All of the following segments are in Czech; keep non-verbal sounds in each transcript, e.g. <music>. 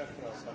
Tak krásně.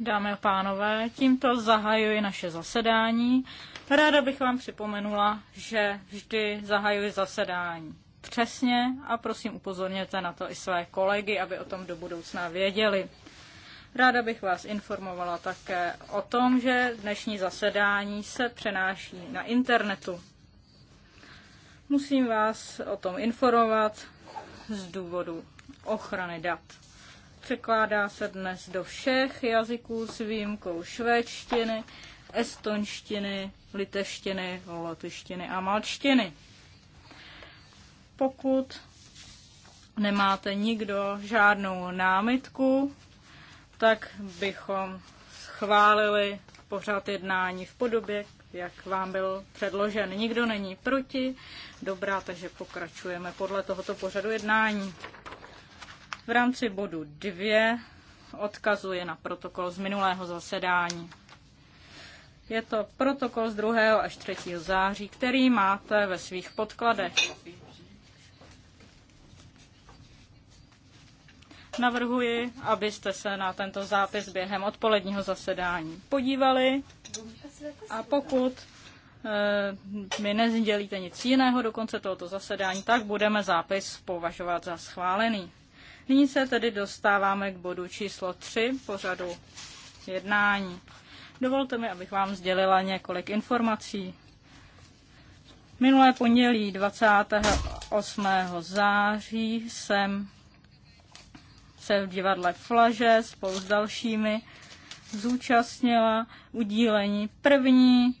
Dámy a pánové, tímto zahajuji naše zasedání. Ráda bych vám připomenula, že vždy zahajuji zasedání přesně a prosím upozorněte na to i své kolegy, aby o tom do budoucna věděli. Ráda bych vás informovala také o tom, že dnešní zasedání se přenáší na internetu. Musím vás o tom informovat z důvodu ochrany dat. Překládá se dnes do všech jazyků s výjimkou švédštiny, estonštiny, litevštiny, latištiny a malčtiny. Pokud nemáte nikdo žádnou námitku, tak bychom schválili pořád jednání v podobě, jak vám byl předložen. Nikdo není proti. Dobrá, takže pokračujeme podle tohoto pořadu jednání. V rámci bodu 2 odkazuje na protokol z minulého zasedání. Je to protokol z 2. až 3. září, který máte ve svých podkladech. Navrhuji, abyste se na tento zápis během odpoledního zasedání podívali a pokud eh, mi nezdělíte nic jiného do konce tohoto zasedání, tak budeme zápis považovat za schválený. Nyní se tedy dostáváme k bodu číslo 3 pořadu jednání. Dovolte mi, abych vám sdělila několik informací. Minulé pondělí 28. září jsem se v divadle Flaže spolu s dalšími zúčastnila udílení první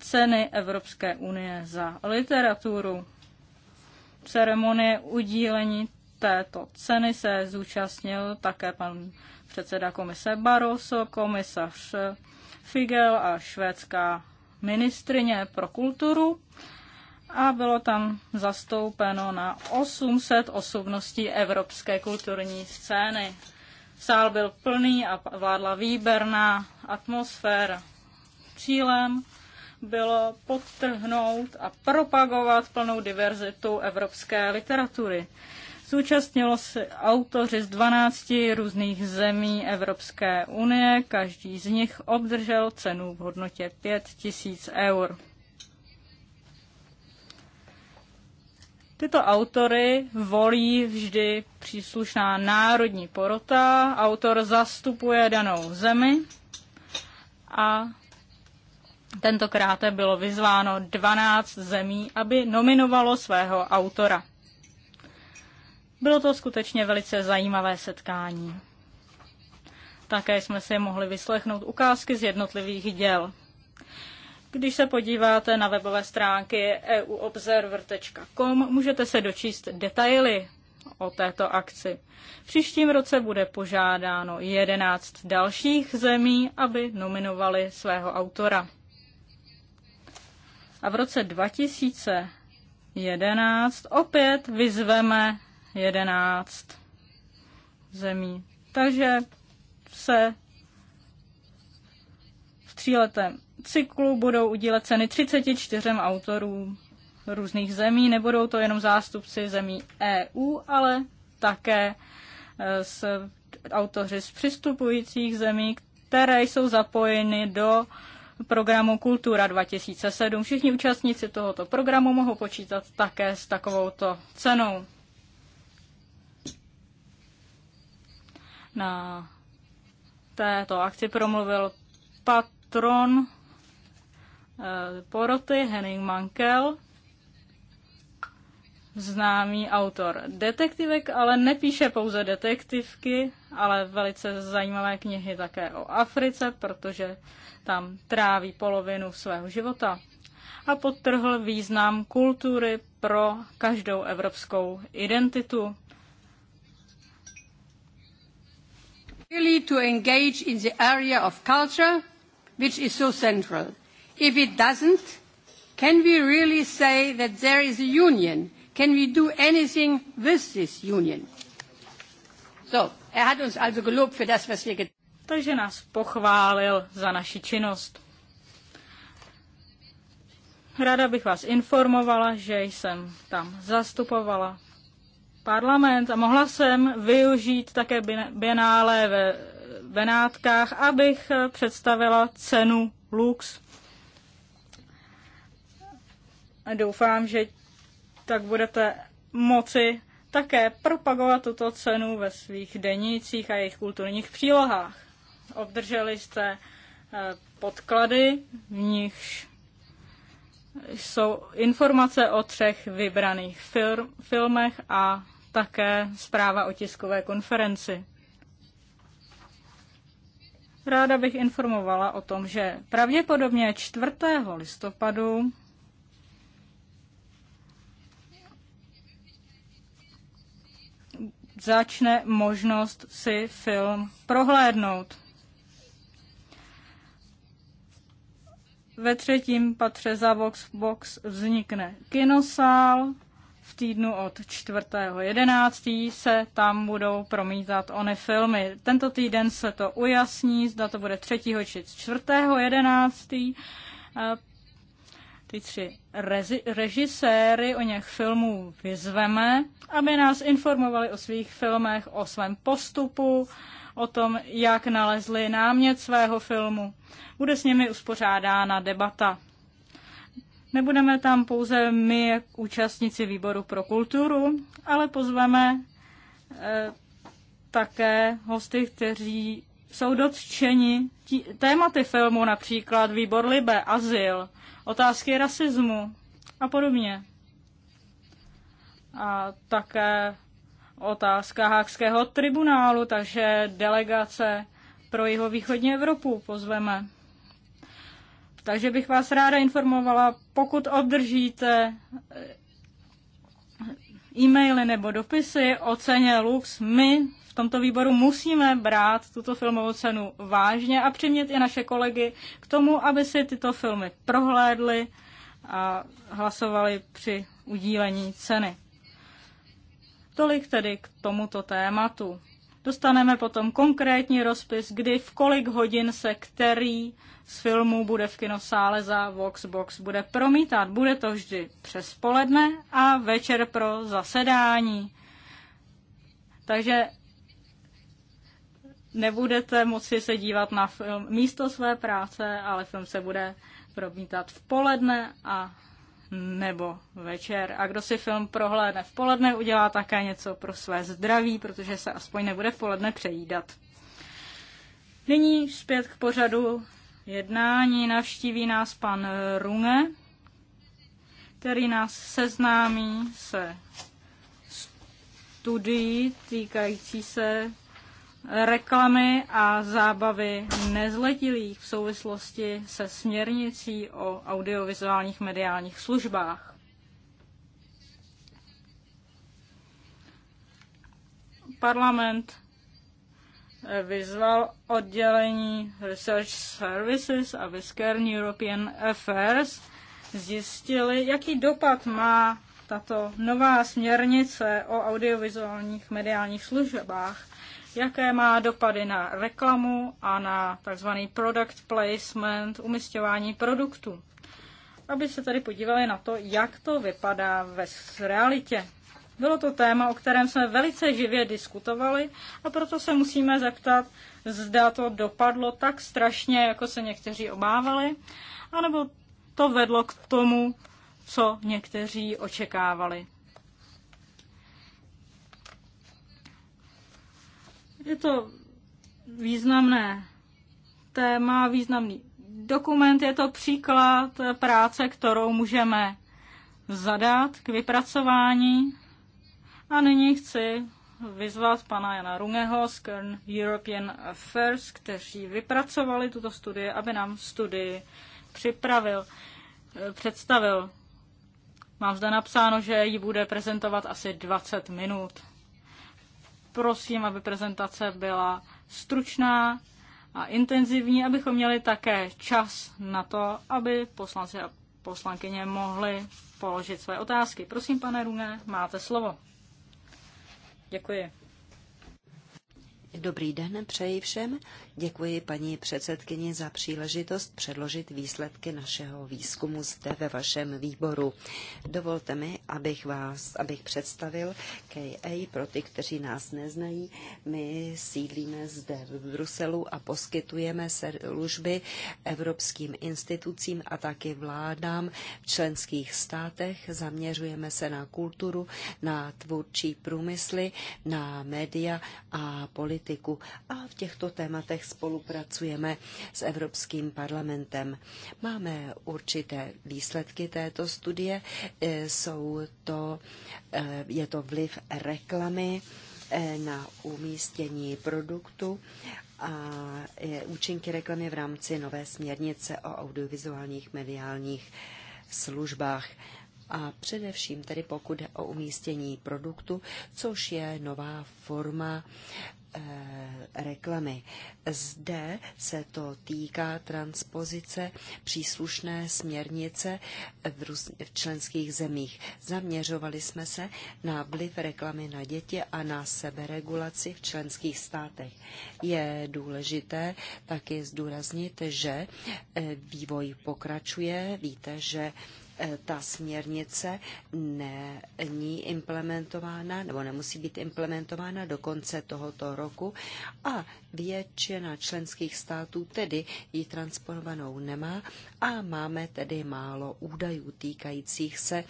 ceny Evropské unie za literaturu. Ceremonie udílení této ceny se zúčastnil také pan předseda komise Barroso, komisař Figel a švédská ministrině pro kulturu a bylo tam zastoupeno na 800 osobností evropské kulturní scény. Sál byl plný a vládla výberná atmosféra. Cílem bylo podtrhnout a propagovat plnou diverzitu evropské literatury. Zúčastnilo se autoři z 12 různých zemí Evropské unie, každý z nich obdržel cenu v hodnotě 5000 eur. Tyto autory volí vždy příslušná národní porota, autor zastupuje danou zemi a tentokrát bylo vyzváno 12 zemí, aby nominovalo svého autora. Bylo to skutečně velice zajímavé setkání. Také jsme si mohli vyslechnout ukázky z jednotlivých děl. Když se podíváte na webové stránky euobserver.com, můžete se dočíst detaily o této akci. V příštím roce bude požádáno 11 dalších zemí, aby nominovali svého autora. A v roce 2011 opět vyzveme 11 zemí. Takže se v tříletém cyklu budou udílet ceny 34 autorům různých zemí. Nebudou to jenom zástupci zemí EU, ale také e, s autoři z přistupujících zemí, které jsou zapojeny do programu Kultura 2007. Všichni účastníci tohoto programu mohou počítat také s takovouto cenou. Na této akci promluvil patron eh, poroty Henning Mankel, známý autor detektivek, ale nepíše pouze detektivky, ale velice zajímavé knihy také o Africe, protože tam tráví polovinu svého života. A podtrhl význam kultury pro každou evropskou identitu. Really to engage in the area of culture, which is so central. If it doesn't, can we really say that there is a union? Can we do anything with this union? So, er hat uns also gelobt für das, was wir Takže nás pochválil za naši činnost. Ráda bych vás informovala, že jsem tam zastupovala parlament a mohla jsem využít také bienále ve Benátkách, abych eh, představila cenu Lux. Doufám, že tak budete moci také propagovat tuto cenu ve svých denících a jejich kulturních přílohách. Obdrželi jste eh, podklady, v nichž jsou informace o třech vybraných filmech a také zpráva o tiskové konferenci. Ráda bych informovala o tom, že pravděpodobně 4. listopadu začne možnost si film prohlédnout. Ve třetím patře za Vox Box vznikne kinosál, týdnu od 4.11. se tam budou promítat ony filmy. Tento týden se to ujasní, zda to bude 3. či 4.11. Ty tři režiséry o něch filmů vyzveme, aby nás informovali o svých filmech, o svém postupu, o tom, jak nalezli námět svého filmu. Bude s nimi uspořádána debata. Nebudeme tam pouze my, jak účastníci výboru pro kulturu, ale pozveme eh, také hosty, kteří jsou dotčeni tí, tématy filmu, například výbor Libe, azyl, otázky rasismu a podobně. A také otázka Hákského tribunálu, takže delegace pro jeho východní Evropu pozveme. Takže bych vás ráda informovala, pokud obdržíte eh, e-maily nebo dopisy o ceně Lux, my v tomto výboru musíme brát tuto filmovou cenu vážně a přimět i naše kolegy k tomu, aby si tyto filmy prohlédli a hlasovali při udílení ceny. Tolik tedy k tomuto tématu. Dostaneme potom konkrétní rozpis, kdy v kolik hodin se který z filmů bude v kinosále za Voxbox bude promítat. Bude to vždy přes poledne a večer pro zasedání. Takže nebudete moci se dívat na film místo své práce, ale film se bude promítat v poledne a nebo večer. A kdo si film prohlédne v poledne, udělá také něco pro své zdraví, protože se aspoň nebude v poledne přejídat. Nyní zpět k pořadu jednání. Navštíví nás pan Runge, který nás seznámí se studií týkající se reklamy a zábavy nezletilých v souvislosti se směrnicí o audiovizuálních mediálních službách. Parlament vyzval oddělení Research Services a Viscern European Affairs, zjistili, jaký dopad má tato nová směrnice o audiovizuálních mediálních službách jaké má dopady na reklamu a na tzv. product placement, umistování produktů. Aby se tady podívali na to, jak to vypadá ve realitě. Bylo to téma, o kterém jsme velice živě diskutovali a proto se musíme zeptat, zda to dopadlo tak strašně, jako se někteří obávali, anebo to vedlo k tomu, co někteří očekávali. Je to významné téma, významný dokument, je to příklad práce, kterou můžeme zadat k vypracování. A nyní chci vyzvat pana Jana Rungeho z Kern European Affairs, kteří vypracovali tuto studii, aby nám studii připravil, eh, představil. Mám zde napsáno, že ji bude prezentovat asi 20 minut prosím, aby prezentace byla stručná a intenzivní, abychom měli také čas na to, aby poslanci a poslankyně mohli položit své otázky. Prosím, pane Rune, máte slovo. Děkuji. Dobrý den, přeji všem. Děkuji paní předsedkyni za příležitost předložit výsledky našeho výzkumu zde ve vašem výboru. Dovolte mi, abych vás, abych představil KA pro ty, kteří nás neznají. My sídlíme zde v Bruselu a poskytujeme služby evropským institucím a taky vládám v členských státech. Zaměřujeme se na kulturu, na tvůrčí průmysly, na média a politiku. A v těchto tématech spolupracujeme s Evropským parlamentem. Máme určité výsledky této studie. E, jsou to, e, je to vliv reklamy e, na umístění produktu a účinky reklamy v rámci nové směrnice o audiovizuálních mediálních službách a především tedy pokud o umístění produktu, což je nová forma Eh, reklamy. Zde se to týká transpozice příslušné směrnice v, růz, v členských zemích. Zaměřovali jsme se na vliv reklamy na děti a na seberegulaci v členských státech. Je důležité taky zdůraznit, že eh, vývoj pokračuje. Víte, že Eh, ta směrnice není implementována nebo nemusí být implementována do konce tohoto roku a většina členských států tedy ji transponovanou nemá a máme tedy málo údajů týkajících se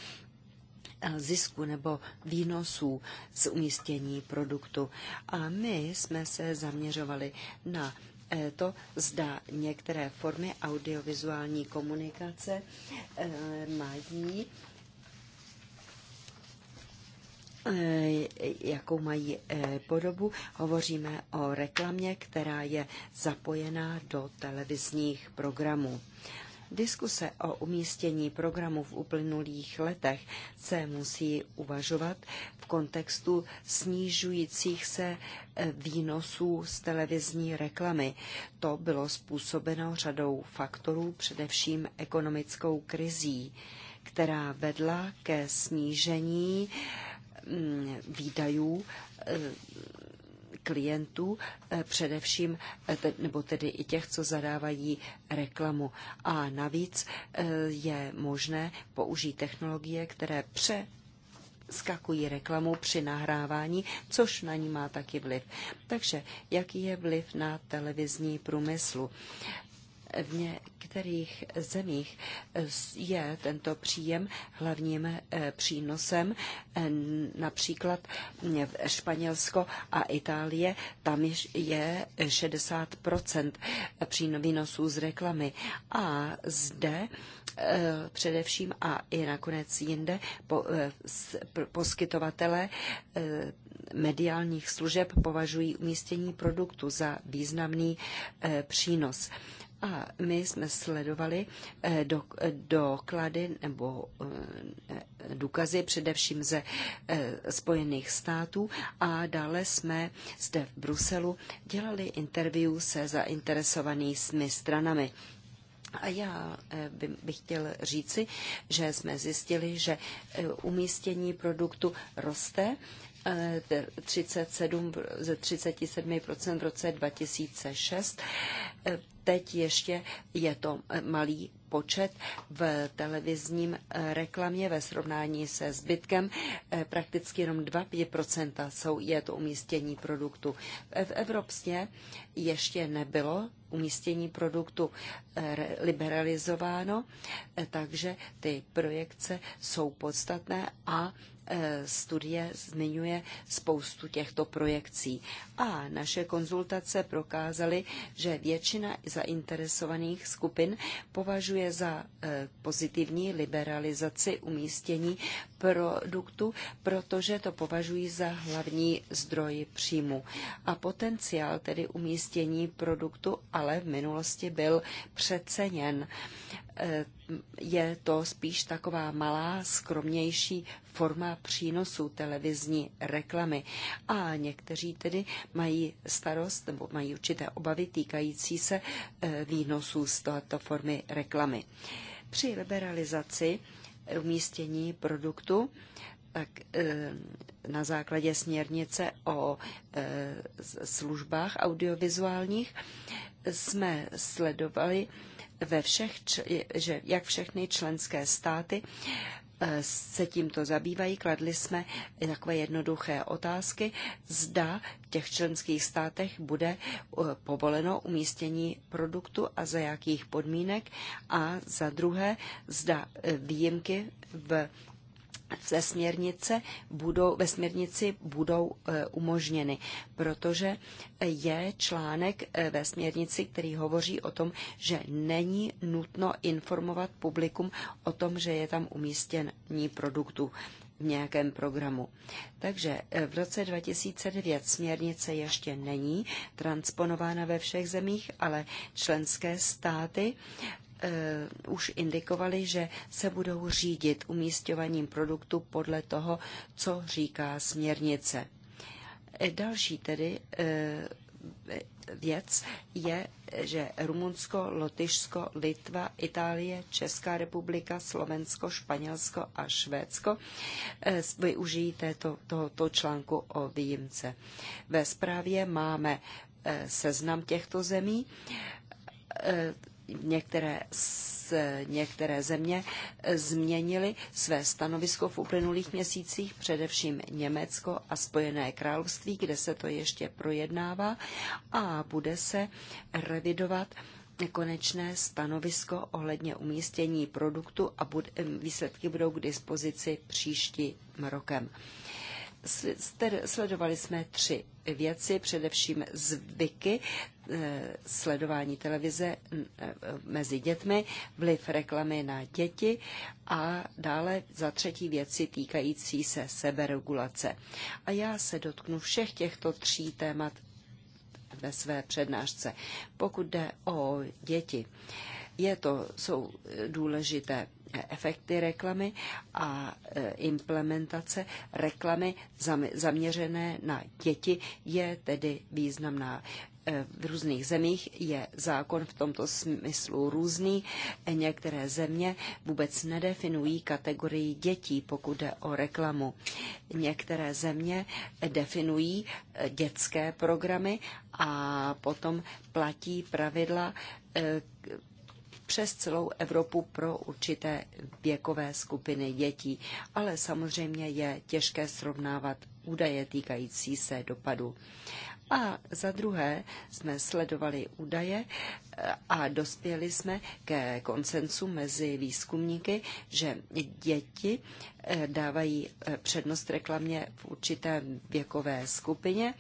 eh, zisku nebo výnosů z umístění produktu. A my jsme se zaměřovali na Eh, to, zda některé formy audiovizuální komunikace eh, mají eh, jakou mají podobu. Hovoříme o reklamě, která je zapojená do televizních programů. Diskuse o umístění programu v uplynulých letech se musí uvažovat v kontextu snižujících se eh, výnosů z televizní reklamy. To bylo způsobeno řadou faktorů, především ekonomickou krizí, která vedla ke snížení mm, výdajů eh, klientů, eh, především, eh, nebo tedy i těch, co zadávají reklamu. A navíc eh, je možné použít technologie, které pře skakují reklamu při nahrávání, což na ní má taky vliv. Takže jaký je vliv na televizní průmyslu? V některých zemích je tento příjem hlavním eh, přínosem, eh, například v Španělsko a Itálie, tam je 60 přínosů z reklamy. A zde eh, především a i nakonec jinde poskytovatele mediálních služeb považují umístění produktu za významný přínos. A my jsme sledovali eh, eh, doklady nebo eh, důkazy především ze Spojených států a dále jsme zde v Bruselu dělali interview se zainteresovanými stranami. A já bych chtěl říci, že jsme zjistili, že umístění produktu roste 37 ze 37% v roce 2006. Teď ještě je to malý počet v televizním reklamě ve srovnání se zbytkem. Prakticky jenom 2-5% jsou, je to umístění produktu. V Evropě ještě nebylo umístění produktu liberalizováno, takže ty projekce jsou podstatné a Eh, studie zmiňuje spoustu těchto projekcí. A naše konzultace prokázaly, že většina zainteresovaných skupin považuje za eh, pozitivní liberalizaci umístění produktu, protože to považují za hlavní zdroj příjmu. A potenciál tedy umístění produktu ale v minulosti byl přeceněn je to spíš taková malá, skromnější forma přínosu televizní reklamy. A někteří tedy mají starost nebo mají určité obavy týkající se eh, výnosů z této formy reklamy. Při liberalizaci umístění produktu tak eh, na základě směrnice o eh, službách audiovizuálních jsme sledovali ve všech, že jak všechny členské státy eh, se tímto zabývají, kladli jsme takové jednoduché otázky, zda v těch členských státech bude eh, povoleno umístění produktu a za jakých podmínek a za druhé, zda eh, výjimky v ve směrnice budou, ve směrnici budou e, umožněny, protože je článek e, ve směrnici, který hovoří o tom, že není nutno informovat publikum o tom, že je tam umístění produktu v nějakém programu. Takže e, v roce 2009 směrnice ještě není transponována ve všech zemích, ale členské státy Eh, už indikovali, že se budou řídit umístěvaním produktu podle toho, co říká směrnice. Eh, další tedy eh, věc je, že Rumunsko, Lotyšsko, Litva, Itálie, Česká republika, Slovensko, Španělsko a Švédsko využijí této, tohoto článku o výjimce. Ve zprávě máme seznam těchto zemí některé, z, některé země eh, změnily své stanovisko v uplynulých měsících, především Německo a Spojené království, kde se to ještě projednává a bude se revidovat konečné stanovisko ohledně umístění produktu a bud, eh, výsledky budou k dispozici příštím rokem. Sledovali jsme tři věci, především zvyky, e, sledování televize e, mezi dětmi, vliv reklamy na děti a dále za třetí věci týkající se seberegulace. A já se dotknu všech těchto tří témat ve své přednášce. Pokud jde o děti, je to, jsou důležité E, efekty reklamy a e, implementace reklamy zaměřené na děti je tedy významná. E, v různých zemích je zákon v tomto smyslu různý. Některé země vůbec nedefinují kategorii dětí, pokud jde o reklamu. Některé země definují dětské programy a potom platí pravidla, přes celou Evropu pro určité věkové skupiny dětí, ale samozřejmě je těžké srovnávat údaje týkající se dopadu. A za druhé jsme sledovali údaje eh, a dospěli jsme ke koncensu mezi výzkumníky, že děti eh, dávají eh, přednost reklamě v určité věkové skupině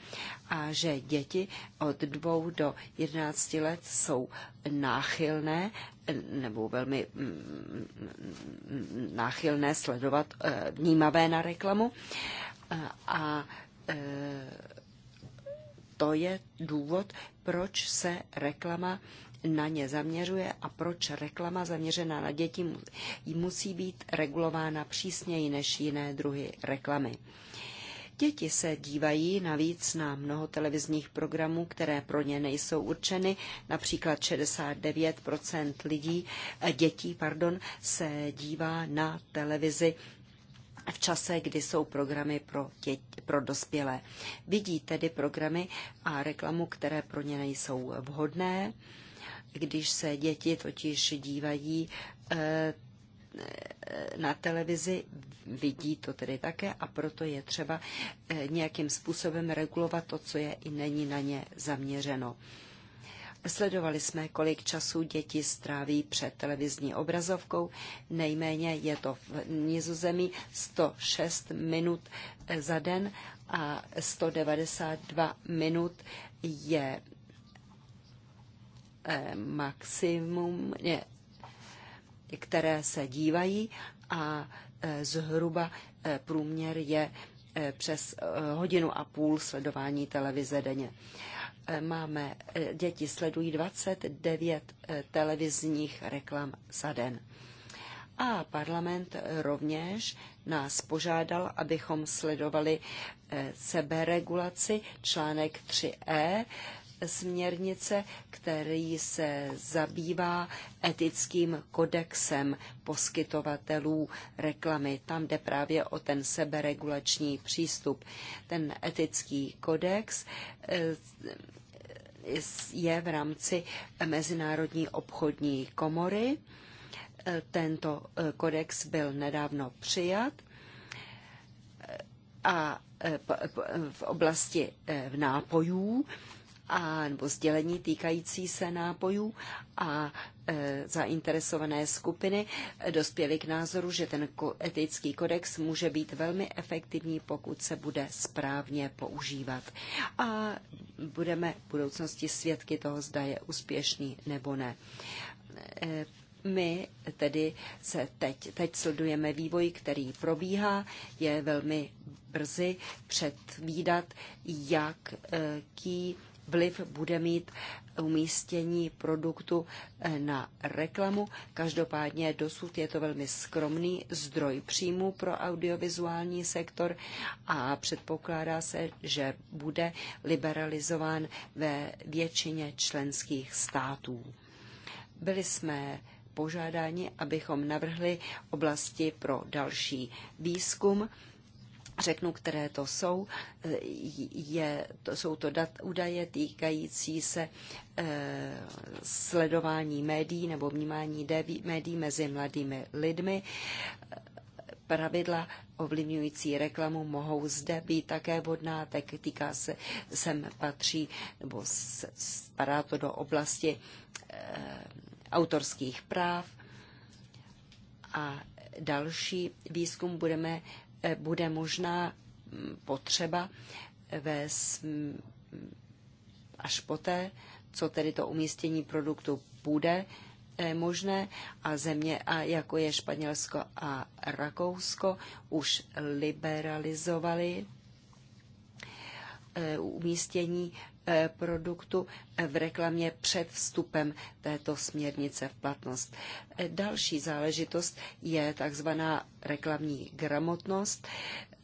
a že děti od dvou do 11 let jsou náchylné nebo velmi mm, mm, náchylné sledovat, eh, vnímavé na reklamu. Eh, a eh, to je důvod, proč se reklama na ně zaměřuje a proč reklama zaměřená na děti musí být regulována přísněji než jiné druhy reklamy. Děti se dívají navíc na mnoho televizních programů, které pro ně nejsou určeny. Například 69 lidí, eh, dětí pardon, se dívá na televizi v čase, kdy jsou programy pro, děti, pro dospělé. Vidí tedy programy a reklamu, které pro ně nejsou vhodné. Když se děti totiž dívají eh, Eh, na televizi, vidí to tedy také a proto je třeba eh, nějakým způsobem regulovat to, co je i není na ně zaměřeno. Sledovali jsme, kolik času děti stráví před televizní obrazovkou. Nejméně je to v Nizozemí 106 minut eh, za den a 192 minut je maximum, Ne? které se dívají a e, zhruba e, průměr je e, přes hodinu a půl sledování televize denně. Máme, děti sledují 29 televizních reklam za den. A parlament rovněž nás požádal, abychom sledovali seberegulaci článek 3e směrnice, který se zabývá etickým kodexem poskytovatelů reklamy. Tam jde právě o ten seberegulační přístup. Ten etický kodex eh, je v rámci Mezinárodní obchodní komory. Eh, tento eh, kodex byl nedávno přijat a v oblasti nápojů a, nebo sdělení týkající se nápojů a e, zainteresované skupiny dospěly k názoru, že ten etický kodex může být velmi efektivní, pokud se bude správně používat. A budeme v budoucnosti svědky toho, zda je úspěšný nebo ne. E, my tedy se teď, teď sledujeme vývoj, který probíhá, je velmi brzy předvídat, jaký e, vliv bude mít umístění produktu eh, na reklamu. Každopádně dosud je to velmi skromný zdroj příjmu pro audiovizuální sektor a předpokládá se, že bude liberalizován ve většině členských států. Byli jsme požádáni, abychom navrhli oblasti pro další výzkum řeknu, které to jsou. Je, to, jsou to dat, údaje týkající se e, sledování médií nebo vnímání deví, médií mezi mladými lidmi. Pravidla ovlivňující reklamu mohou zde být také vodná, tak týká se, sem patří, nebo spadá to do oblasti e, autorských práv. A další výzkum budeme Eh, bude možná mm, potřeba vést mm, až poté, co tedy to umístění produktu bude eh, možné a země, a jako je Španělsko a Rakousko, už liberalizovali eh, umístění Eh, produktu v reklamě před vstupem této směrnice v platnost. Eh, další záležitost je takzvaná reklamní gramotnost.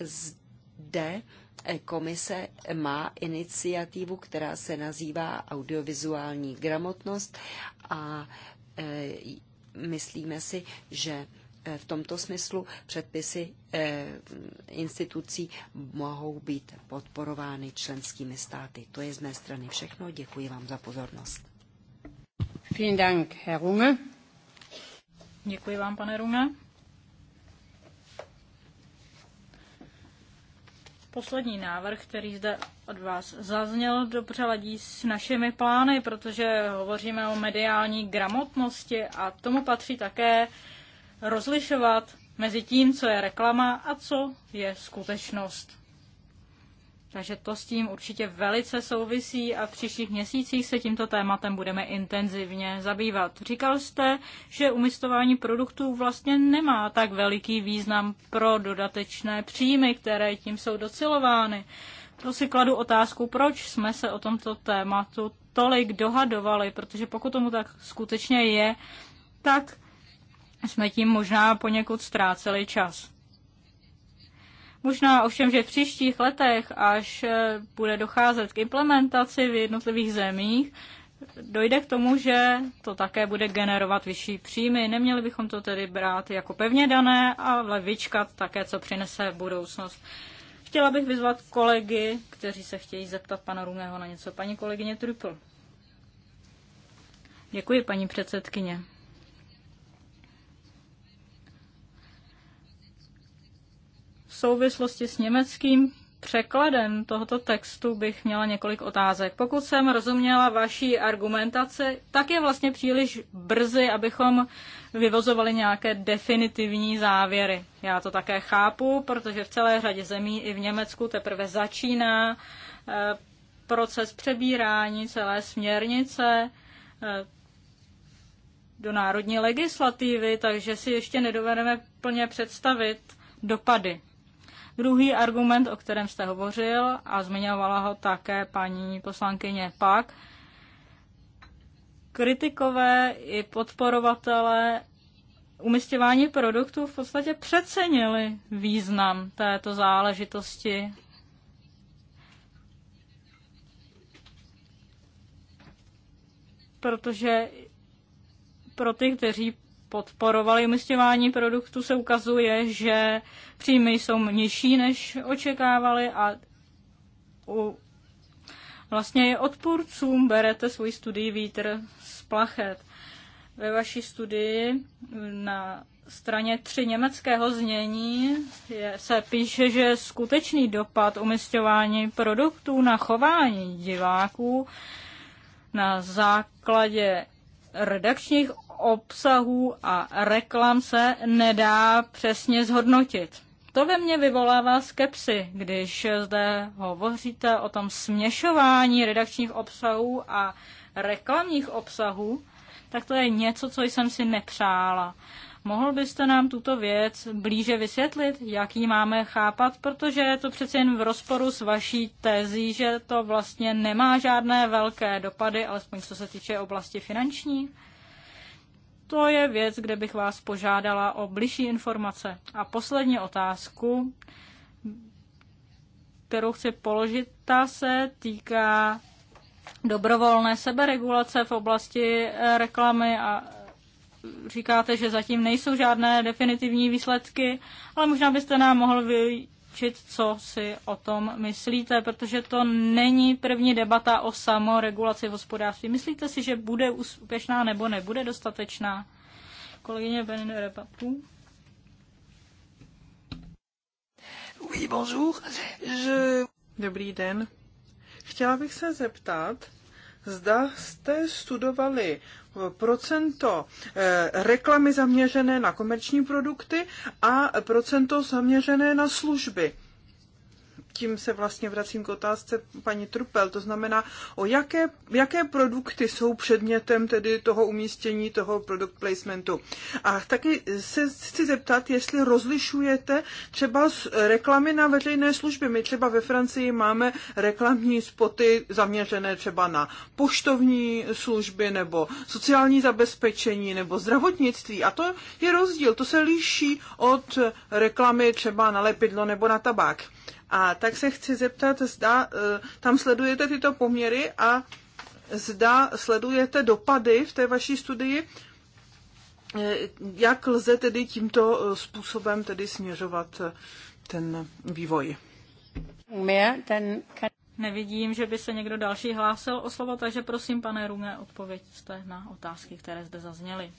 Zde eh, komise má iniciativu, která se nazývá audiovizuální gramotnost a myslíme si, že Eh, v tomto smyslu předpisy eh, institucí mohou být podporovány členskými státy. To je z mé strany všechno. Děkuji vám za pozornost. Vielen Dank, Herr Runge. Děkuji vám, pane Runge. Poslední návrh, který zde od vás zazněl, dobře ladí s našimi plány, protože hovoříme o mediální gramotnosti a tomu patří také rozlišovat mezi tím, co je reklama a co je skutečnost. Takže to s tím určitě velice souvisí a v příštích měsících se tímto tématem budeme intenzivně zabývat. Říkal jste, že umistování produktů vlastně nemá tak veliký význam pro dodatečné příjmy, které tím jsou docilovány. To si kladu otázku, proč jsme se o tomto tématu tolik dohadovali, protože pokud tomu tak skutečně je, tak jsme tím možná poněkud ztráceli čas. Možná ovšem, že v příštích letech, až eh, bude docházet k implementaci v jednotlivých zemích, dojde k tomu, že to také bude generovat vyšší příjmy. Neměli bychom to tedy brát jako pevně dané, ale vyčkat také, co přinese budoucnost. Chtěla bych vyzvat kolegy, kteří se chtějí zeptat pana Runého na něco. Paní kolegyně Trupl. Děkuji, paní předsedkyně. V souvislosti s německým překladem tohoto textu bych měla několik otázek. Pokud jsem rozuměla vaší argumentaci, tak je vlastně příliš brzy, abychom vyvozovali nějaké definitivní závěry. Já to také chápu, protože v celé řadě zemí i v Německu teprve začíná eh, proces přebírání celé směrnice eh, do národní legislativy, takže si ještě nedovedeme plně představit dopady Druhý argument, o kterém jste hovořil a zmiňovala ho také paní poslankyně Pak, kritikové i podporovatele umistěvání produktů v podstatě přecenili význam této záležitosti. Protože pro ty, kteří podporovali umistování produktu, se ukazuje, že příjmy jsou nižší, než očekávali a u vlastně odpůrcům berete svůj studii vítr z plachet. Ve vaší studii na straně 3 německého znění je, se píše, že skutečný dopad umistování produktů na chování diváků na základě redakčních obsahů a reklam se nedá přesně zhodnotit. To ve mně vyvolává skepsy, když zde hovoříte o tom směšování redakčních obsahů a reklamních obsahů, tak to je něco, co jsem si nepřála. Mohl byste nám tuto věc blíže vysvětlit, jak ji máme chápat, protože je to přece jen v rozporu s vaší tezí, že to vlastně nemá žádné velké dopady, alespoň co se týče oblasti finanční? To je věc, kde bych vás požádala o bližší informace. A poslední otázku, kterou chci položit, ta se týká dobrovolné seberegulace v oblasti eh, reklamy a říkáte, že zatím nejsou žádné definitivní výsledky, ale možná byste nám mohl vyčit, co si o tom myslíte, protože to není první debata o samoregulaci v hospodářství. Myslíte si, že bude úspěšná nebo nebude dostatečná? Kolegyně Benin Repapů. Oui, bonjour. Je... Dobrý den. Chtěla bych se zeptat, zda jste studovali eh, procento eh, reklamy zaměřené na komerční produkty a procento zaměřené na služby tím se vlastně vracím k otázce paní Trupel, to znamená, o jaké, jaké produkty jsou předmětem tedy toho umístění, toho product placementu. A taky se chci zeptat, jestli rozlišujete třeba reklamy na veřejné služby. My třeba ve Francii máme reklamní spoty zaměřené třeba na poštovní služby nebo sociální zabezpečení nebo zdravotnictví. A to je rozdíl, to se liší od reklamy třeba na lepidlo nebo na tabák. A tak se chci zeptat, zda eh, tam sledujete tyto poměry a zda sledujete dopady v té vaší studii, eh, jak lze tedy tímto eh, způsobem tedy směřovat ten vývoj. Nevidím, že by se někdo další hlásil o slovo, takže prosím, pane Runge, odpověďte na otázky, které zde zazněly.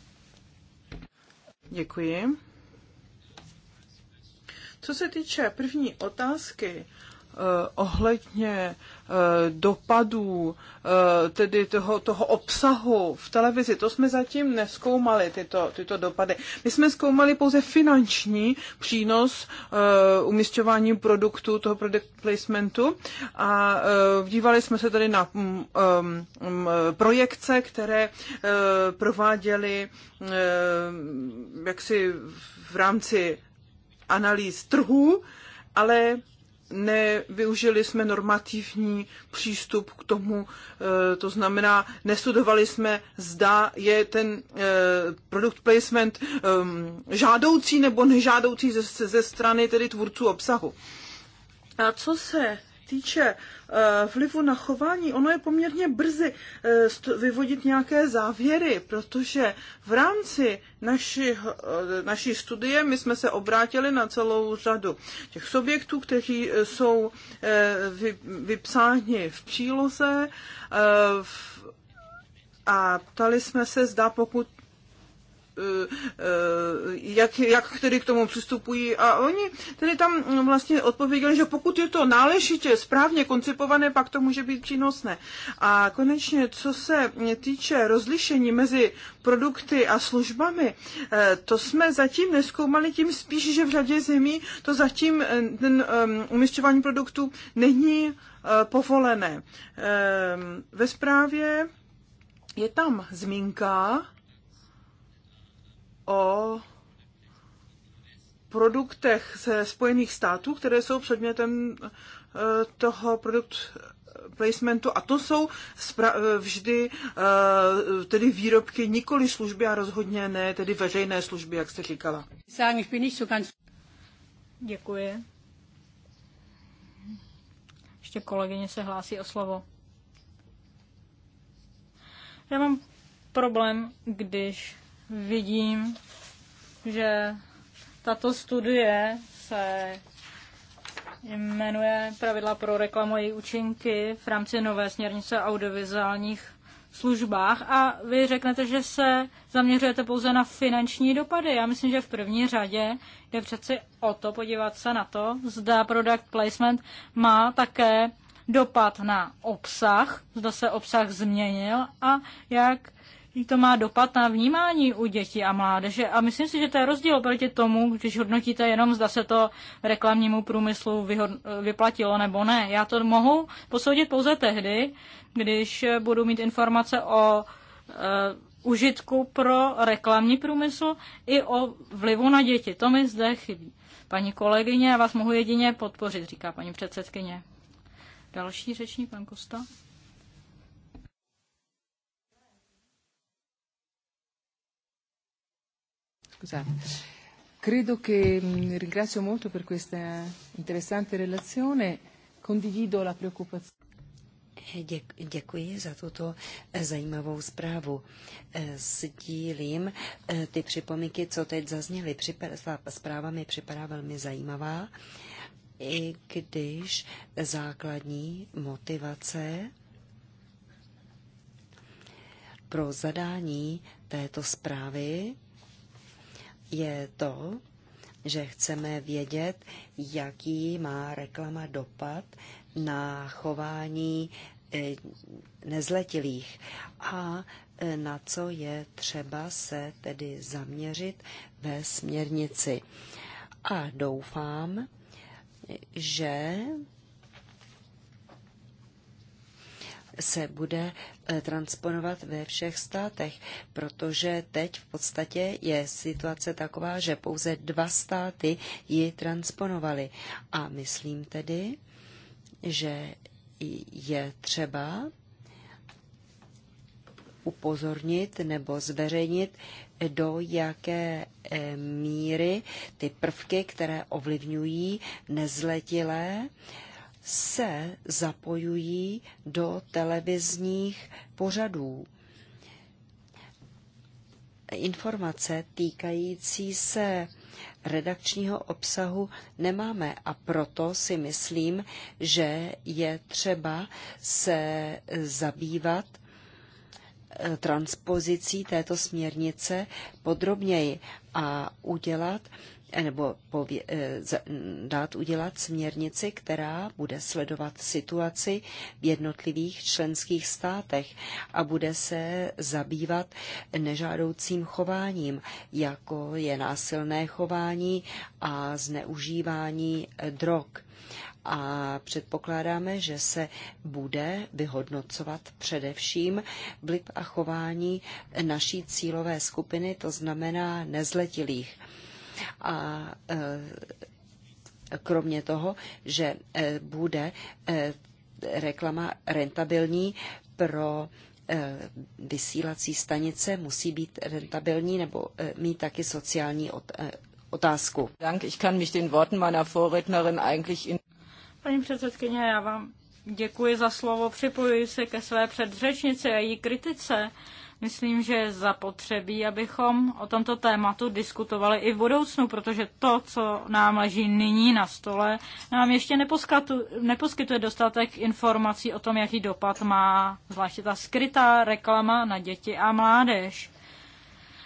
Děkuji. Co se týče první otázky, eh, ohledně eh, dopadů, eh, tedy toho, toho obsahu v televizi, to jsme zatím neskoumali, tyto, tyto dopady. My jsme zkoumali pouze finanční přínos umistování produktu, toho product placementu a dívali jsme se tady na mm, mm, mm, projekce, které prováděly jaksi v rámci analýz trhů, ale nevyužili jsme normativní přístup k tomu, eh, to znamená, nestudovali jsme, zda je ten eh, product placement ehm, žádoucí nebo nežádoucí ze, ze strany tedy tvůrců obsahu. A co se týče eh, vlivu na chování, ono je poměrně brzy eh, vyvodit nějaké závěry, protože v rámci naši, eh, naší studie my jsme se obrátili na celou řadu těch subjektů, kteří jsou vypsáni v příloze a ptali jsme se, zda pokud Eh, jak, jak tedy k tomu přistupují. A oni tedy tam vlastně odpověděli, že pokud je to náležitě správně koncipované, pak to může být přínosné. A konečně, co se týče rozlišení mezi produkty a službami, eh, to jsme zatím neskoumali, tím spíš, že v řadě zemí to zatím eh, ten umistování produktů není povolené. Ve zprávě je tam zmínka, o produktech ze Spojených států, které jsou předmětem eh, toho produkt placementu a to jsou eh, vždy eh, tedy výrobky, nikoli služby a rozhodně ne tedy veřejné služby, jak jste říkala. Děkuji. Ještě kolegyně se hlásí o slovo. Já mám problém, když vidím, že tato studie se jmenuje Pravidla pro reklamu její účinky v rámci nové směrnice audiovizuálních službách a vy řeknete, že se zaměřujete pouze na finanční dopady. Já myslím, že v první řadě jde přeci o to podívat se na to, zda product placement má také dopad na obsah, zda se obsah změnil a jak to má dopad na vnímání u dětí a mládeže. A myslím si, že to je rozdíl oproti tomu, když hodnotíte jenom, zda se to reklamnímu průmyslu vyplatilo nebo ne. Já to mohu posoudit pouze tehdy, když budu mít informace o e, užitku pro reklamní průmysl i o vlivu na děti. To mi zde chybí. Paní kolegyně, já vás mohu jedině podpořit, říká paní předsedkyně. Další řečník, pan Kosta. Scusate. Credo che mh, mm, ringrazio molto per questa interessante relazione. Condivido la preoccupazione. Eh, děkuji za tuto eh, zajímavou zprávu. Eh, sdílím ty připomínky, co teď zazněly. Zpráva mi připadá velmi zajímavá, i když základní motivace pro zadání této zprávy je to, že chceme vědět, jaký má reklama dopad na chování eh, nezletilých a eh, na co je třeba se tedy zaměřit ve směrnici. A doufám, že se bude eh, transponovat ve všech státech, protože teď v podstatě je situace taková, že pouze dva státy ji transponovaly. A myslím tedy, že je třeba upozornit nebo zveřejnit, do jaké eh, míry ty prvky, které ovlivňují nezletilé, se zapojují do televizních pořadů. Informace týkající se redakčního obsahu nemáme a proto si myslím, že je třeba se zabývat eh, transpozicí této směrnice podrobněji a udělat nebo pově, eh, dát udělat směrnici, která bude sledovat situaci v jednotlivých členských státech a bude se zabývat nežádoucím chováním, jako je násilné chování a zneužívání eh, drog a předpokládáme, že se bude vyhodnocovat především vliv a chování naší cílové skupiny, to znamená nezletilých. A e, kromě toho, že e, bude e, reklama rentabilní pro vysílací stanice, musí být rentabilní nebo mít taky sociální otázku. Dank, ich kann mich den Worten meiner Vorrednerin eigentlich in... Paní předsedkyně, já vám děkuji za slovo, připojuji se ke své předřečnici a její kritice. Myslím, že je zapotřebí, abychom o tomto tématu diskutovali i v budoucnu, protože to, co nám leží nyní na stole, nám ještě neposkytuje dostatek informací o tom, jaký dopad má zvláště ta skrytá reklama na děti a mládež.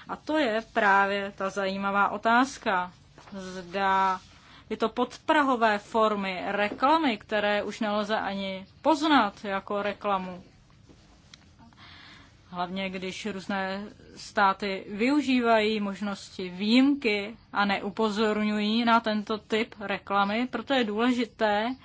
A to je právě ta zajímavá otázka. Zda je to podprahové formy reklamy, které už nelze ani poznat jako reklamu hlavně když různé státy využívají možnosti výjimky a neupozorňují na tento typ reklamy, proto je důležité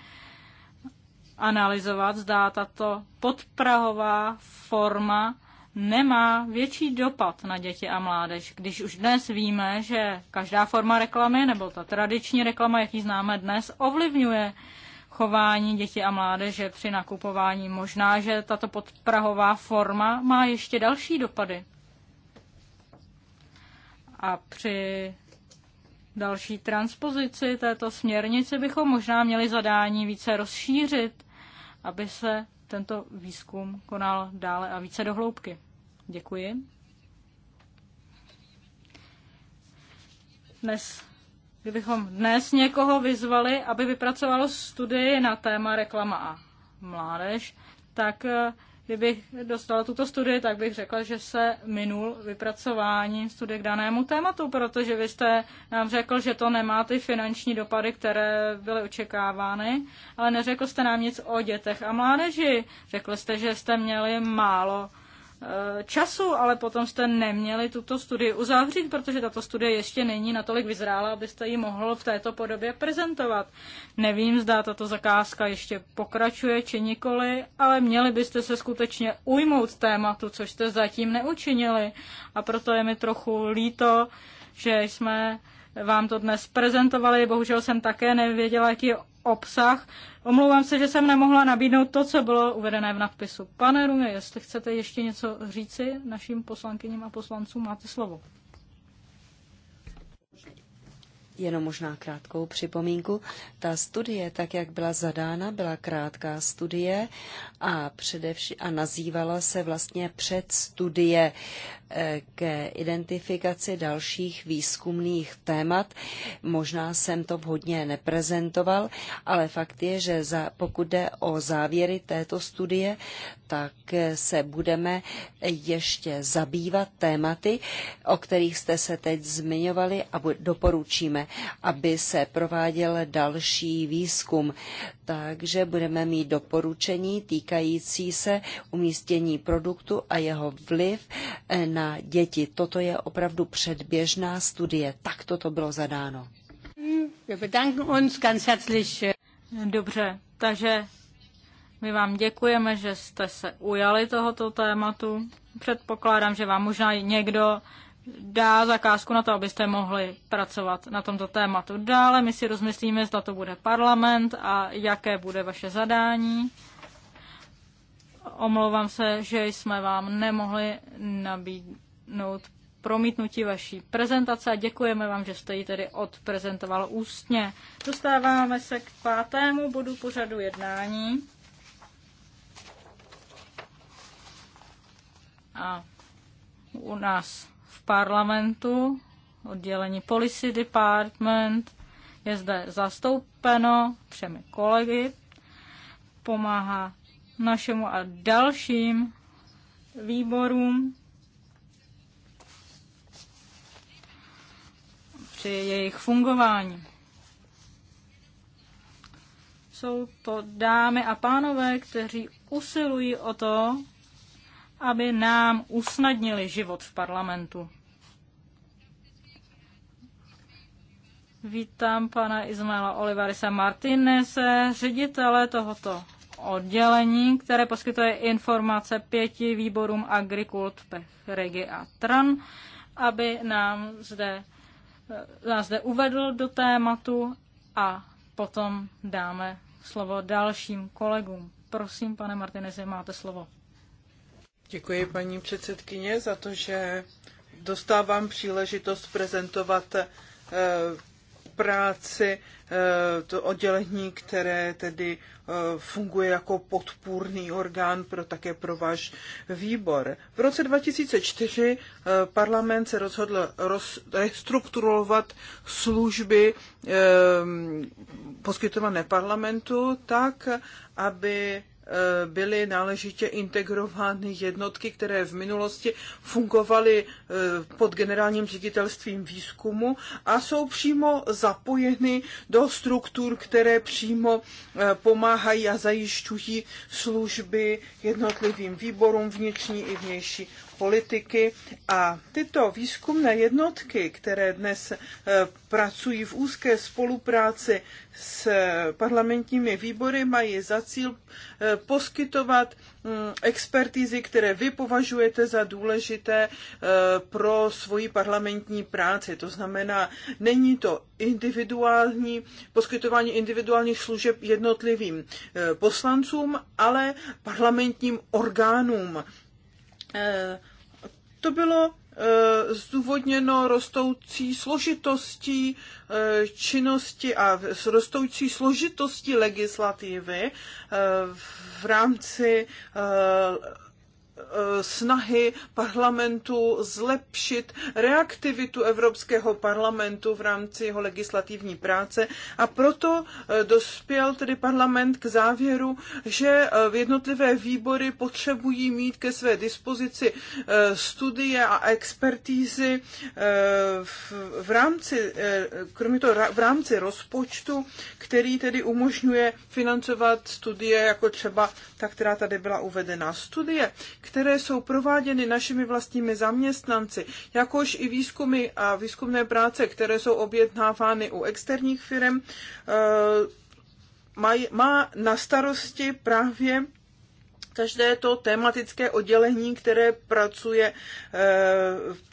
analyzovat, zda tato podprahová forma nemá větší dopad na děti a mládež. Když už dnes víme, že každá forma reklamy nebo ta tradiční reklama, jaký známe dnes, ovlivňuje chování dětí a mládeže při nakupování. Možná, že tato podprahová forma má ještě další dopady. A při další transpozici této směrnice bychom možná měli zadání více rozšířit, aby se tento výzkum konal dále a více dohloubky. Děkuji. Dnes Kdybychom dnes někoho vyzvali, aby vypracoval studii na téma reklama a mládež, tak eh, kdybych dostala tuto studii, tak bych řekla, že se minul vypracování studie k danému tématu, protože vy jste nám řekl, že to nemá ty finanční dopady, které byly očekávány, ale neřekl jste nám nic o dětech a mládeži. Řekl jste, že jste měli málo Eh, času, ale potom jste neměli tuto studii uzavřít, protože tato studie ještě není natolik vyzrála, abyste ji mohl v této podobě prezentovat. Nevím, zda tato zakázka ještě pokračuje či nikoli, ale měli byste se skutečně ujmout tématu, což jste zatím neučinili. A proto je mi trochu líto, že jsme vám to dnes prezentovali. Bohužel jsem také nevěděla, jaký je obsah. Omlouvám se, že jsem nemohla nabídnout to, co bylo uvedené v nadpisu. Pane Rumě, jestli chcete ještě něco říci našim poslankyním a poslancům, máte slovo. Jenom možná krátkou připomínku. Ta studie, tak jak byla zadána, byla krátká studie a, především a nazývala se vlastně předstudie k identifikaci dalších výzkumných témat. Možná jsem to vhodně neprezentoval, ale fakt je, že za, pokud jde o závěry této studie, tak se budeme ještě zabývat tématy, o kterých jste se teď zmiňovali a doporučíme, aby se prováděl další výzkum. Takže budeme mít doporučení týkající se umístění produktu a jeho vliv na na děti. Toto je opravdu předběžná studie. Tak toto bylo zadáno. Äh, Dobře, takže my vám děkujeme, že jste se ujali tohoto tématu. Předpokládám, že vám možná někdo dá zakázku na to, abyste mohli pracovat na tomto tématu dále. My si rozmyslíme, zda to bude parlament a jaké bude vaše zadání. Omlouvám se, že jsme vám nemohli nabídnout promítnutí vaší prezentace a děkujeme vám, že jste ji tedy odprezentoval ústně. Dostáváme se k pátému bodu pořadu jednání. A u nás v parlamentu, oddělení Policy Department, je zde zastoupeno třemi kolegy. Pomáhá našemu a dalším výborům při jejich fungování. Jsou to dámy a pánové, kteří usilují o to, aby nám usnadnili život v parlamentu. Vítám pana Izmaela Olivarisa Martinese, ředitele tohoto oddělení, které poskytuje informace pěti výborům Agrikult, Pech, Regi a Tran, aby nám zde, eh, nás zde uvedl do tématu a potom dáme slovo dalším kolegům. Prosím, pane Martinezi, máte slovo. Děkuji, paní předsedkyně, za to, že dostávám příležitost prezentovat eh, práci eh, to oddělení, které tedy eh, funguje jako podpůrný orgán pro také pro váš výbor. V roce 2004 eh, parlament se rozhodl restrukturovat služby poskytované parlamentu tak, aby E, byly náležitě integrovány jednotky, které v minulosti fungovaly e, pod generálním ředitelstvím výzkumu a jsou přímo zapojeny do struktur, které přímo e, pomáhají a zajišťují služby jednotlivým výborům vnitřní i vnější politiky a tyto výzkumné jednotky, které dnes eh, pracují v úzké spolupráci s parlamentními výbory, mají za cíl eh, poskytovat mm, expertizy, které vy považujete za důležité eh, pro svoji parlamentní práci. To znamená, není to individuální, poskytování individuálních služeb jednotlivým poslancům, ale parlamentním orgánům to bylo eh, zdůvodněno rostoucí složitostí eh, činnosti a s rostoucí složitostí legislativy eh, v rámci Eh, snahy parlamentu zlepšit reaktivitu Evropského parlamentu v rámci jeho legislativní práce a proto eh, dospěl tedy parlament k závěru, že eh, jednotlivé výbory potřebují mít ke své dispozici studie a expertízy v rámci, kromě toho v rámci rozpočtu, který tedy umožňuje financovat studie, jako třeba ta, která tady byla uvedena. Studie, které jsou prováděny našimi vlastními zaměstnanci, jakož i výzkumy a výzkumné práce, které jsou objednávány u externích firm, eh, má na starosti právě každé to tematické oddělení, které pracuje eh,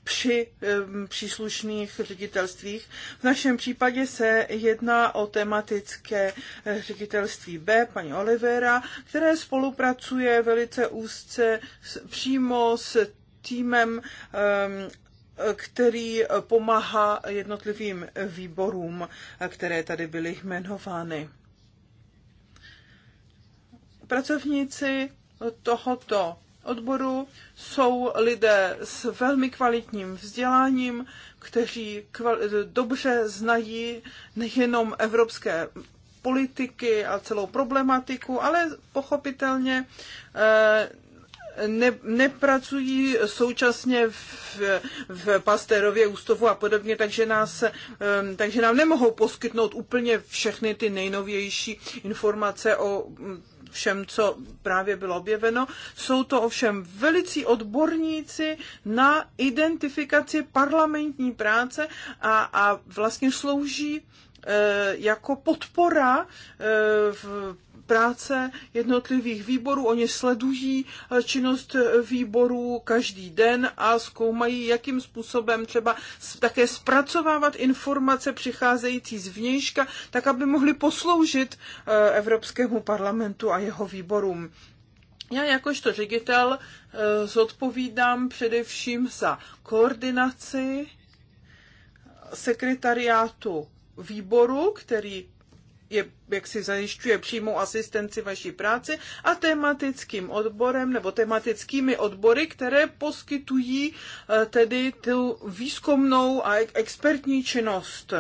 při eh, příslušných ředitelstvích. V našem případě se jedná o tematické eh, ředitelství B, paní Olivera, které spolupracuje velice úzce s, přímo s týmem ehm, který pomáhá jednotlivým výborům, které tady byly jmenovány pracovníci tohoto odboru jsou lidé s velmi kvalitním vzděláním, kteří dobře znají nejenom evropské politiky a celou problematiku, ale pochopitelně eh, ne, nepracují současně v, v Pasterově ústavu a podobně, takže, nás, eh, takže nám nemohou poskytnout úplně všechny ty nejnovější informace o všem, co právě bylo objeveno. Jsou to ovšem velicí odborníci na identifikaci parlamentní práce a, a vlastně slouží eh, jako podpora eh, v práce jednotlivých výborů. Oni sledují eh, činnost eh, výborů každý den a zkoumají, jakým způsobem třeba také zpracovávat informace přicházející z vnějška, tak aby mohli posloužit eh, Evropskému parlamentu a jeho výborům. Já jakožto ředitel zodpovídám především za koordinaci sekretariátu výboru, který je, jak si zajišťuje přímou asistenci vaší práci a tematickým odborem nebo tematickými odbory, které poskytují eh, tedy tu výzkumnou a expertní činnost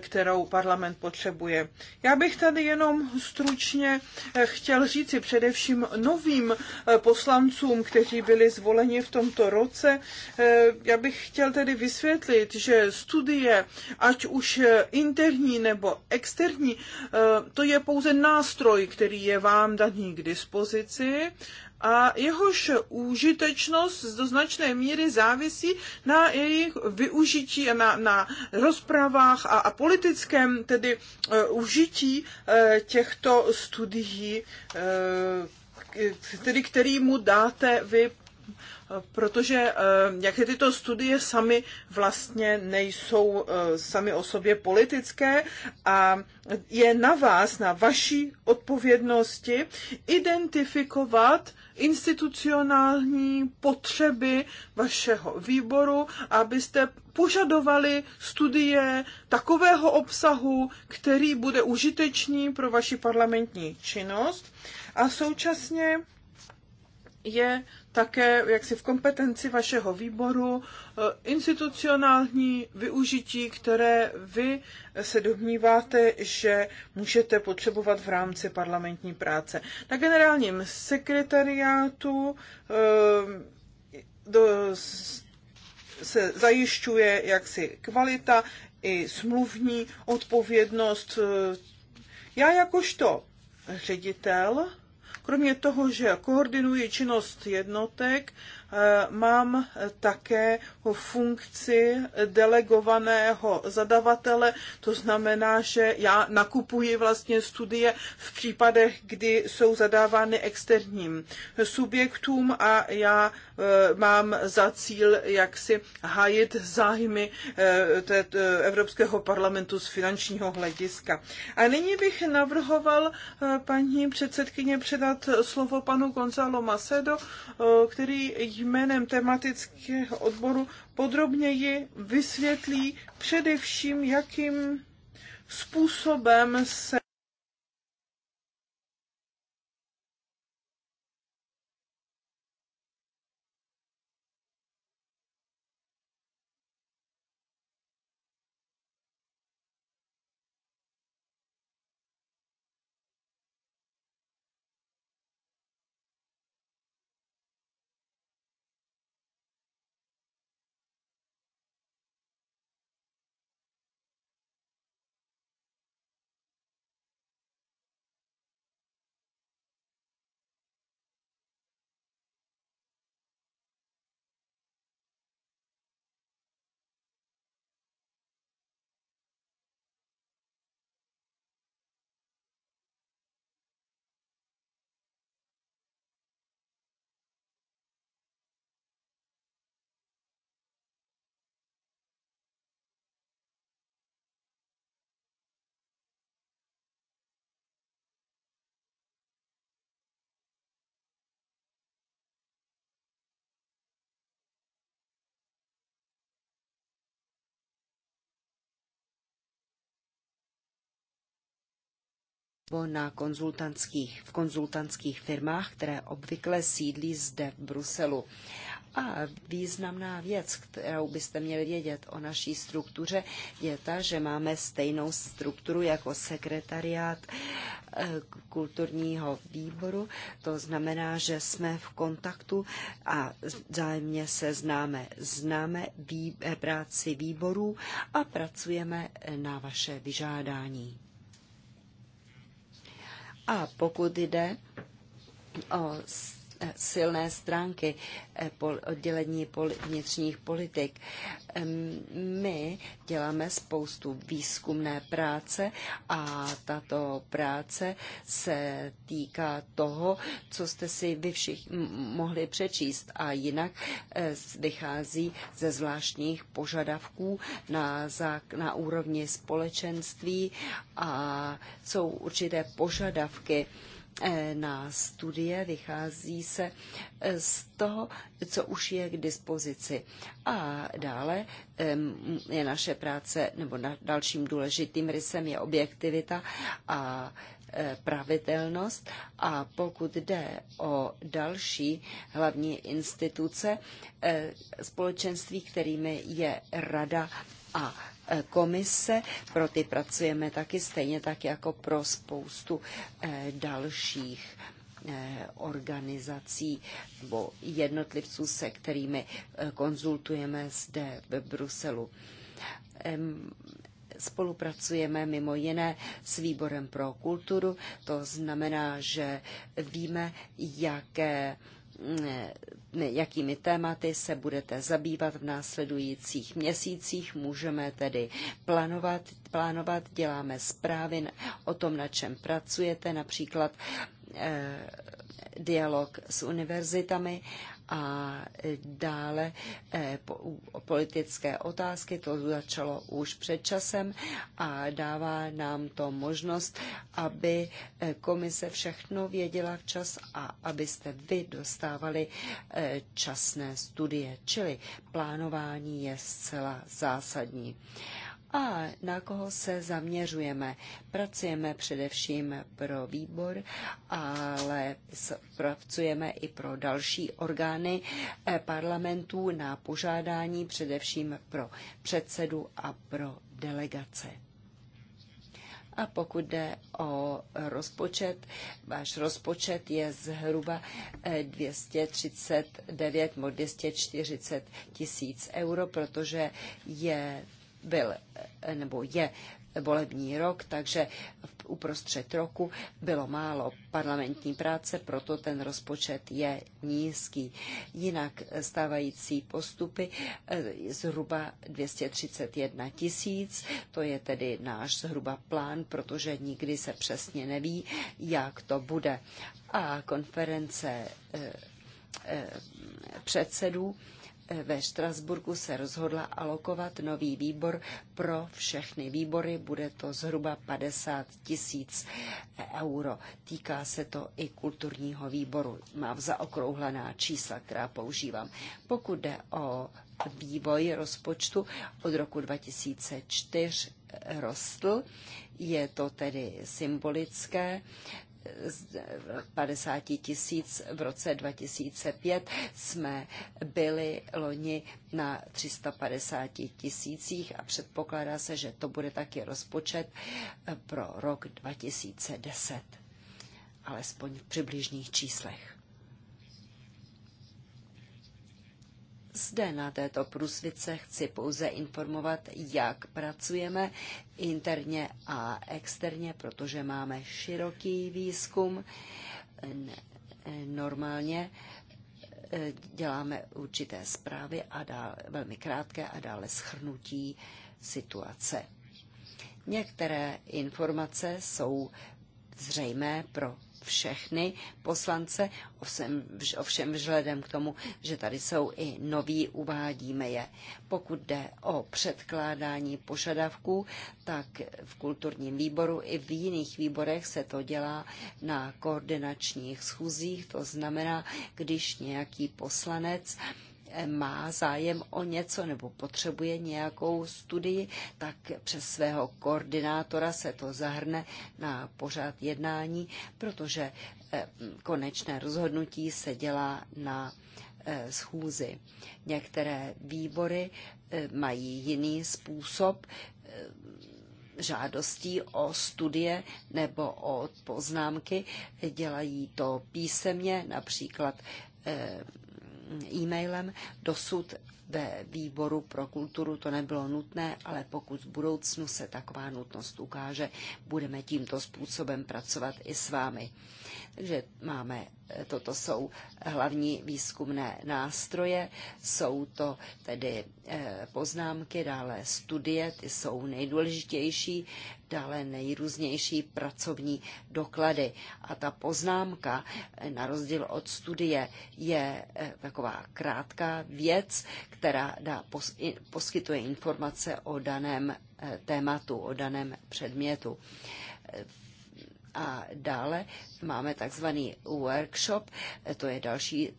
kterou parlament potřebuje. Já bych tady jenom stručně eh, chtěl říci především novým eh, poslancům, kteří byli zvoleni v tomto roce. Eh, já bych chtěl tedy vysvětlit, že studie, ať už interní nebo externí, to je pouze nástroj, který je vám daný k dispozici a jehož užitečnost do značné míry závisí na jejich využití, na, na rozpravách a, a politickém tedy uh, užití uh, těchto studií, uh, k, tedy který mu dáte vy protože eh, jak je tyto studie sami vlastně nejsou eh, sami o sobě politické a je na vás, na vaší odpovědnosti identifikovat institucionální potřeby vašeho výboru, abyste požadovali studie takového obsahu, který bude užitečný pro vaši parlamentní činnost a současně je také jaksi v kompetenci vašeho výboru eh, institucionální využití, které vy se domníváte, že můžete potřebovat v rámci parlamentní práce. Na generálním sekretariátu eh, se zajišťuje jaksi kvalita i smluvní odpovědnost. Eh, já jakožto ředitel Kromě toho, že koordinuje činnost jednotek Eh, mám také funkci delegovaného zadavatele, to znamená, že já nakupuji vlastně studie v případech, kdy jsou zadávány externím subjektům a já eh, mám za cíl jaksi hájit zájmy eh, Evropského parlamentu z finančního hlediska. A nyní bych navrhoval paní předsedkyně předat slovo panu Gonzalo Macedo, který jménem tematického odboru podrobněji vysvětlí především, jakým způsobem se nebo na konzultantských, v konzultantských firmách, které obvykle sídlí zde v Bruselu. A významná věc, kterou byste měli vědět o naší struktuře, je ta, že máme stejnou strukturu jako sekretariát eh, kulturního výboru. To znamená, že jsme v kontaktu a zájemně se známe. Známe eh, práci výborů a pracujeme na vaše vyžádání. A pokud jde o Eh, silné stránky eh, oddělení vnitřních politik. My děláme spoustu výzkumné práce a tato práce se týká toho, co jste si vy všichni mohli přečíst a jinak eh, vychází ze zvláštních požadavků na, zák- na úrovni společenství a jsou určité požadavky, Eh, na studie, vychází se eh, z toho, co už je k dispozici. A dále je naše práce, nebo na dalším důležitým rysem je objektivita a eh, pravitelnost a pokud jde o další hlavní instituce společenství, kterými je Rada a E, komise, pro ty pracujeme taky stejně tak jako pro spoustu e, dalších e, organizací nebo jednotlivců, se kterými konzultujeme zde v Bruselu. Spolupracujeme mimo jiné s výborem pro kulturu, to znamená, že víme, jaké jakými tématy se budete zabývat v následujících měsících. Můžeme tedy plánovat, plánovat děláme zprávy o tom, na čem pracujete, například eh, dialog s univerzitami a dále eh, politické otázky. To začalo už před časem a dává nám to možnost, aby eh, komise všechno věděla včas a abyste vy dostávali eh, časné studie. Čili plánování je zcela zásadní a na koho se zaměřujeme. Pracujeme především pro výbor, ale pracujeme i pro další orgány eh, parlamentů na požádání, především pro předsedu a pro delegace. A pokud jde o rozpočet, váš rozpočet je zhruba 239 eh, nebo 240 tisíc euro, protože je byl nebo je volební rok, takže uprostřed roku bylo málo parlamentní práce, proto ten rozpočet je nízký. Jinak stávající postupy eh, zhruba 231 tisíc, to je tedy náš zhruba plán, protože nikdy se přesně neví, jak to bude. A konference eh, eh, předsedů ve Štrasburku se rozhodla alokovat nový výbor pro všechny výbory. Bude to zhruba 50 tisíc euro. Týká se to i kulturního výboru. Mám zaokrouhlená čísla, která používám. Pokud jde o vývoj rozpočtu od roku 2004 rostl. Je to tedy symbolické z 50 tisíc v roce 2005 jsme byli loni na 350 tisících a předpokládá se, že to bude taky rozpočet pro rok 2010, alespoň v přibližných číslech. Zde na této průsvice chci pouze informovat, jak pracujeme interně a externě, protože máme široký výzkum. Normálně e, děláme určité zprávy a dále, velmi krátké a dále schrnutí situace. Některé informace jsou zřejmé pro všechny poslance, ovšem, ovšem vzhledem k tomu, že tady jsou i noví, uvádíme je. Pokud jde o předkládání požadavků, tak v kulturním výboru i v jiných výborech se to dělá na koordinačních schůzích, to znamená, když nějaký poslanec má zájem o něco nebo potřebuje nějakou studii, tak přes svého koordinátora se to zahrne na pořád jednání, protože eh, konečné rozhodnutí se dělá na eh, schůzi. Některé výbory eh, mají jiný způsob žádostí o studie nebo o poznámky. Dělají to písemně, například e-mailem. Dosud ve výboru pro kulturu to nebylo nutné, ale pokud v budoucnu se taková nutnost ukáže, budeme tímto způsobem pracovat i s vámi. Takže máme, eh, toto jsou hlavní výzkumné nástroje, jsou to tedy eh, poznámky, dále studie, ty jsou nejdůležitější, dále nejrůznější pracovní doklady. A ta poznámka, eh, na rozdíl od studie, je eh, taková krátká věc, která dá, poskytuje informace o daném eh, tématu, o daném předmětu. A dále máme takzvaný workshop, to je další e,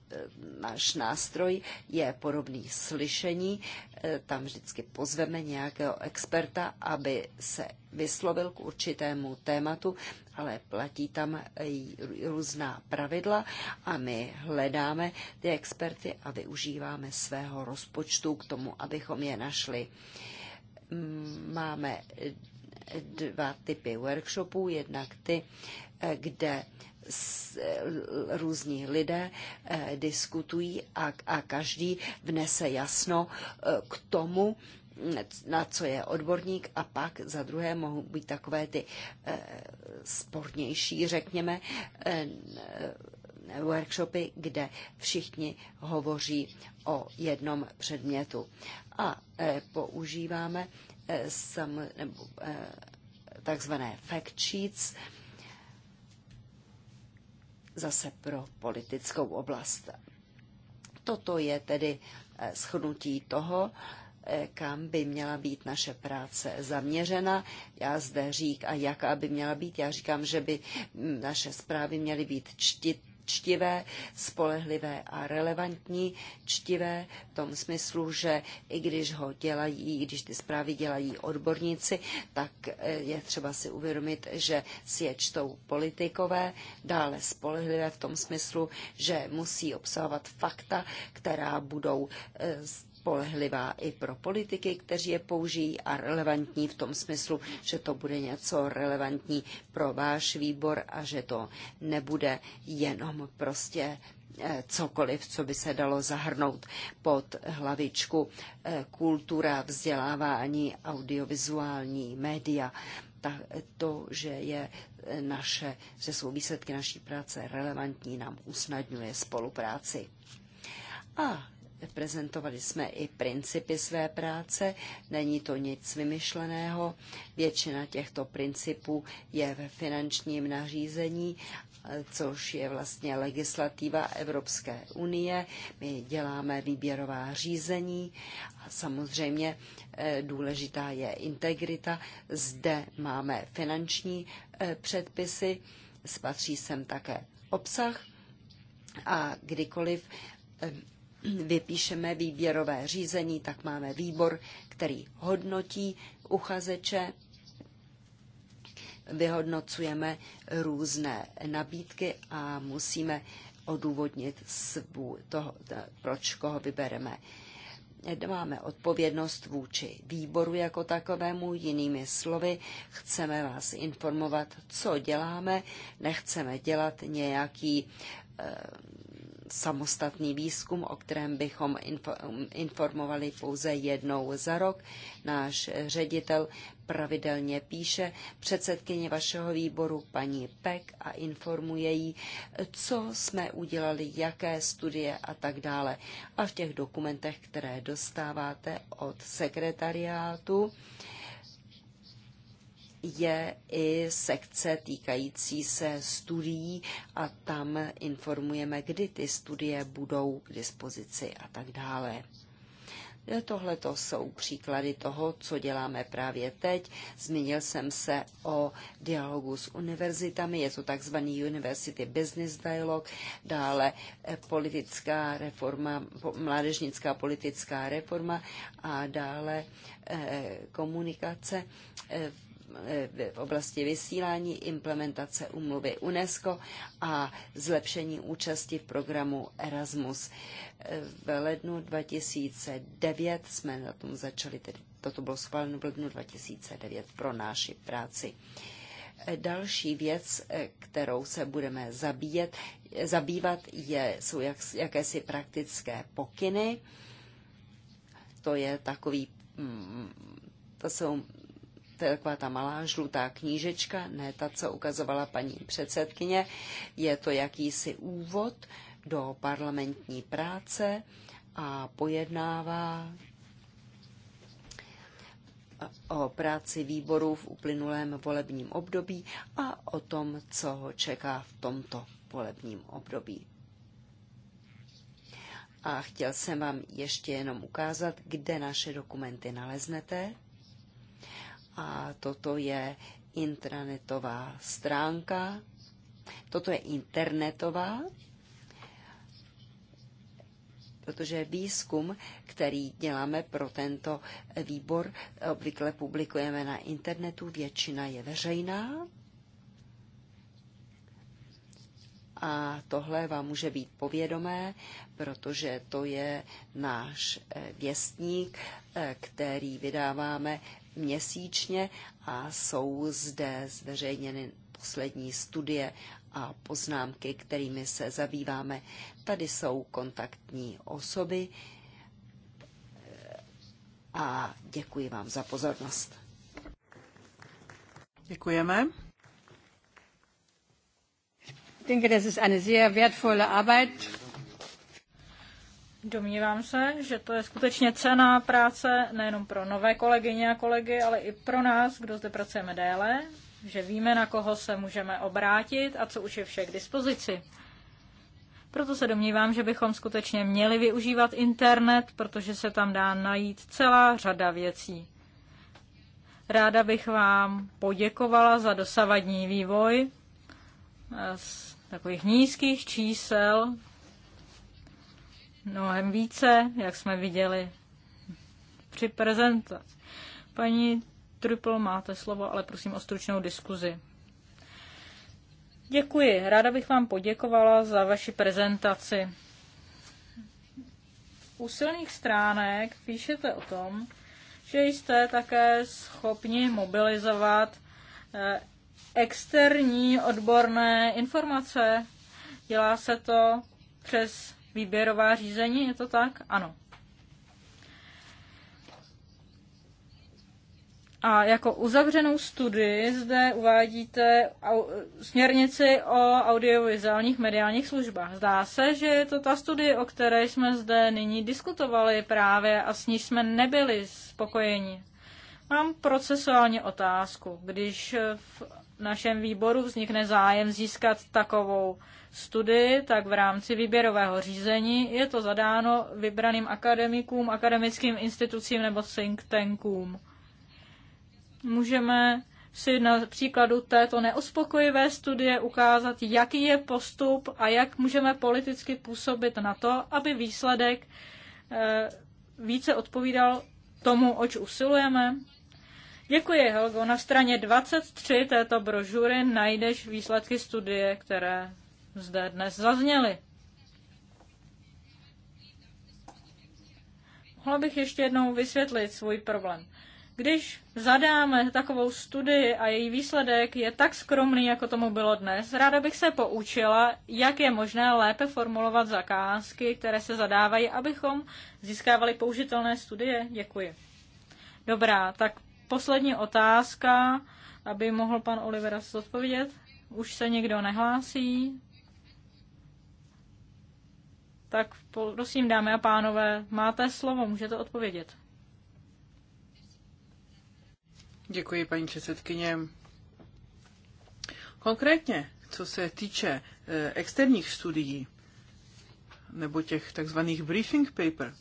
náš nástroj, je podobný slyšení, e, tam vždycky pozveme nějakého experta, aby se vyslovil k určitému tématu, ale platí tam různá pravidla a my hledáme ty experty a využíváme svého rozpočtu k tomu, abychom je našli. Máme dva typy workshopů. Jednak ty, eh, kde eh, různí lidé eh, diskutují a, a každý vnese jasno k tomu, mm, na co je odborník a pak za druhé mohou být takové ty spornější, řekněme, workshopy, kde všichni hovoří o jednom předmětu. A používáme Eh, sam, nebo, eh, takzvané fact sheets, zase pro politickou oblast. Toto je tedy eh, schnutí toho, kam by měla být naše práce zaměřena. Já zde řík a jaká by měla být. Já říkám, že by mm, naše zprávy měly být čtit, čtivé, spolehlivé a relevantní, čtivé v tom smyslu, že i když ho dělají, i když ty zprávy dělají odborníci, tak eh, je třeba si uvědomit, že si je čtou politikové, dále spolehlivé v tom smyslu, že musí obsahovat fakta, která budou eh, spolehlivá i pro politiky, kteří je použijí a relevantní v tom smyslu, že to bude něco relevantní pro váš výbor a že to nebude jenom prostě eh, cokoliv, co by se dalo zahrnout pod hlavičku eh, kultura, vzdělávání, audiovizuální média. Ta, to, že, je eh, naše, že jsou výsledky naší práce relevantní, nám usnadňuje spolupráci. A Prezentovali jsme i principy své práce, není to nic vymyšleného. Většina těchto principů je ve finančním nařízení, což je vlastně legislativa Evropské unie. My děláme výběrová řízení a samozřejmě eh, důležitá je integrita. Zde máme finanční eh, předpisy, spatří sem také obsah a kdykoliv eh, vypíšeme výběrové řízení, tak máme výbor, který hodnotí uchazeče, vyhodnocujeme různé nabídky a musíme odůvodnit svůj, toho, proč koho vybereme. Máme odpovědnost vůči výboru jako takovému, jinými slovy, chceme vás informovat, co děláme, nechceme dělat nějaký eh, samostatný výzkum, o kterém bychom um, informovali pouze jednou za rok. Náš ředitel pravidelně píše předsedkyně vašeho výboru paní Peck a informuje jí, co jsme udělali, jaké studie a tak dále. A v těch dokumentech, které dostáváte od sekretariátu, je i sekce týkající se studií a tam informujeme, kdy ty studie budou k dispozici a tak dále. Tohle to jsou příklady toho, co děláme právě teď. Zmínil jsem se o dialogu s univerzitami, je to takzvaný University Business Dialog, dále politická reforma, mládežnická politická reforma a dále eh, komunikace eh, Eh, v oblasti vysílání, implementace umluvy UNESCO a zlepšení účasti v programu Erasmus. Eh, v lednu 2009 jsme na tom začali, tedy toto bylo schváleno v lednu 2009 pro naši práci. Eh, další věc, kterou se budeme zabíjet, zabývat, je, jsou jak, jakési praktické pokyny. To je takový, mm, to jsou taková ta malá žlutá knížečka, ne ta, co ukazovala paní předsedkyně. Je to jakýsi úvod do parlamentní práce a pojednává o práci výborů v uplynulém volebním období a o tom, co ho čeká v tomto volebním období. A chtěl jsem vám ještě jenom ukázat, kde naše dokumenty naleznete a toto je intranetová stránka. Toto je internetová, protože výzkum, který děláme pro tento výbor, obvykle publikujeme na internetu, většina je veřejná. A tohle vám může být povědomé, protože to je náš eh, věstník, eh, který vydáváme měsíčně a jsou zde zveřejněny poslední studie a poznámky, kterými se zabýváme. Tady jsou kontaktní osoby eh, a děkuji vám za pozornost. Děkujeme. Ich denke, das ist eine sehr wertvolle Arbeit Domnívám se, že to je skutečně cená práce nejenom pro nové kolegyně a kolegy, ale i pro nás, kdo zde pracujeme déle, že víme, na koho se můžeme obrátit a co už je vše k dispozici. Proto se domnívám, že bychom skutečně měli využívat internet, protože se tam dá najít celá řada věcí. Ráda bych vám poděkovala za dosavadní vývoj eh, z takových nízkých čísel mnohem více, jak jsme viděli při prezentaci. Paní Triple, máte slovo, ale prosím o stručnou diskuzi. Děkuji. Ráda bych vám poděkovala za vaši prezentaci. U silných stránek píšete o tom, že jste také schopni mobilizovat eh, externí odborné informace. Dělá se to přes výběrová řízení, je to tak? Ano. A jako uzavřenou studii zde uvádíte směrnici o audiovizuálních mediálních službách. Zdá se, že je to ta studie, o které jsme zde nyní diskutovali právě a s ní jsme nebyli spokojeni. Mám procesuální otázku. Když v našem výboru vznikne zájem získat takovou studii, tak v rámci výběrového řízení je to zadáno vybraným akademikům, akademickým institucím nebo think tankům. Můžeme si na příkladu této neuspokojivé studie ukázat, jaký je postup a jak můžeme politicky působit na to, aby výsledek eh, více odpovídal tomu, oč usilujeme. Děkuji, Helgo. Na straně 23 této brožury najdeš výsledky studie, které zde dnes zazněly. Mohla bych ještě jednou vysvětlit svůj problém. Když zadáme takovou studii a její výsledek je tak skromný, jako tomu bylo dnes, ráda bych se poučila, jak je možné lépe formulovat zakázky, které se zadávají, abychom získávali použitelné studie. Děkuji. Dobrá, tak poslední otázka, aby mohl pan Olivera odpovědět. Už se někdo nehlásí? Tak prosím, dámy a pánové, máte slovo, můžete odpovědět. Děkuji, paní předsedkyně. Konkrétně, co se týče eh, externích studií nebo těch takzvaných briefing paper, eh,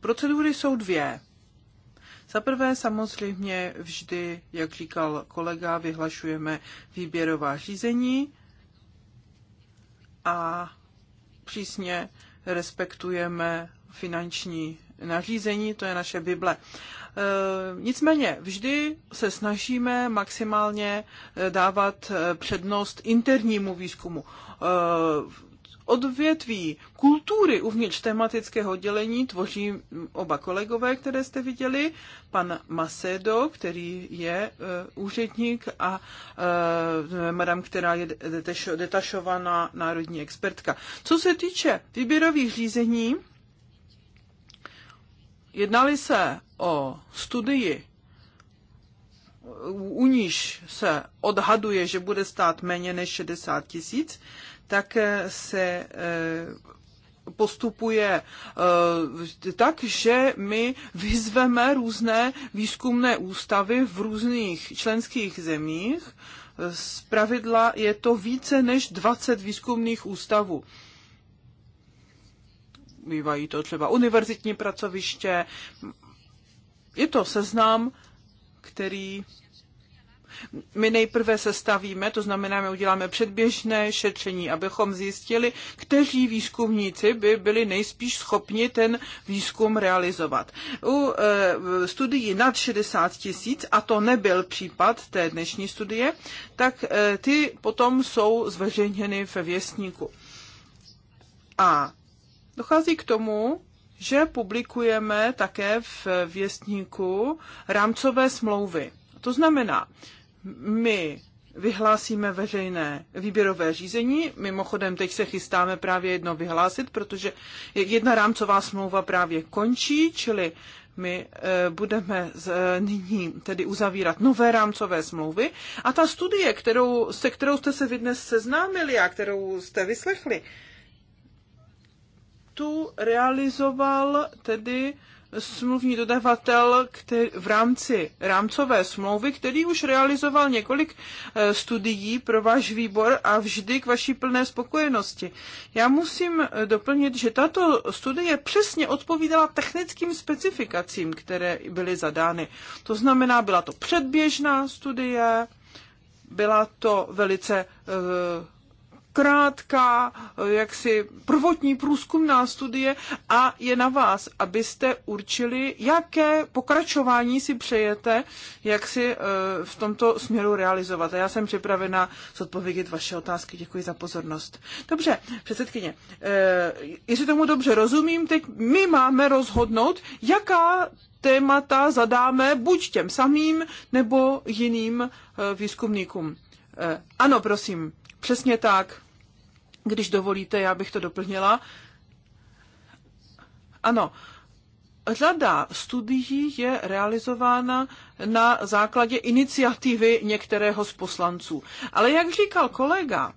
procedury jsou dvě. Za prvé samozřejmě vždy, jak říkal kolega, vyhlašujeme výběrová řízení a přísně respektujeme finanční nařízení, to je naše Bible. E, nicméně vždy se snažíme maximálně e, dávat e, přednost internímu výzkumu odvětví kultury uvnitř tematického dělení tvoří oba kolegové, které jste viděli, pan Macedo, který je uh, úředník a uh, madam, která je detašovaná národní expertka. Co se týče výběrových řízení, jednali se o studii u níž se odhaduje, že bude stát méně než 60 tisíc také eh, se eh, postupuje eh, tak, že my vyzveme různé výzkumné ústavy v různých členských zemích. Z pravidla je to více než 20 výzkumných ústavů. Bývají to třeba univerzitní pracoviště. Je to seznam, který my nejprve se stavíme, to znamená, my uděláme předběžné šetření, abychom zjistili, kteří výzkumníci by byli nejspíš schopni ten výzkum realizovat. U e, studií nad 60 tisíc, a to nebyl případ té dnešní studie, tak e, ty potom jsou zveřejněny ve věstníku. A dochází k tomu, že publikujeme také v věstníku rámcové smlouvy. To znamená, my vyhlásíme veřejné výběrové řízení. Mimochodem, teď se chystáme právě jedno vyhlásit, protože jedna rámcová smlouva právě končí, čili my e, budeme z, e, nyní tedy uzavírat nové rámcové smlouvy a ta studie, kterou, se kterou jste se vy dnes seznámili a kterou jste vyslechli, tu realizoval tedy smluvní dodavatel který, v rámci rámcové smlouvy, který už realizoval několik eh, studií pro váš výbor a vždy k vaší plné spokojenosti. Já musím eh, doplnit, že tato studie přesně odpovídala technickým specifikacím, které byly zadány. To znamená, byla to předběžná studie, byla to velice eh, krátká, eh, jaksi prvotní průzkumná studie a je na vás, abyste určili, jaké pokračování si přejete, jak si eh, v tomto směru realizovat. A já jsem připravena zodpovědět vaše otázky. Děkuji za pozornost. Dobře, předsedkyně, eh, jestli tomu dobře rozumím, teď my máme rozhodnout, jaká témata zadáme buď těm samým nebo jiným výzkumníkům. Ano, prosím, přesně tak. Když dovolíte, já bych to doplnila. Ano, řada studií je realizována na základě iniciativy některého z poslanců. Ale jak říkal kolega,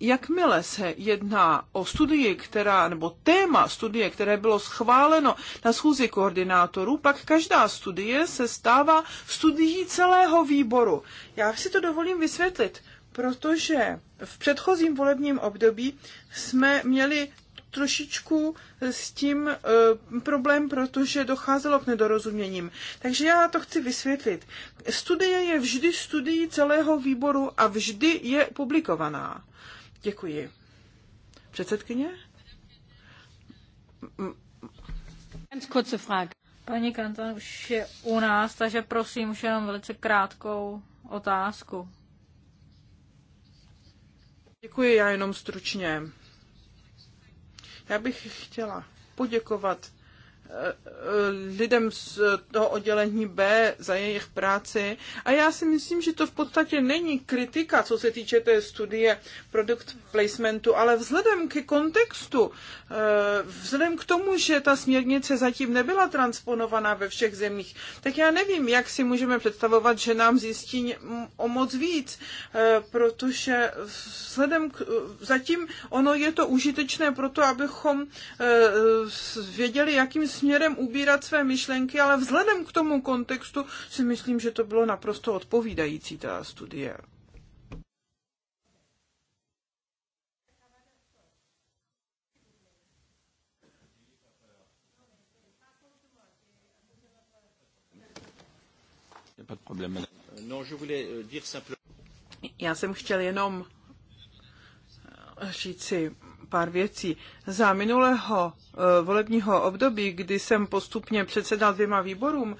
jakmile se jedná o studii, která, nebo téma studie, které bylo schváleno na schůzi koordinátorů, pak každá studie se stává studií celého výboru. Já si to dovolím vysvětlit protože v předchozím volebním období jsme měli trošičku s tím e, problém, protože docházelo k nedorozuměním. Takže já to chci vysvětlit. Studie je vždy studií celého výboru a vždy je publikovaná. Děkuji. Předsedkyně? Paní Kanton už je u nás, takže prosím už jenom velice krátkou otázku. Děkuji, já jenom stručně. Já bych chtěla poděkovat Eh, lidem z toho oddělení B za jejich práci. A já si myslím, že to v podstatě není kritika, co se týče té studie produkt placementu, ale vzhledem ke kontextu, eh, vzhledem k tomu, že ta směrnice zatím nebyla transponovaná ve všech zemích, tak já nevím, jak si můžeme představovat, že nám zjistí o moc víc, eh, protože vzhledem k, zatím ono je to užitečné proto, abychom věděli, jakým směrem směrem ubírat své myšlenky, ale vzhledem k tomu kontextu si myslím, že to bylo naprosto odpovídající ta studie. Euh, euh, Já jsem chtěl jenom eh, říci pár věcí. Za minulého eh, volebního období, kdy jsem postupně předsedal dvěma výborům,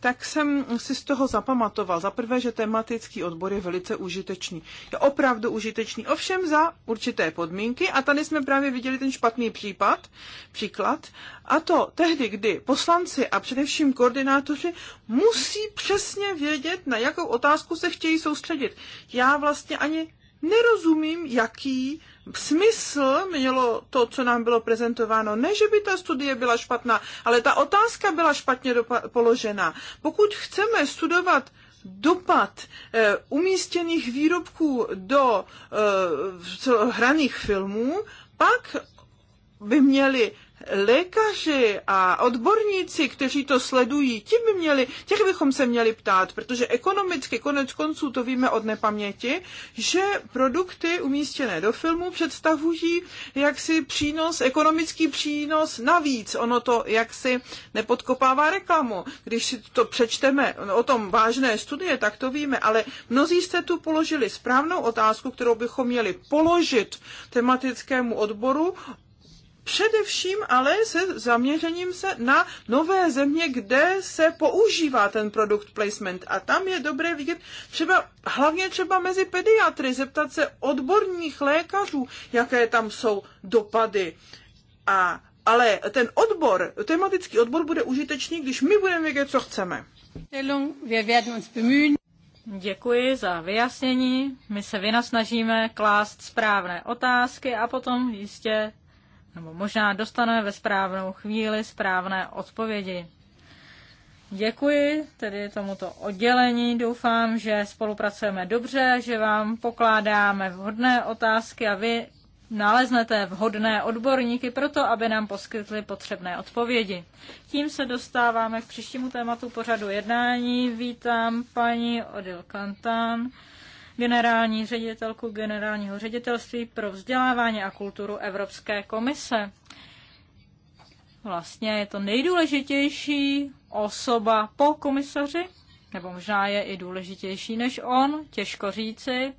tak jsem si z toho zapamatoval. Za prvé, že tematický odbor je velice užitečný. Je opravdu užitečný, ovšem za určité podmínky. A tady jsme právě viděli ten špatný případ, příklad. A to tehdy, kdy poslanci a především koordinátoři musí přesně vědět, na jakou otázku se chtějí soustředit. Já vlastně ani nerozumím, jaký smysl mělo to, co nám bylo prezentováno. Ne, že by ta studie byla špatná, ale ta otázka byla špatně položená. Pokud chceme studovat dopad e, umístěných výrobků do e, hraných filmů, pak by měli lékaři a odborníci, kteří to sledují, ti by měli, těch bychom se měli ptát, protože ekonomicky konec konců to víme od nepaměti, že produkty umístěné do filmu představují jaksi přínos, ekonomický přínos navíc. Ono to jaksi nepodkopává reklamu. Když si to přečteme o tom vážné studie, tak to víme, ale mnozí jste tu položili správnou otázku, kterou bychom měli položit tematickému odboru Především ale se zaměřením se na nové země, kde se používá ten produkt placement. A tam je dobré vidět třeba, hlavně třeba mezi pediatry, zeptat se odborných lékařů, jaké tam jsou dopady. A, ale ten odbor, tematický odbor bude užitečný, když my budeme vědět, co chceme. Děkuji za vyjasnění. My se vynasnažíme klást správné otázky a potom jistě nebo možná dostaneme ve správnou chvíli správné odpovědi. Děkuji tedy tomuto oddělení. Doufám, že spolupracujeme dobře, že vám pokládáme vhodné otázky a vy naleznete vhodné odborníky pro to, aby nám poskytli potřebné odpovědi. Tím se dostáváme k příštímu tématu pořadu jednání. Vítám paní Odil Kantan generální ředitelku generálního ředitelství pro vzdělávání a kulturu Evropské komise. Vlastně je to nejdůležitější osoba po komisaři, nebo možná je i důležitější než on, těžko říci.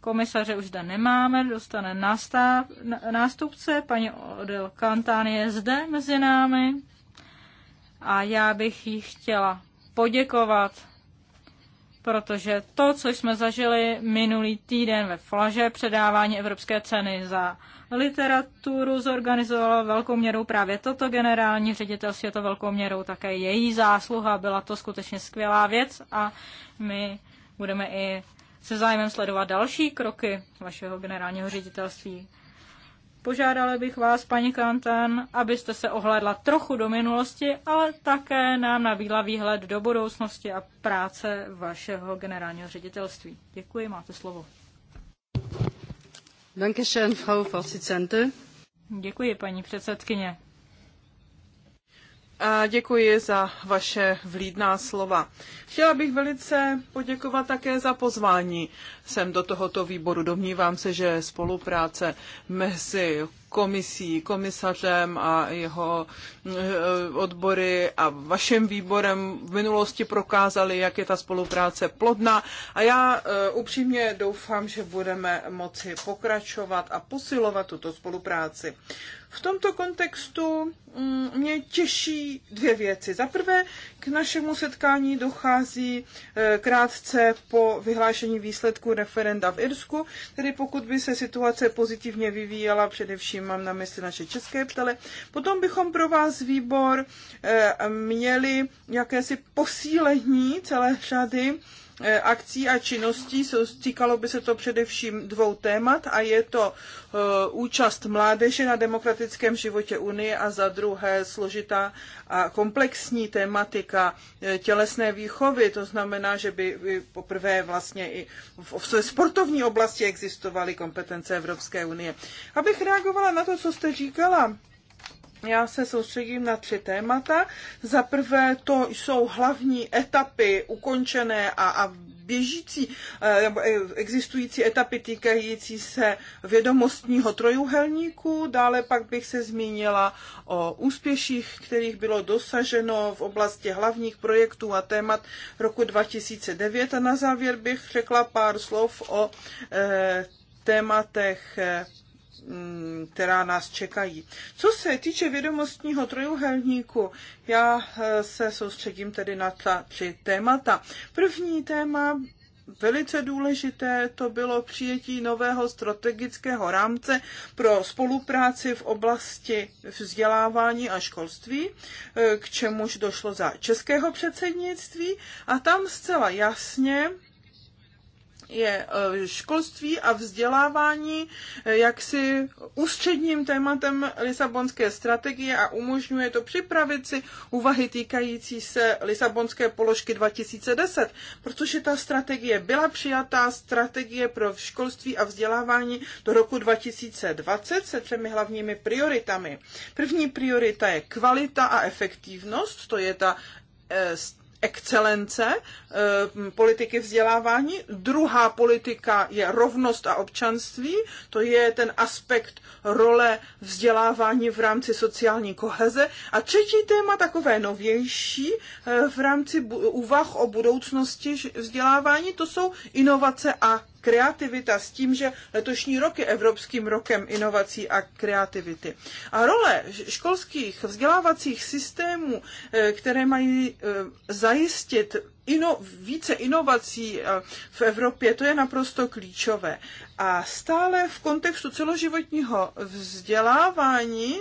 Komisaře už zde nemáme, dostane nástupce, paní Odil Kantán je zde mezi námi a já bych jí chtěla poděkovat protože to, co jsme zažili minulý týden ve Flaže, předávání Evropské ceny za literaturu, zorganizovalo velkou měrou právě toto generální ředitelství, je to velkou měrou také její zásluha, byla to skutečně skvělá věc a my budeme i se zájmem sledovat další kroky vašeho generálního ředitelství. Požádali bych vás, paní Kantan, abyste se ohledla trochu do minulosti, ale také nám nabídla výhled do budoucnosti a práce vašeho generálního ředitelství. Děkuji, máte slovo. Děkuji, paní předsedkyně. A děkuji za vaše vlídná slova. Chtěla bych velice poděkovat také za pozvání sem do tohoto výboru. Domnívám se, že spolupráce mezi komisí, komisařem a jeho eh, odbory a vaším výborem v minulosti prokázali, jak je ta spolupráce plodná. A já eh, upřímně doufám, že budeme moci pokračovat a posilovat tuto spolupráci. V tomto kontextu mm, mě těší dvě věci. Za prvé, k našemu setkání dochází eh, krátce po vyhlášení výsledku referenda v Irsku, tedy pokud by se situace pozitivně vyvíjela, především mám na mysli naše české ptele, potom bychom pro vás výbor eh, měli jakési posílení celé řady E, akcí a činností. Týkalo by se to především dvou témat a je to e, účast mládeže na demokratickém životě Unie a za druhé složitá a komplexní tématika e, tělesné výchovy. To znamená, že by poprvé vlastně i v sportovní oblasti existovaly kompetence Evropské unie. Abych reagovala na to, co jste říkala, já se soustředím na tři témata. Za prvé to jsou hlavní etapy ukončené a, a běžící eh, nebo eh, existující etapy týkající se vědomostního trojuhelníku. Dále pak bych se zmínila o úspěších, kterých bylo dosaženo v oblasti hlavních projektů a témat roku 2009. A na závěr bych řekla pár slov o eh, tématech Mm, která nás čekají. Co se týče vědomostního trojuhelníku, já eh, se soustředím tedy na ta tři témata. První téma Velice důležité to bylo přijetí nového strategického rámce pro spolupráci v oblasti vzdělávání a školství, eh, k čemuž došlo za českého předsednictví a tam zcela jasně je eh, školství a vzdělávání eh, jaksi ústředním tématem Lisabonské strategie a umožňuje to připravit si úvahy týkající se Lisabonské položky 2010, protože ta strategie byla přijatá, strategie pro školství a vzdělávání do roku 2020 se třemi hlavními prioritami. První priorita je kvalita a efektivnost, to je ta eh, excelence eh, politiky vzdělávání. Druhá politika je rovnost a občanství, to je ten aspekt role vzdělávání v rámci sociální koheze. A třetí téma, takové novější, eh, v rámci úvah o budoucnosti vzdělávání, to jsou inovace a kreativita s tím, že letošní rok je Evropským rokem inovací a kreativity. A role školských vzdělávacích systémů, eh, které mají eh, zajistit ino, více inovací eh, v Evropě, to je naprosto klíčové. A stále v kontextu celoživotního vzdělávání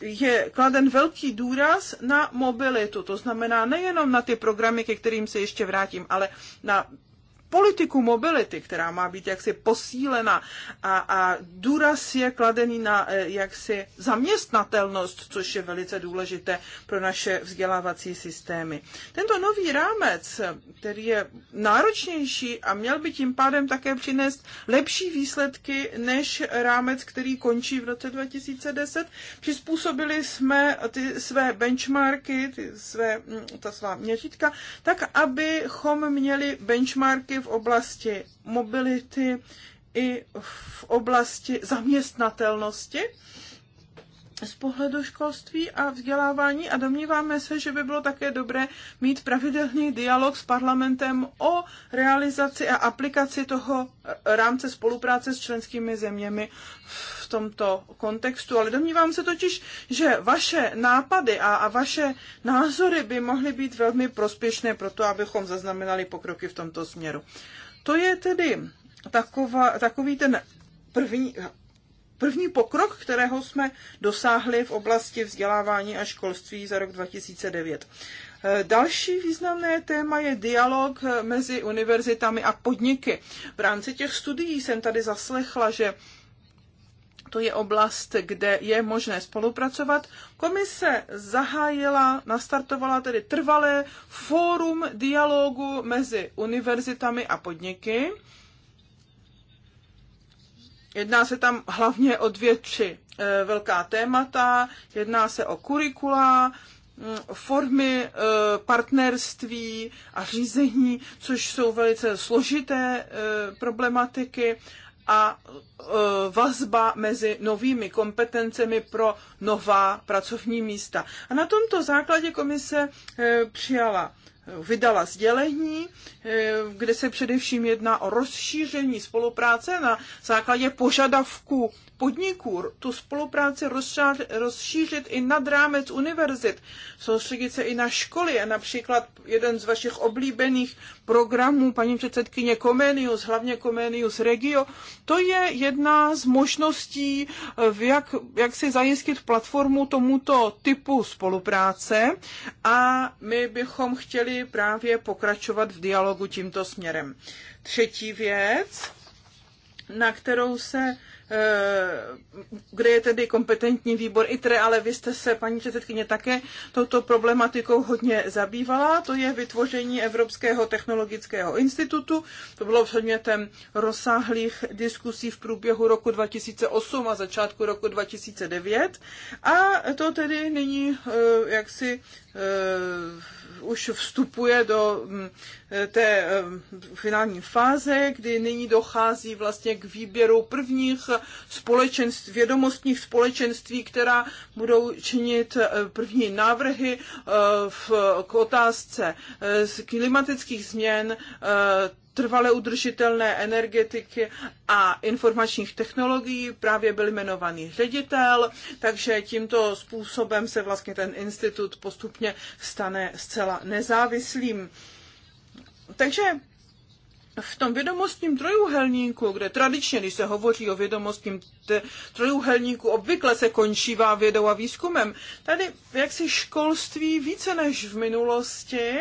je kladen velký důraz na mobilitu. To znamená nejenom na ty programy, ke kterým se ještě vrátím, ale na politiku mobility, která má být jaksi posílena a, a důraz je kladený na eh, jaksi zaměstnatelnost, což je velice důležité pro naše vzdělávací systémy. Tento nový rámec, který je náročnější a měl by tím pádem také přinést lepší výsledky než rámec, který končí v roce 2010, přizpůsobili jsme ty své benchmarky, ty své, mm, ta svá měřítka, tak abychom měli benchmarky i v oblasti mobility, i v oblasti zaměstnatelnosti z pohledu školství a vzdělávání a domníváme se, že by bylo také dobré mít pravidelný dialog s parlamentem o realizaci a aplikaci toho rámce spolupráce s členskými zeměmi v v tomto kontextu, ale domnívám se totiž, že vaše nápady a, a vaše názory by mohly být velmi prospěšné pro to, abychom zaznamenali pokroky v tomto směru. To je tedy taková, takový ten první, první pokrok, kterého jsme dosáhli v oblasti vzdělávání a školství za rok 2009. Další významné téma je dialog mezi univerzitami a podniky. V rámci těch studií jsem tady zaslechla, že to je oblast, kde je možné spolupracovat. Komise zahájila, nastartovala tedy trvalé fórum dialogu mezi univerzitami a podniky. Jedná se tam hlavně o dvě, tři e, velká témata. Jedná se o kurikula, mm, formy e, partnerství a řízení, což jsou velice složité e, problematiky a e, vazba mezi novými kompetencemi pro nová pracovní místa. A na tomto základě komise e, přijala e, vydala sdělení, kde se především jedná o rozšíření spolupráce na základě požadavků podniků, tu spolupráci rozšířit i nad rámec univerzit, soustředit se i na školy a například jeden z vašich oblíbených programů paní předsedkyně Comenius, hlavně Comenius Regio, to je jedna z možností, eh, jak, jak si zajistit platformu tomuto typu spolupráce a my bychom chtěli právě pokračovat v dialogu tímto směrem. Třetí věc, na kterou se Eh, kde je tedy kompetentní výbor ITRE, ale vy jste se, paní předsedkyně, také touto problematikou hodně zabývala. To je vytvoření Evropského technologického institutu. To bylo předmětem rozsáhlých diskusí v průběhu roku 2008 a začátku roku 2009. A to tedy není eh, jaksi eh, už vstupuje do mm, té mm, finální fáze, kdy nyní dochází vlastně k výběru prvních společenství, vědomostních společenství, která budou činit eh, první návrhy eh, v, k otázce eh, klimatických změn, trvale udržitelné energetiky a informačních technologií právě byl jmenovaný ředitel, takže tímto způsobem se vlastně ten institut postupně stane zcela nezávislým. Takže v tom vědomostním trojuhelníku, kde tradičně, když se hovoří o vědomostním trojuhelníku, obvykle se končívá vědou a výzkumem, tady jaksi školství více než v minulosti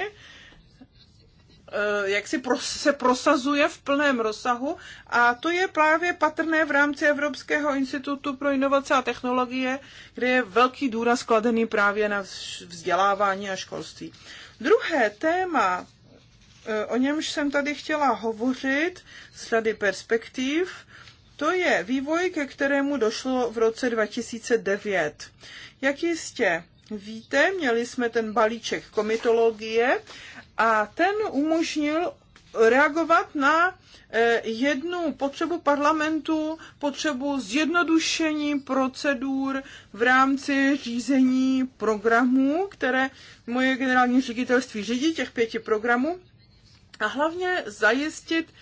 Eh, jak si pros, se prosazuje v plném rozsahu a to je právě patrné v rámci Evropského institutu pro inovace a technologie, kde je velký důraz skladený právě na vzdělávání a školství. Druhé téma, eh, o němž jsem tady chtěla hovořit, z tady perspektiv, to je vývoj, ke kterému došlo v roce 2009. Jak jistě víte, měli jsme ten balíček komitologie a ten umožnil reagovat na eh, jednu potřebu parlamentu, potřebu zjednodušení procedur v rámci řízení programů, které moje generální ředitelství řídí, těch pěti programů, a hlavně zajistit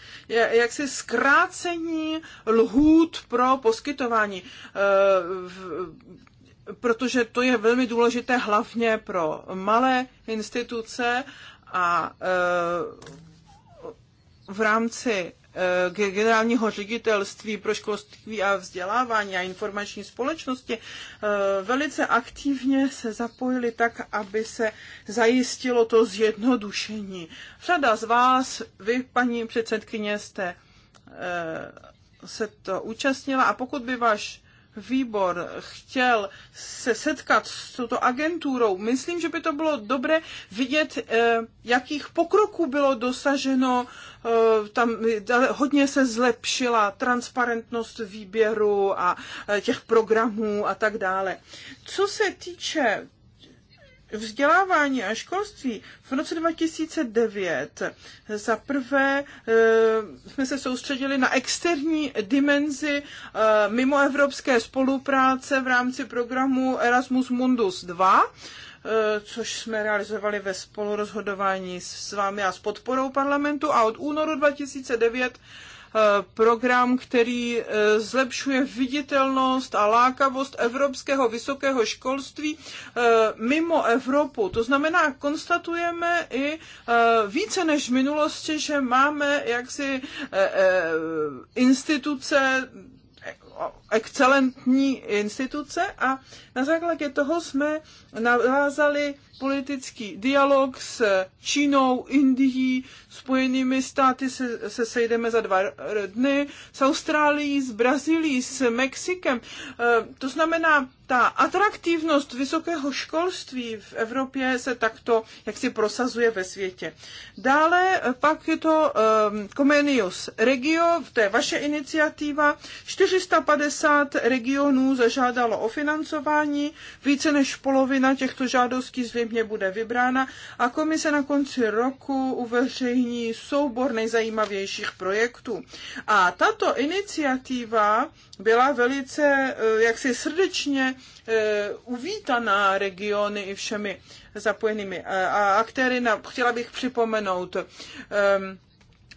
jaksi zkrácení lhůt pro poskytování eh, protože to je velmi důležité hlavně pro malé instituce a eh, v rámci eh, generálního ředitelství pro školství a vzdělávání a informační společnosti eh, velice aktivně se zapojili tak, aby se zajistilo to zjednodušení. Řada z vás, vy, paní předsedkyně, jste se to účastnila a pokud by váš výbor chtěl se setkat s touto agenturou, myslím, že by to bylo dobré vidět, eh, jakých pokroků bylo dosaženo. Eh, tam eh, hodně se zlepšila transparentnost výběru a těch programů a tak dále. Co se týče vzdělávání a školství v roce 2009 za prvé eh, jsme se soustředili na externí dimenzi eh, mimoevropské spolupráce v rámci programu Erasmus Mundus 2, eh, což jsme realizovali ve spolurozhodování s vámi a s podporou parlamentu a od únoru 2009 Eh, program, který eh, zlepšuje viditelnost a lákavost evropského vysokého školství eh, mimo Evropu. To znamená, konstatujeme i více než v minulosti, že máme jaksi instituce excelentní instituce a na základě toho jsme navázali politický dialog s Čínou, Indií, Spojenými státy se, se sejdeme za dva dny, s Austrálií, s Brazílií, s Mexikem. Eh, to znamená, ta atraktivnost vysokého školství v Evropě se takto jaksi prosazuje ve světě. Dále pak je to ehm, Comenius Regio, to je vaše iniciativa, 450 50 regionů zažádalo o financování, více než polovina těchto žádostí zřejmě bude vybrána a komise na konci roku uveřejní soubor nejzajímavějších projektů. A tato iniciativa byla velice eh, jaksi srdečně eh, uvítaná regiony i všemi zapojenými eh, a aktéry. Na, chtěla bych připomenout ehm,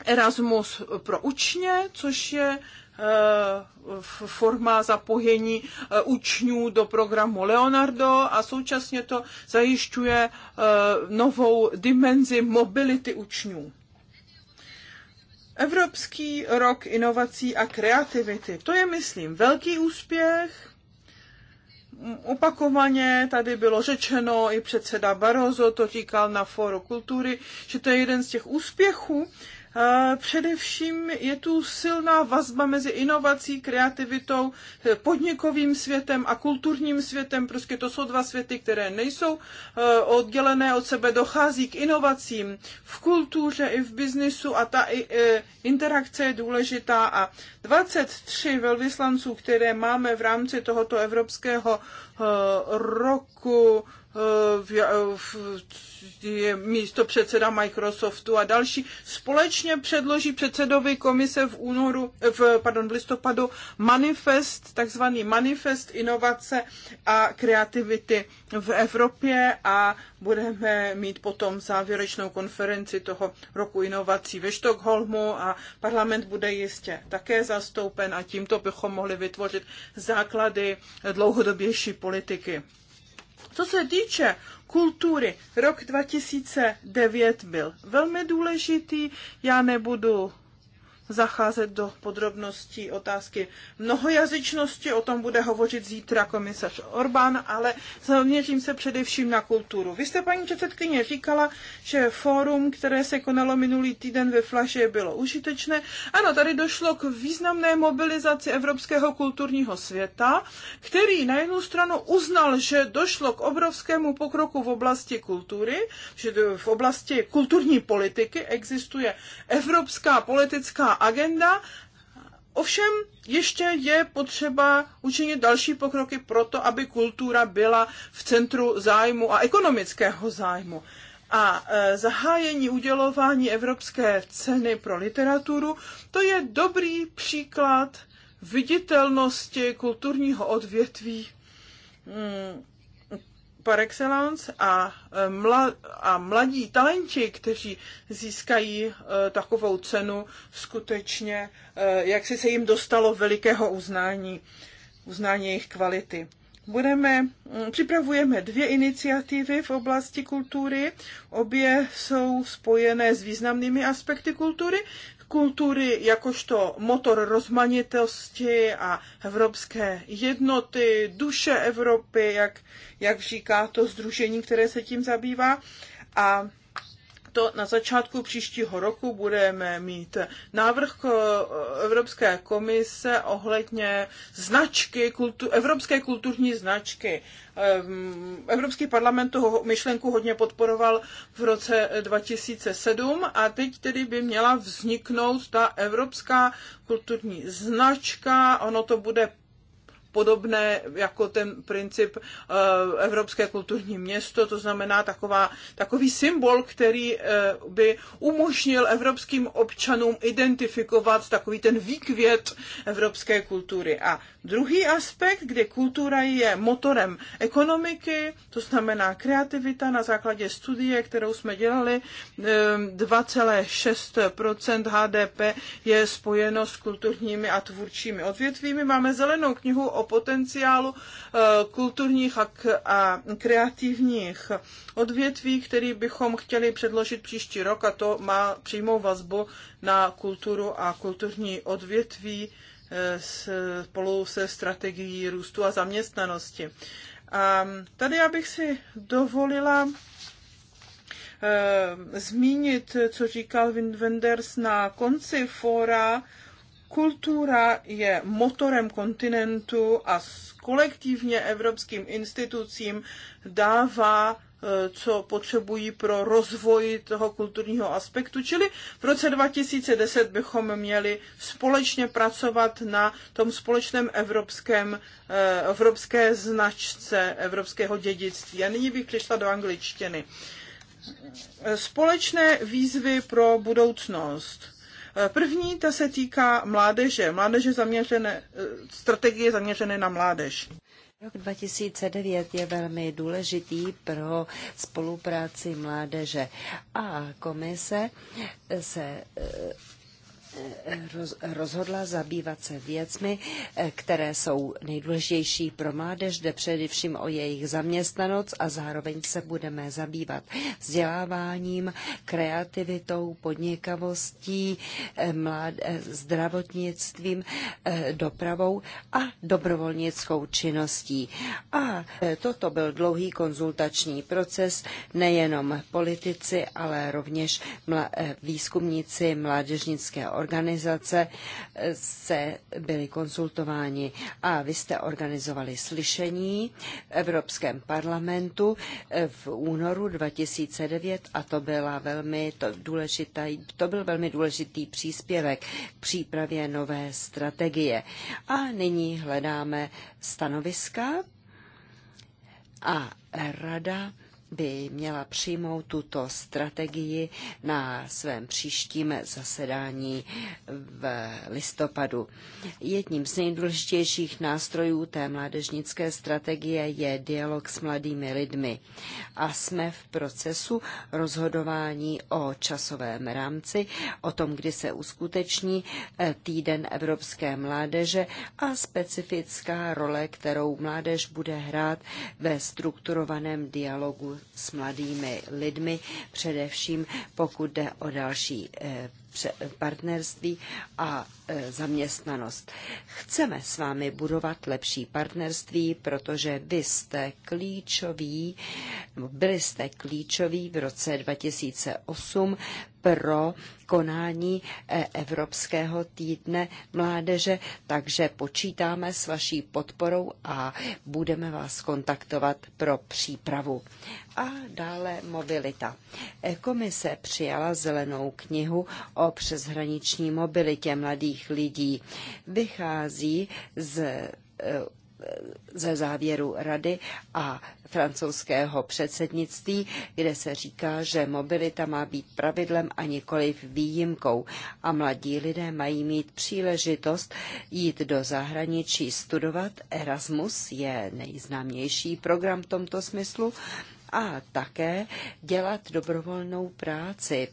Erasmus pro učně, což je Eh, forma zapojení eh, učňů do programu Leonardo a současně to zajišťuje eh, novou dimenzi mobility učňů. Evropský rok inovací a kreativity. To je, myslím, velký úspěch. Opakovaně tady bylo řečeno, i předseda Barozo to říkal na Fóru kultury, že to je jeden z těch úspěchů Především je tu silná vazba mezi inovací, kreativitou, podnikovým světem a kulturním světem. Prostě to jsou dva světy, které nejsou e, oddělené od sebe. Dochází k inovacím v kultuře i v biznisu a ta e, interakce je důležitá. A 23 velvyslanců, které máme v rámci tohoto evropského e, roku, je místo předseda Microsoftu a další, společně předloží předsedovi komise v únoru, v, pardon, v listopadu manifest, takzvaný manifest inovace a kreativity v Evropě a budeme mít potom závěrečnou konferenci toho roku inovací ve Štokholmu a parlament bude jistě také zastoupen a tímto bychom mohli vytvořit základy dlouhodobější politiky. Co se týče kultury, rok 2009 byl velmi důležitý, já nebudu zacházet do podrobností otázky mnohojazyčnosti, o tom bude hovořit zítra komisař Orbán, ale zaměřím se především na kulturu. Vy jste, paní předsedkyně, říkala, že fórum, které se konalo minulý týden ve Flaše, bylo užitečné. Ano, tady došlo k významné mobilizaci evropského kulturního světa, který na jednu stranu uznal, že došlo k obrovskému pokroku v oblasti kultury, že v oblasti kulturní politiky existuje evropská politická agenda. Ovšem ještě je potřeba učinit další pokroky pro to, aby kultura byla v centru zájmu a ekonomického zájmu. A e, zahájení udělování Evropské ceny pro literaturu, to je dobrý příklad viditelnosti kulturního odvětví. Hmm, par excellence a, e, mla, a mladí talenti, kteří získají e, takovou cenu, skutečně, e, jak si se jim dostalo velikého uznání, uznání jejich kvality budeme, připravujeme dvě iniciativy v oblasti kultury. Obě jsou spojené s významnými aspekty kultury kultury jakožto motor rozmanitosti a evropské jednoty, duše Evropy, jak, jak říká to združení, které se tím zabývá. A to na začátku příštího roku budeme mít návrh eh, Evropské komise ohledně značky, kultu, evropské kulturní značky. Evropský parlament toho myšlenku hodně podporoval v roce 2007 a teď tedy by měla vzniknout ta evropská kulturní značka. Ono to bude podobné jako ten princip eh, Evropské kulturní město, to znamená taková, takový symbol, který eh, by umožnil evropským občanům identifikovat takový ten výkvět evropské kultury. A druhý aspekt, kde kultura je motorem ekonomiky, to znamená kreativita na základě studie, kterou jsme dělali, 2,6 eh, HDP je spojeno s kulturními a tvůrčími odvětvími. Máme zelenou knihu o potenciálu eh, kulturních a kreativních odvětví, který bychom chtěli předložit příští rok a to má přímou vazbu na kulturu a kulturní odvětví eh, spolu se strategií růstu a zaměstnanosti. A tady já bych si dovolila eh, zmínit, co říkal Wim Wenders na konci fóra Kultura je motorem kontinentu a kolektivně evropským institucím dává eh, co potřebují pro rozvoj toho kulturního aspektu. Čili v roce 2010 bychom měli společně pracovat na tom společném evropském, eh, evropské značce evropského dědictví. A nyní bych přišla do angličtiny. Společné výzvy pro budoucnost. První, ta se týká mládeže, mládeže zaměřené, strategie zaměřené na mládež. Rok 2009 je velmi důležitý pro spolupráci mládeže a komise se rozhodla zabývat se věcmi, eh, které jsou nejdůležitější pro mládež, jde především o jejich zaměstnanost a zároveň se budeme zabývat vzděláváním, kreativitou, podnikavostí, eh, mlád, eh, zdravotnictvím, dopravou a dobrovolnickou činností. A toto byl dlouhý konzultační proces, nejenom politici, ale rovněž mla, výzkumníci, mládežnické organizace, organizace eh, se byli konzultováni a vy jste organizovali slyšení v Evropském parlamentu eh, v únoru 2009 a to byla velmi to důležitá, to byl velmi důležitý příspěvek k přípravě nové strategie. A nyní hledáme stanoviska a rada by měla přijmout tuto strategii na svém příštím zasedání v listopadu. Jedním z nejdůležitějších nástrojů té mládežnické strategie je dialog s mladými lidmi a jsme v procesu rozhodování o časovém rámci, o tom, kdy se uskuteční eh, týden evropské mládeže a specifická role, kterou mládež bude hrát ve strukturovaném dialogu s mladými lidmi, především pokud jde o další eh, partnerství a eh, zaměstnanost. Chceme s vámi budovat lepší partnerství, protože vy jste klíčoví, byli jste klíčoví v roce 2008 pro konání eh, Evropského týdne mládeže, takže počítáme s vaší podporou a budeme vás kontaktovat pro přípravu. A dále mobilita. Eh, komise přijala zelenou knihu o přeshraniční mobilitě mladých lidí. Vychází z eh, ze závěru rady a francouzského předsednictví, kde se říká, že mobilita má být pravidlem a nikoliv výjimkou a mladí lidé mají mít příležitost jít do zahraničí studovat. Erasmus je nejznámější program v tomto smyslu a také dělat dobrovolnou práci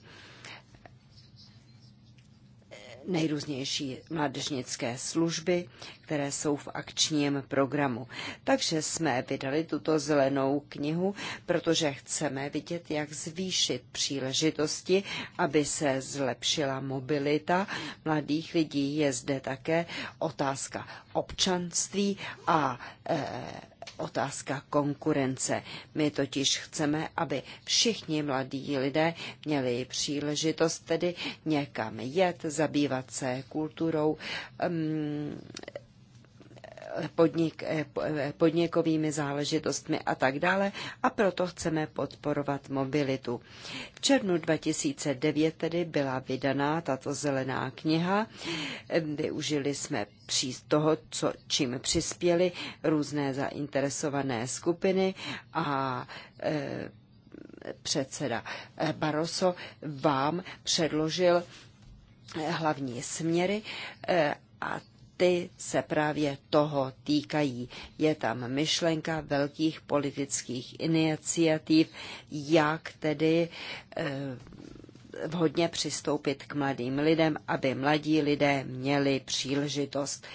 nejrůznější mládežnické služby, které jsou v akčním programu. Takže jsme vydali tuto zelenou knihu, protože chceme vidět, jak zvýšit příležitosti, aby se zlepšila mobilita mladých lidí. Je zde také otázka občanství a eh, otázka konkurence. My totiž chceme, aby všichni mladí lidé měli příležitost tedy někam jet, zabývat se kulturou, mm, podnik, eh, eh, podnikovými záležitostmi a tak dále a proto chceme podporovat mobilitu. V červnu 2009 tedy byla vydaná tato zelená kniha. Využili jsme příst toho, co, čím přispěli různé zainteresované skupiny a e, předseda Barroso vám předložil hlavní směry a ty se právě toho týkají. Je tam myšlenka velkých politických iniciativ, jak tedy eh, vhodně přistoupit k mladým lidem, aby mladí lidé měli příležitost.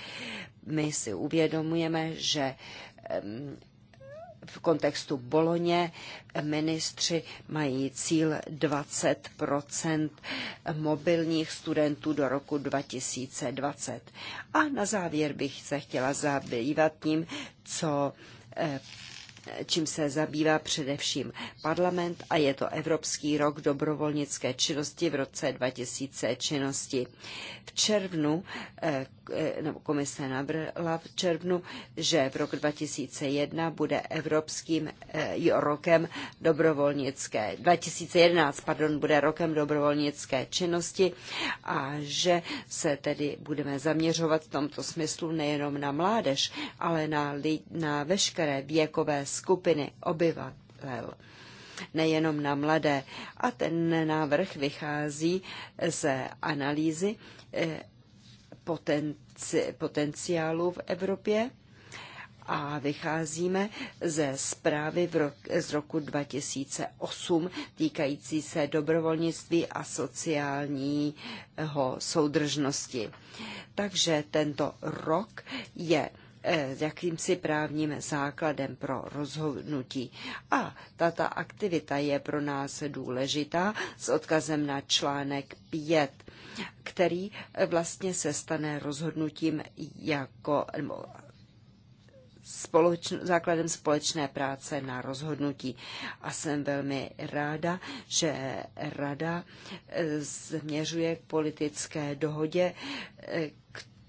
My si uvědomujeme, že v kontextu Boloně ministři mají cíl 20 mobilních studentů do roku 2020. A na závěr bych se chtěla zabývat tím, co eh, čím se zabývá především parlament a je to Evropský rok dobrovolnické činnosti v roce 2000 činnosti. V červnu eh, Eh, nebo komise nabrala v červnu, že v roku 2001 bude evropským eh, rokem dobrovolnické, 2011, pardon, bude rokem dobrovolnické činnosti a že se tedy budeme zaměřovat v tomto smyslu nejenom na mládež, ale na, na veškeré věkové skupiny obyvatel nejenom na mladé. A ten návrh vychází z analýzy eh, potenci, potenciálu v Evropě a vycházíme ze zprávy v rok, z roku 2008 týkající se dobrovolnictví a sociálního soudržnosti. Takže tento rok je Eh, jakýmsi právním základem pro rozhodnutí. A tato aktivita je pro nás důležitá s odkazem na článek 5 který eh, vlastně se stane rozhodnutím jako společ, základem společné práce na rozhodnutí. A jsem velmi ráda, že rada změřuje eh, k politické dohodě,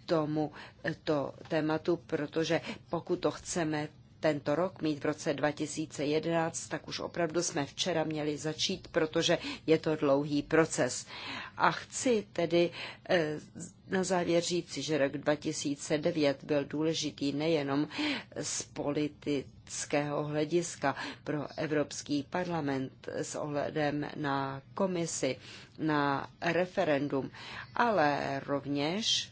tomu eh, to tématu, protože pokud to chceme tento rok mít v roce 2011, tak už opravdu jsme včera měli začít, protože je to dlouhý proces. A chci tedy eh, na závěr říci, že rok 2009 byl důležitý nejenom z politického hlediska pro Evropský parlament s ohledem na komisi, na referendum, ale rovněž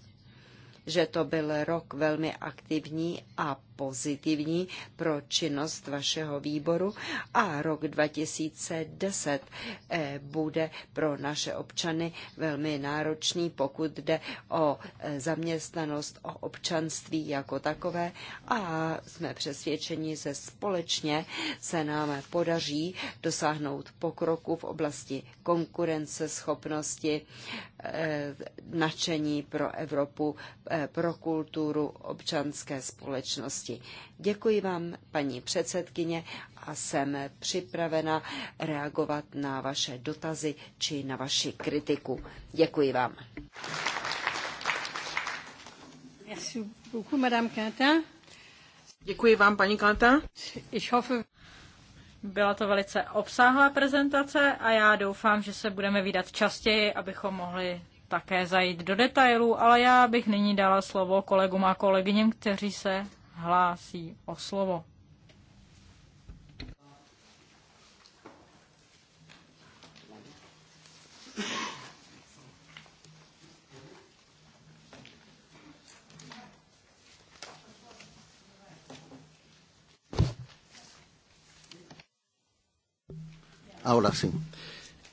že to byl rok velmi aktivní a pozitivní pro činnost vašeho výboru a rok 2010 eh, bude pro naše občany velmi náročný, pokud jde o eh, zaměstnanost, o občanství jako takové a jsme přesvědčeni, že společně se nám podaří dosáhnout pokroku v oblasti konkurence schopnosti, eh, nadšení pro Evropu, pro kulturu občanské společnosti oblasti. Děkuji vám, paní předsedkyně, a jsem připravena reagovat na vaše dotazy či na vaši kritiku. Děkuji vám. Děkuji vám, paní Kalta. Byla to velice obsáhlá prezentace a já doufám, že se budeme výdat častěji, abychom mohli také zajít do detailů, ale já bych nyní dala slovo kolegům a kolegyním, kteří se hlásí o slovo. Ahora sí.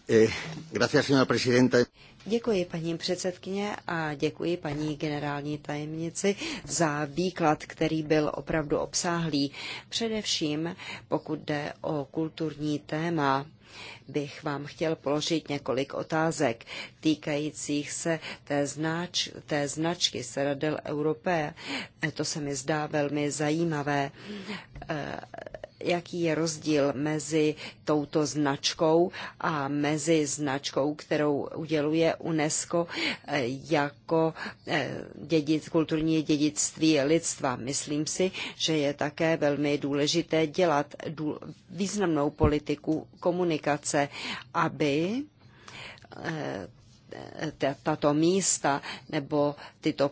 Eh, gracias, señora presidenta. Děkuji paní předsedkyně a děkuji paní generální tajemnici za výklad, který byl opravdu obsáhlý. Především pokud jde o kulturní téma, bych vám chtěl položit několik otázek týkajících se té, znač, té značky Seradel Europe. To se mi zdá velmi zajímavé jaký je rozdíl mezi touto značkou a mezi značkou, kterou uděluje UNESCO eh, jako eh, dědic, kulturní dědictví lidstva. Myslím si, že je také velmi důležité dělat významnou politiku komunikace, aby eh, tato místa nebo tyto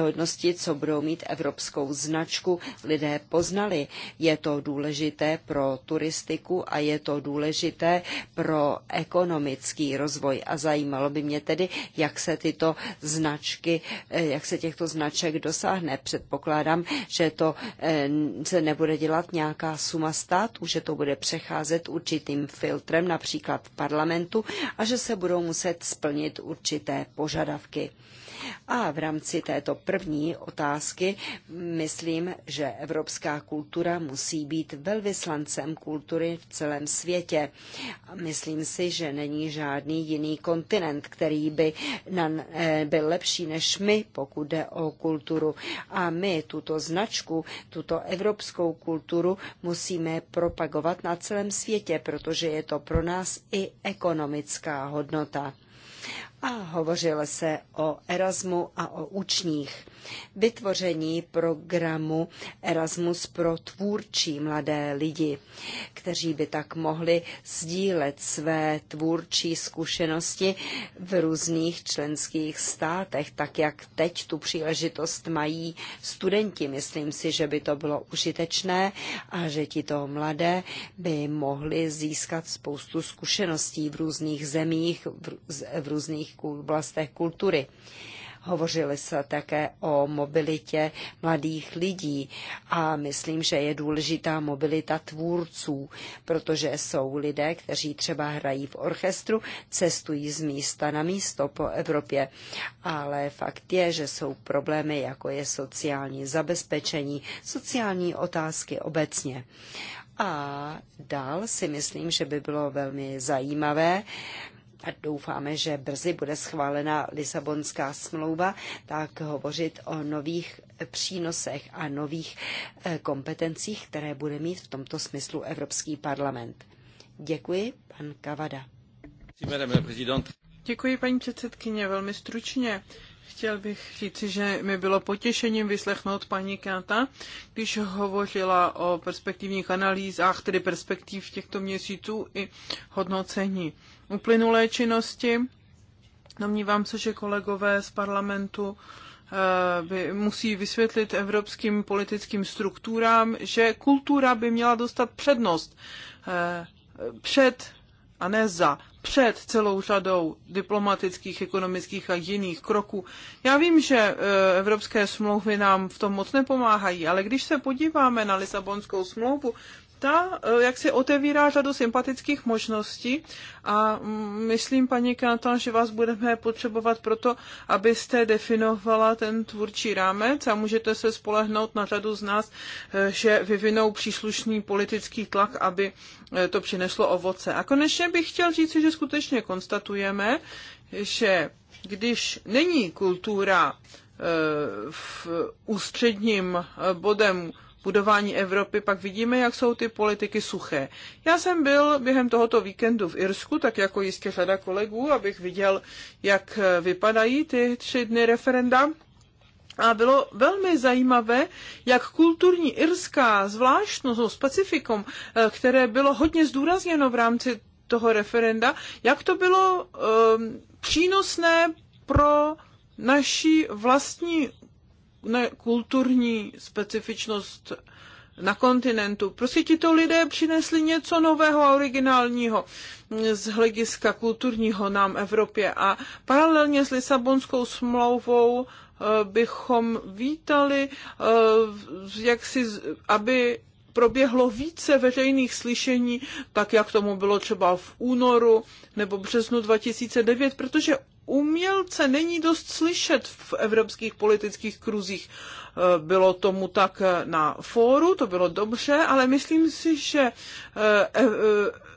hodnosti, co budou mít evropskou značku, lidé poznali. Je to důležité pro turistiku a je to důležité pro ekonomický rozvoj. A zajímalo by mě tedy, jak se tyto značky, eh, jak se těchto značek dosáhne. Předpokládám, že to eh, se nebude dělat nějaká suma států, že to bude přecházet určitým filtrem, například v parlamentu, a že se budou muset splnit splnit určité požadavky. A v rámci této první otázky myslím, že evropská kultura musí být velvyslancem kultury v celém světě. Myslím si, že není žádný jiný kontinent, který by eh, byl lepší než my, pokud jde o kulturu. A my tuto značku, tuto evropskou kulturu musíme propagovat na celém světě, protože je to pro nás i ekonomická hodnota a hovořilo se o Erasmu a o učních. Vytvoření programu Erasmus pro tvůrčí mladé lidi, kteří by tak mohli sdílet své tvůrčí zkušenosti v různých členských státech, tak jak teď tu příležitost mají studenti. Myslím si, že by to bylo užitečné a že tito mladé by mohli získat spoustu zkušeností v různých zemích, v různých jiných oblastech kultury. Hovořili se také o mobilitě mladých lidí a myslím, že je důležitá mobilita tvůrců, protože jsou lidé, kteří třeba hrají v orchestru, cestují z místa na místo po Evropě, ale fakt je, že jsou problémy, jako je sociální zabezpečení, sociální otázky obecně. A dál si myslím, že by bylo velmi zajímavé a doufáme, že brzy bude schválena Lisabonská smlouva, tak hovořit o nových přínosech a nových eh, kompetencích, které bude mít v tomto smyslu Evropský parlament. Děkuji, pan Kavada. Děkuji, paní předsedkyně, velmi stručně. Chtěl bych říci, že mi bylo potěšením vyslechnout paní Kata, když hovořila o perspektivních analýzách, tedy perspektiv těchto měsíců i hodnocení uplynulé činnosti. Domnívám se, že kolegové z parlamentu eh, by, musí vysvětlit evropským politickým strukturám, že kultura by měla dostat přednost eh, před a ne za, před celou řadou diplomatických, ekonomických a jiných kroků. Já vím, že eh, evropské smlouvy nám v tom moc nepomáhají, ale když se podíváme na Lisabonskou smlouvu, ta eh, jak si otevírá řadu sympatických možností a mm, myslím, paní Kanton, že vás budeme potřebovat proto, abyste definovala ten tvůrčí rámec a můžete se spolehnout na řadu z nás, eh, že vyvinou příslušný politický tlak, aby eh, to přineslo ovoce. A konečně bych chtěl říct, že skutečně konstatujeme, že když není kultura v ústředním bodem budování Evropy, pak vidíme, jak jsou ty politiky suché. Já jsem byl během tohoto víkendu v Irsku, tak jako jistě řada kolegů, abych viděl, jak vypadají ty tři dny referenda. A bylo velmi zajímavé, jak kulturní irská zvláštnost, specifikum, eh, které bylo hodně zdůrazněno v rámci toho referenda, jak to bylo um, přínosné pro naší vlastní ne, kulturní specifičnost na kontinentu. Prostě tito lidé přinesli něco nového a originálního z hlediska kulturního nám Evropě. A paralelně s Lisabonskou smlouvou eh, bychom vítali, eh, jak si, aby proběhlo více veřejných slyšení, tak jak tomu bylo třeba v únoru nebo březnu 2009, protože umělce není dost slyšet v evropských politických kruzích. E, bylo tomu tak e, na fóru, to bylo dobře, ale myslím si, že e,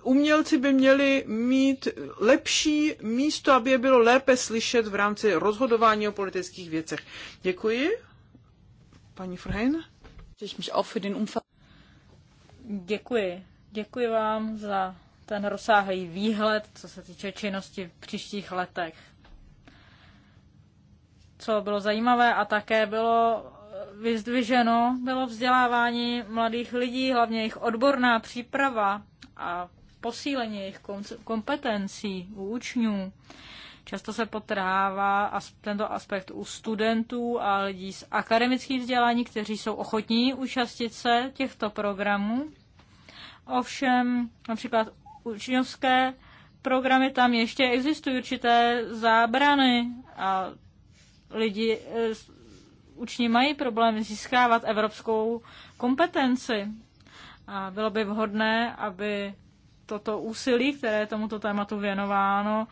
umělci by měli mít lepší místo, aby je bylo lépe slyšet v rámci rozhodování o politických věcech. Děkuji. Paní Frhein. Děkuji. Děkuji vám za ten rozsáhlý výhled, co se týče činnosti v příštích letech co bylo zajímavé a také bylo vyzdviženo, bylo vzdělávání mladých lidí, hlavně jejich odborná příprava a posílení jejich kompetencí u učňů. Často se potrhává tento aspekt u studentů a lidí s akademických vzdělání, kteří jsou ochotní účastnit se těchto programů. Ovšem například učňovské programy tam ještě existují určité zábrany a lidi, eh, učni mají problém získávat evropskou kompetenci. A bylo by vhodné, aby toto úsilí, které tomuto tématu věnováno,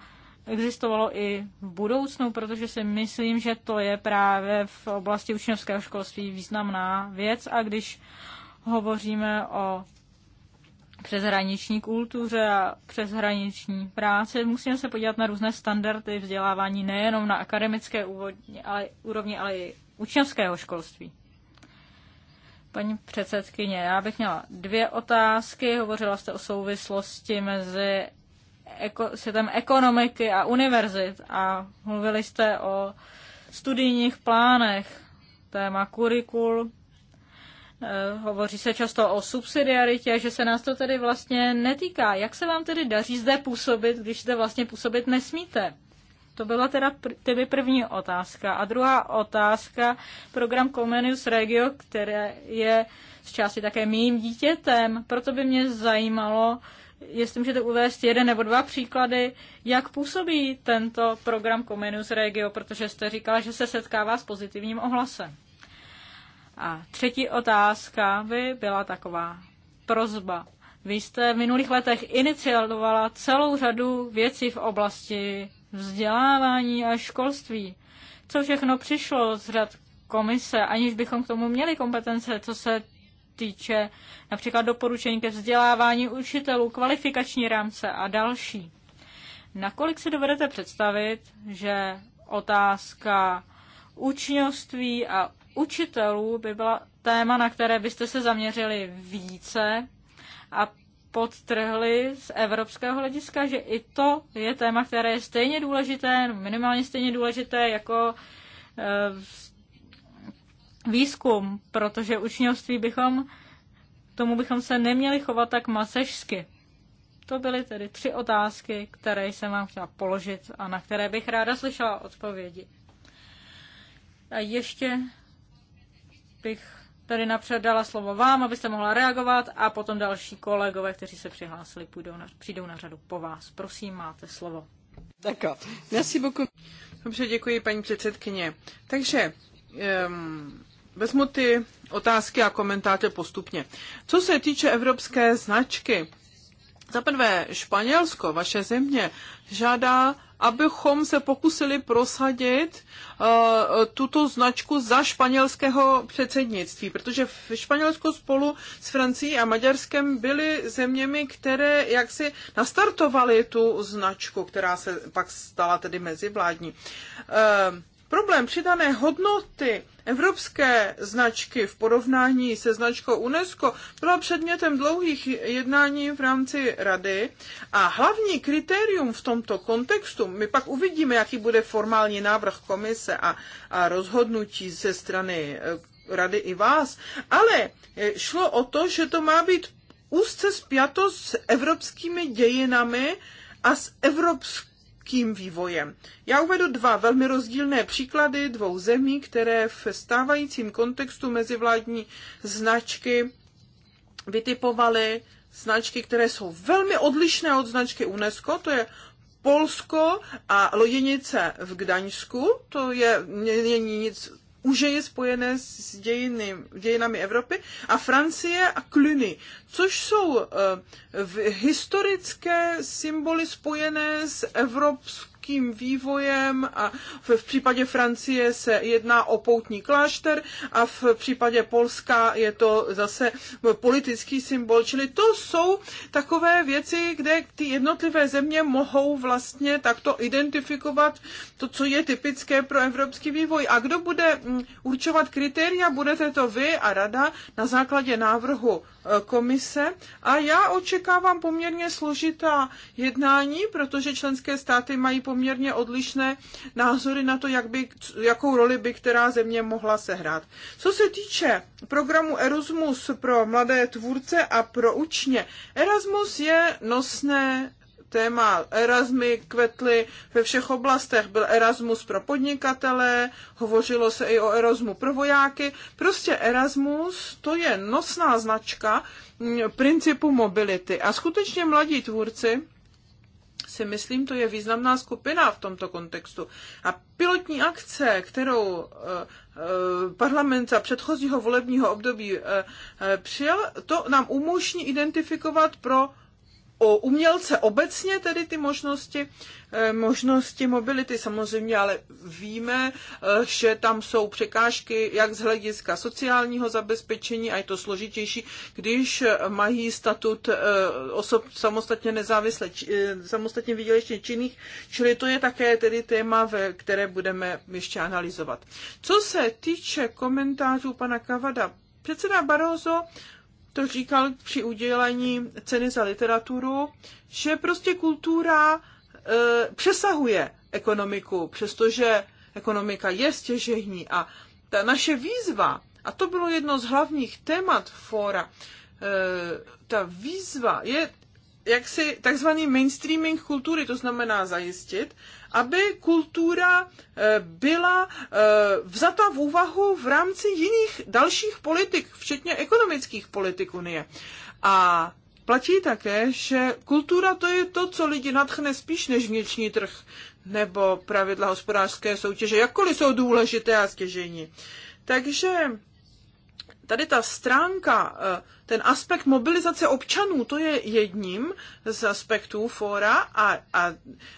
existovalo i v budoucnu, protože si myslím, že to je právě v oblasti učňovského školství významná věc. A když hovoříme o přeshraniční kultuře a přeshraniční práci. Musíme se podívat na různé standardy vzdělávání nejenom na akademické úvodni, ale, úrovni, ale i učňovského školství. Paní předsedkyně, já bych měla dvě otázky. Hovořila jste o souvislosti mezi eko, světem ekonomiky a univerzit a mluvili jste o studijních plánech, téma kurikul, Eh, hovoří se často o subsidiaritě, že se nás to tedy vlastně netýká. Jak se vám tedy daří zde působit, když zde vlastně působit nesmíte? To byla teda tedy první otázka. A druhá otázka, program Comenius Regio, které je z části také mým dítětem, proto by mě zajímalo, jestli můžete uvést jeden nebo dva příklady, jak působí tento program Comenius Regio, protože jste říkala, že se setkává s pozitivním ohlasem. A třetí otázka by byla taková prozba. Vy jste v minulých letech iniciovala celou řadu věcí v oblasti vzdělávání a školství. Co všechno přišlo z řad komise, aniž bychom k tomu měli kompetence, co se týče například doporučení ke vzdělávání učitelů, kvalifikační rámce a další. Nakolik si dovedete představit, že otázka učňovství a učitelů by byla téma, na které byste se zaměřili více a podtrhli z evropského hlediska, že i to je téma, které je stejně důležité, minimálně stejně důležité jako eh, výzkum, protože učňovství bychom, tomu bychom se neměli chovat tak masežsky. To byly tedy tři otázky, které jsem vám chtěla položit a na které bych ráda slyšela odpovědi. A ještě bych tady napřed dala slovo vám, abyste mohla reagovat a potom další kolegové, kteří se přihlásili, půjdou na, přijdou na řadu po vás. Prosím, máte slovo. Tak, merci beaucoup. Dobře, děkuji, paní předsedkyně. Takže um, vezmu ty otázky a komentáře postupně. Co se týče evropské značky, za prvé, Španělsko, vaše země, žádá abychom se pokusili prosadit eh, tuto značku za španělského předsednictví, protože v Španělsku spolu s Francií a Maďarskem byly zeměmi, které jaksi nastartovaly tu značku, která se pak stala tedy mezivládní. Uh, Problém přidané hodnoty evropské značky v porovnání se značkou UNESCO byla předmětem dlouhých jednání v rámci rady a hlavní kritérium v tomto kontextu, my pak uvidíme, jaký bude formální návrh komise a, a rozhodnutí ze strany eh, rady i vás, ale eh, šlo o to, že to má být úzce spjato s evropskými dějinami a s evropskou prudkým vývojem. Já uvedu dva velmi rozdílné příklady dvou zemí, které v stávajícím kontextu mezivládní značky vytipovaly značky, které jsou velmi odlišné od značky UNESCO, to je Polsko a loděnice v Gdaňsku, to je není nic už je spojené s dějiny, dějinami Evropy, a Francie a Cluny, což jsou uh, historické symboly spojené s evropskou politickým vývojem a v případě Francie se jedná o poutní klášter a v případě Polska je to zase politický symbol. Čili to jsou takové věci, kde ty jednotlivé země mohou vlastně takto identifikovat to, co je typické pro evropský vývoj. A kdo bude mm, určovat kritéria, budete to vy a rada na základě návrhu e, komise. A já očekávám poměrně složitá jednání, protože členské státy mají poměrně poměrně odlišné názory na to, jak by, jakou roli by která země mohla sehrát. Co se týče programu Erasmus pro mladé tvůrce a pro učně, Erasmus je nosné téma Erasmy kvetly ve všech oblastech. Byl Erasmus pro podnikatele, hovořilo se i o Erasmu pro vojáky. Prostě Erasmus to je nosná značka principu mobility. A skutečně mladí tvůrci si myslím, to je významná skupina v tomto kontextu. A pilotní akce, kterou eh, eh, parlament za předchozího volebního období eh, přijal, to nám umožní identifikovat pro o umělce obecně, tedy ty možnosti, eh, možnosti mobility samozřejmě, ale víme, eh, že tam jsou překážky jak z hlediska sociálního zabezpečení a je to složitější, když eh, mají statut osob samostatně nezávisle, samostatně výdělečně činných, čili to je také tedy téma, které budeme ještě analyzovat. Co se týče komentářů pana Kavada, předseda Barozo to říkal při udělení ceny za literaturu, že prostě kultura e, přesahuje ekonomiku, přestože ekonomika je stěžení a ta naše výzva, a to bylo jedno z hlavních témat fóra, e, ta výzva je jaksi takzvaný mainstreaming kultury, to znamená zajistit, aby kultura eh, byla eh, vzata v úvahu v rámci jiných dalších politik, včetně ekonomických politik Unie. A platí také, že kultura to je to, co lidi nadchne spíš než vnitřní trh nebo pravidla hospodářské soutěže, jakkoliv jsou důležité a stěžení. Takže tady ta stránka, eh, ten aspekt mobilizace občanů, to je jedním z aspektů fóra a, a,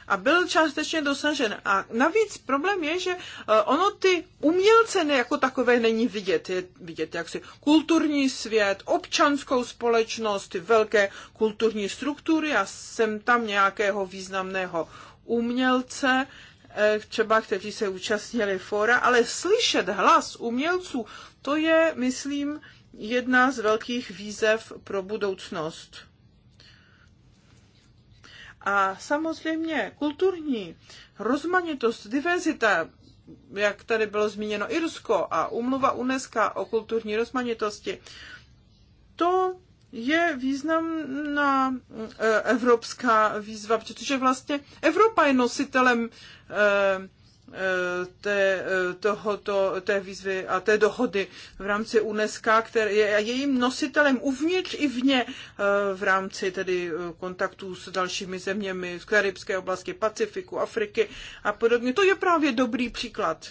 a byl částečně dosažen. A navíc problém je, že eh, ono ty umělce jako takové není vidět. Je vidět jaksi kulturní svět, občanskou společnost, ty velké kulturní struktury a jsem tam nějakého významného umělce, eh, třeba kteří se účastnili fora, ale slyšet hlas umělců to je, myslím, jedna z velkých výzev pro budoucnost. A samozřejmě kulturní rozmanitost, diverzita, jak tady bylo zmíněno Irsko a umluva UNESCO o kulturní rozmanitosti, to je významná eh, evropská výzva, protože vlastně Evropa je nositelem eh, Eh, té, eh, tohoto, té výzvy a té dohody v rámci UNESCO, který je jejím nositelem uvnitř i vně eh, v rámci tedy kontaktů s dalšími zeměmi z karibské oblasti, Pacifiku, Afriky a podobně. To je právě dobrý příklad.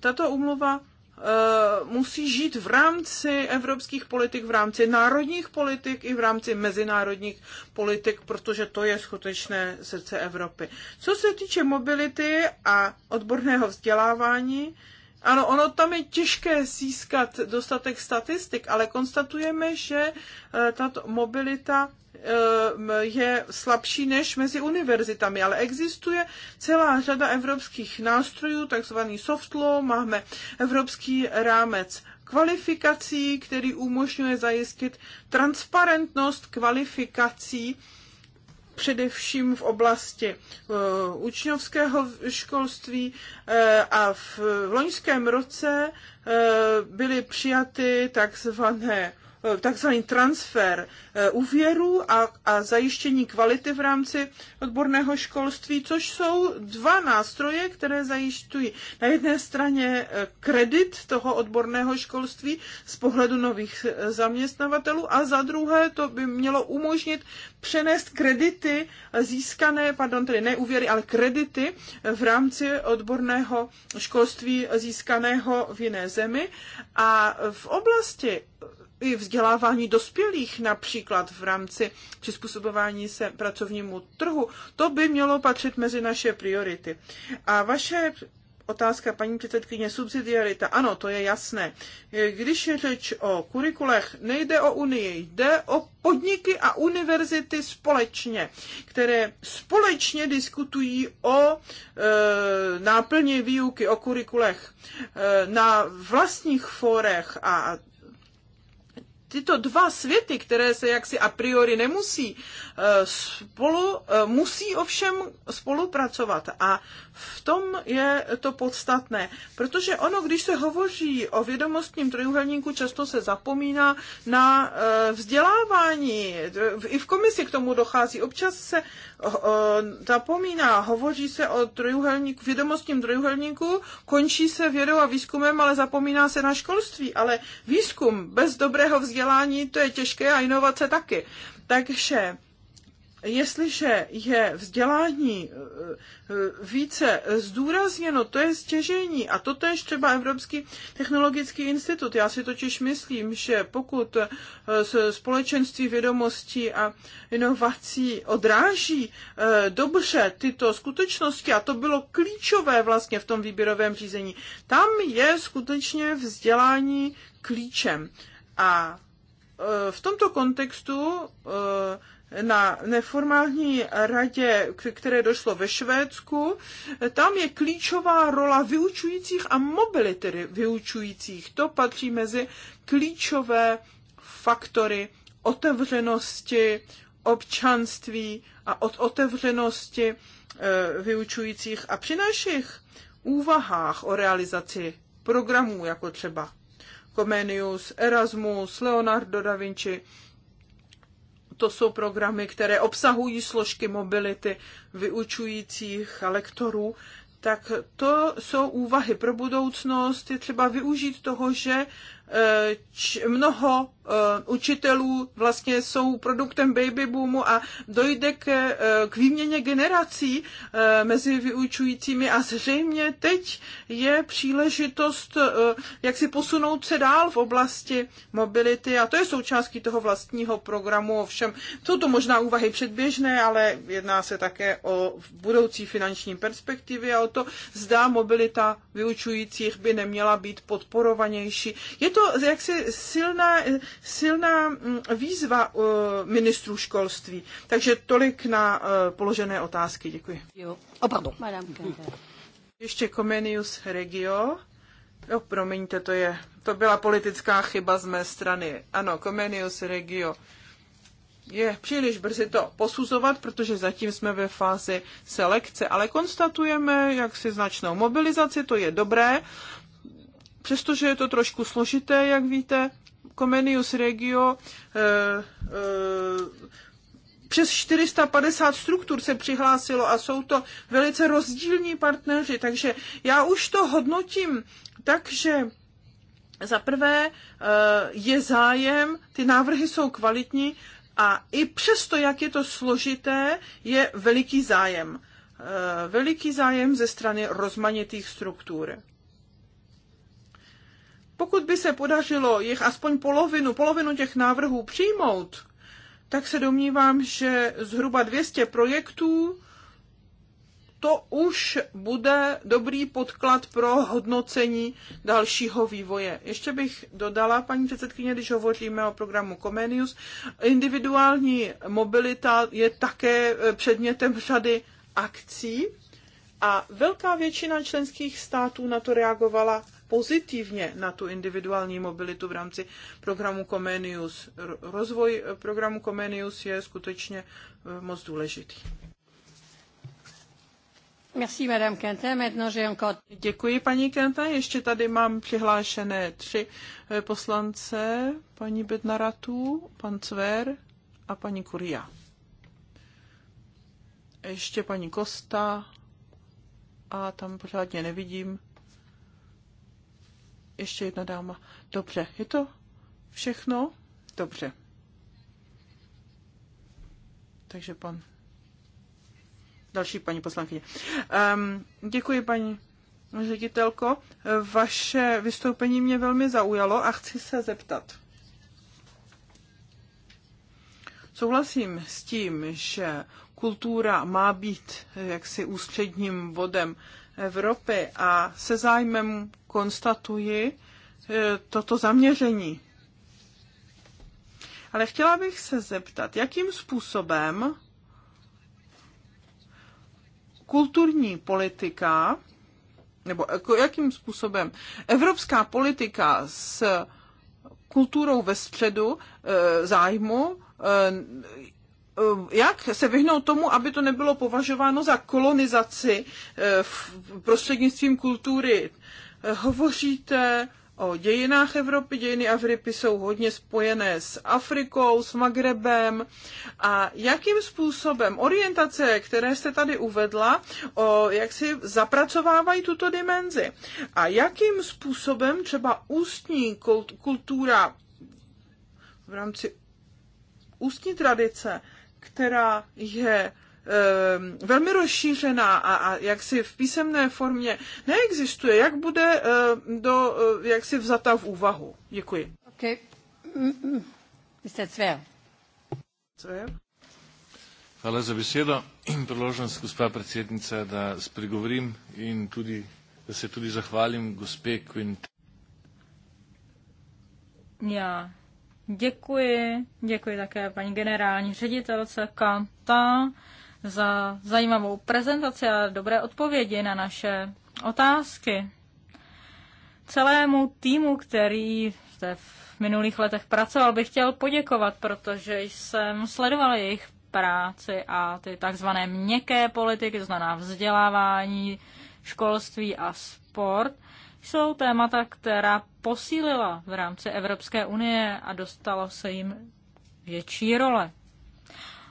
Tato umluva Eh, musí žít v rámci evropských politik, v rámci národních politik i v rámci mezinárodních politik, protože to je skutečné srdce Evropy. Co se týče mobility a odborného vzdělávání, ano, ono tam je těžké získat dostatek statistik, ale konstatujeme, že eh, tato mobilita Eh, je slabší než mezi univerzitami, ale existuje celá řada evropských nástrojů, takzvaný soft law, máme evropský rámec kvalifikací, který umožňuje zajistit transparentnost kvalifikací především v oblasti uh, učňovského školství uh, a v, loňském roce uh, byly přijaty takzvané takzvaný transfer eh, úvěru a, a zajištění kvality v rámci odborného školství, což jsou dva nástroje, které zajišťují na jedné straně eh, kredit toho odborného školství z pohledu nových eh, zaměstnavatelů a za druhé to by mělo umožnit přenést kredity získané, pardon, tedy ne úvěry, ale kredity v rámci odborného školství získaného v jiné zemi. A v oblasti i vzdělávání dospělých například v rámci přizpůsobování se pracovnímu trhu. To by mělo patřit mezi naše priority. A vaše otázka paní předsedkyně, subsidiarita, ano, to je jasné. Když je řeč o kurikulech, nejde o Unii, jde o podniky a univerzity společně, které společně diskutují o e, náplně výuky, o kurikulech e, na vlastních fórech a tyto dva světy, které se jaksi a priori nemusí eh, spolu, eh, musí ovšem spolupracovat. A v tom je to podstatné, protože ono, když se hovoří o vědomostním trojuhelníku, často se zapomíná na eh, vzdělávání. I v komisi k tomu dochází. Občas se eh, zapomíná, hovoří se o trojuhelníku, vědomostním trojuhelníku, končí se vědou a výzkumem, ale zapomíná se na školství. Ale výzkum bez dobrého vzdělání, to je těžké a inovace taky. Takže jestliže je vzdělání eh, eh, více zdůrazněno, to je stěžení. A to je třeba Evropský technologický institut. Já si totiž myslím, že pokud eh, společenství vědomostí a inovací odráží dobře tyto skutečnosti, a to bylo klíčové vlastně v tom výběrovém řízení, tam je skutečně vzdělání klíčem. A v tomto kontextu na neformální radě, které došlo ve Švédsku, tam je klíčová rola vyučujících a mobility vyučujících. To patří mezi klíčové faktory otevřenosti, občanství a od otevřenosti e, vyučujících. A při našich úvahách o realizaci programů, jako třeba Comenius, Erasmus, Leonardo da Vinci, to jsou programy, které obsahují složky mobility vyučujících a lektorů, tak to jsou úvahy pro budoucnost. Je třeba využít toho, že mnoho eh, učitelů vlastně jsou produktem baby boomu a dojde k, eh, k výměně generací eh, mezi vyučujícími a zřejmě teď je příležitost, jak si posunout se dál v oblasti mobility a to je součástí toho vlastního programu. Ovšem, jsou to možná úvahy předběžné, ale jedná se také o budoucí finanční perspektivy a o to, zda mobilita vyučujících by neměla být podporovanější. Je to jaksi silná, silná mm, výzva eh, ministrů školství. Takže tolik na eh, položené otázky. Děkuji. Jo. Oh, pardon. Madame Ještě Comenius Regio. Jo, promiňte, to je, to byla politická chyba z mé strany. Ano, Comenius Regio. Je příliš brzy to posuzovat, protože zatím jsme ve fázi selekce, ale konstatujeme jaksi značnou mobilizaci, to je dobré. Přestože je to trošku složité, jak víte, Comenius Regio e, e, přes 450 struktur se přihlásilo a jsou to velice rozdílní partneři, takže já už to hodnotím takže za prvé eh, je zájem, ty návrhy jsou kvalitní a i přesto, jak je to složité, je veliký zájem. Veliký zájem ze strany rozmanitých struktur. Pokud by se podařilo jich aspoň polovinu, polovinu těch návrhů přijmout, tak se domnívám, že zhruba 200 projektů to už bude dobrý podklad pro hodnocení dalšího vývoje. Ještě bych dodala, paní předsedkyně, když hovoříme o programu Comenius, individuální mobilita je také eh, předmětem řady akcí a velká většina členských států na to reagovala pozitivně na tu individuální mobilitu v rámci programu Comenius. Rozvoj eh, programu Comenius je skutečně eh, moc důležitý. Merci, Madame Quentin. Maintenant, j'ai encore... Děkuji, paní Quentin. Ještě tady mám přihlášené tři eh, poslance, paní Bednaratu, pan Cver a paní Kuria. Ještě paní Kosta a tam pořádně nevidím ještě jedna dáma. Dobře, je to všechno? Dobře. Takže pan. Další paní poslankyně. Um, děkuji, paní ředitelko. Vaše vystoupení mě velmi zaujalo a chci se zeptat. Souhlasím s tím, že kultura má být jaksi ústředním vodem Evropy a se zájmem konstatuji e, toto zaměření. Ale chtěla bych se zeptat, jakým způsobem kulturní politika, nebo jako jakým způsobem evropská politika s kulturou ve středu e, zájmu e, Eh, jak se vyhnout tomu, aby to nebylo považováno za kolonizaci eh, prostřednictvím kultury. Eh, hovoříte o dějinách Evropy. Dějiny Afriky jsou hodně spojené s Afrikou, s Magrebem. A jakým způsobem orientace, které jste tady uvedla, o, jak si zapracovávají tuto dimenzi? A jakým způsobem třeba ústní kultura v rámci ústní tradice která je ehm, velmi rozšířená a, a jaksi v písemné formě neexistuje, jak bude ehm, do, eh, jaksi vzata v úvahu. Děkuji. Okay. Mr. Mm, mm. Cver. Hvala za besedo in priložnost, gospa predsednica, da spregovorim in tudi, da se tudi zahvalim gospe Quint. Ja, Děkuji, děkuji také paní generální ředitelce Kanta za zajímavou prezentaci a dobré odpovědi na naše otázky. Celému týmu, který jste v minulých letech pracoval, bych chtěl poděkovat, protože jsem sledoval jejich práci a ty takzvané měkké politiky, to znamená vzdělávání, školství a sport – jsou témata, která posílila v rámci Evropské unie a dostalo se jim větší role.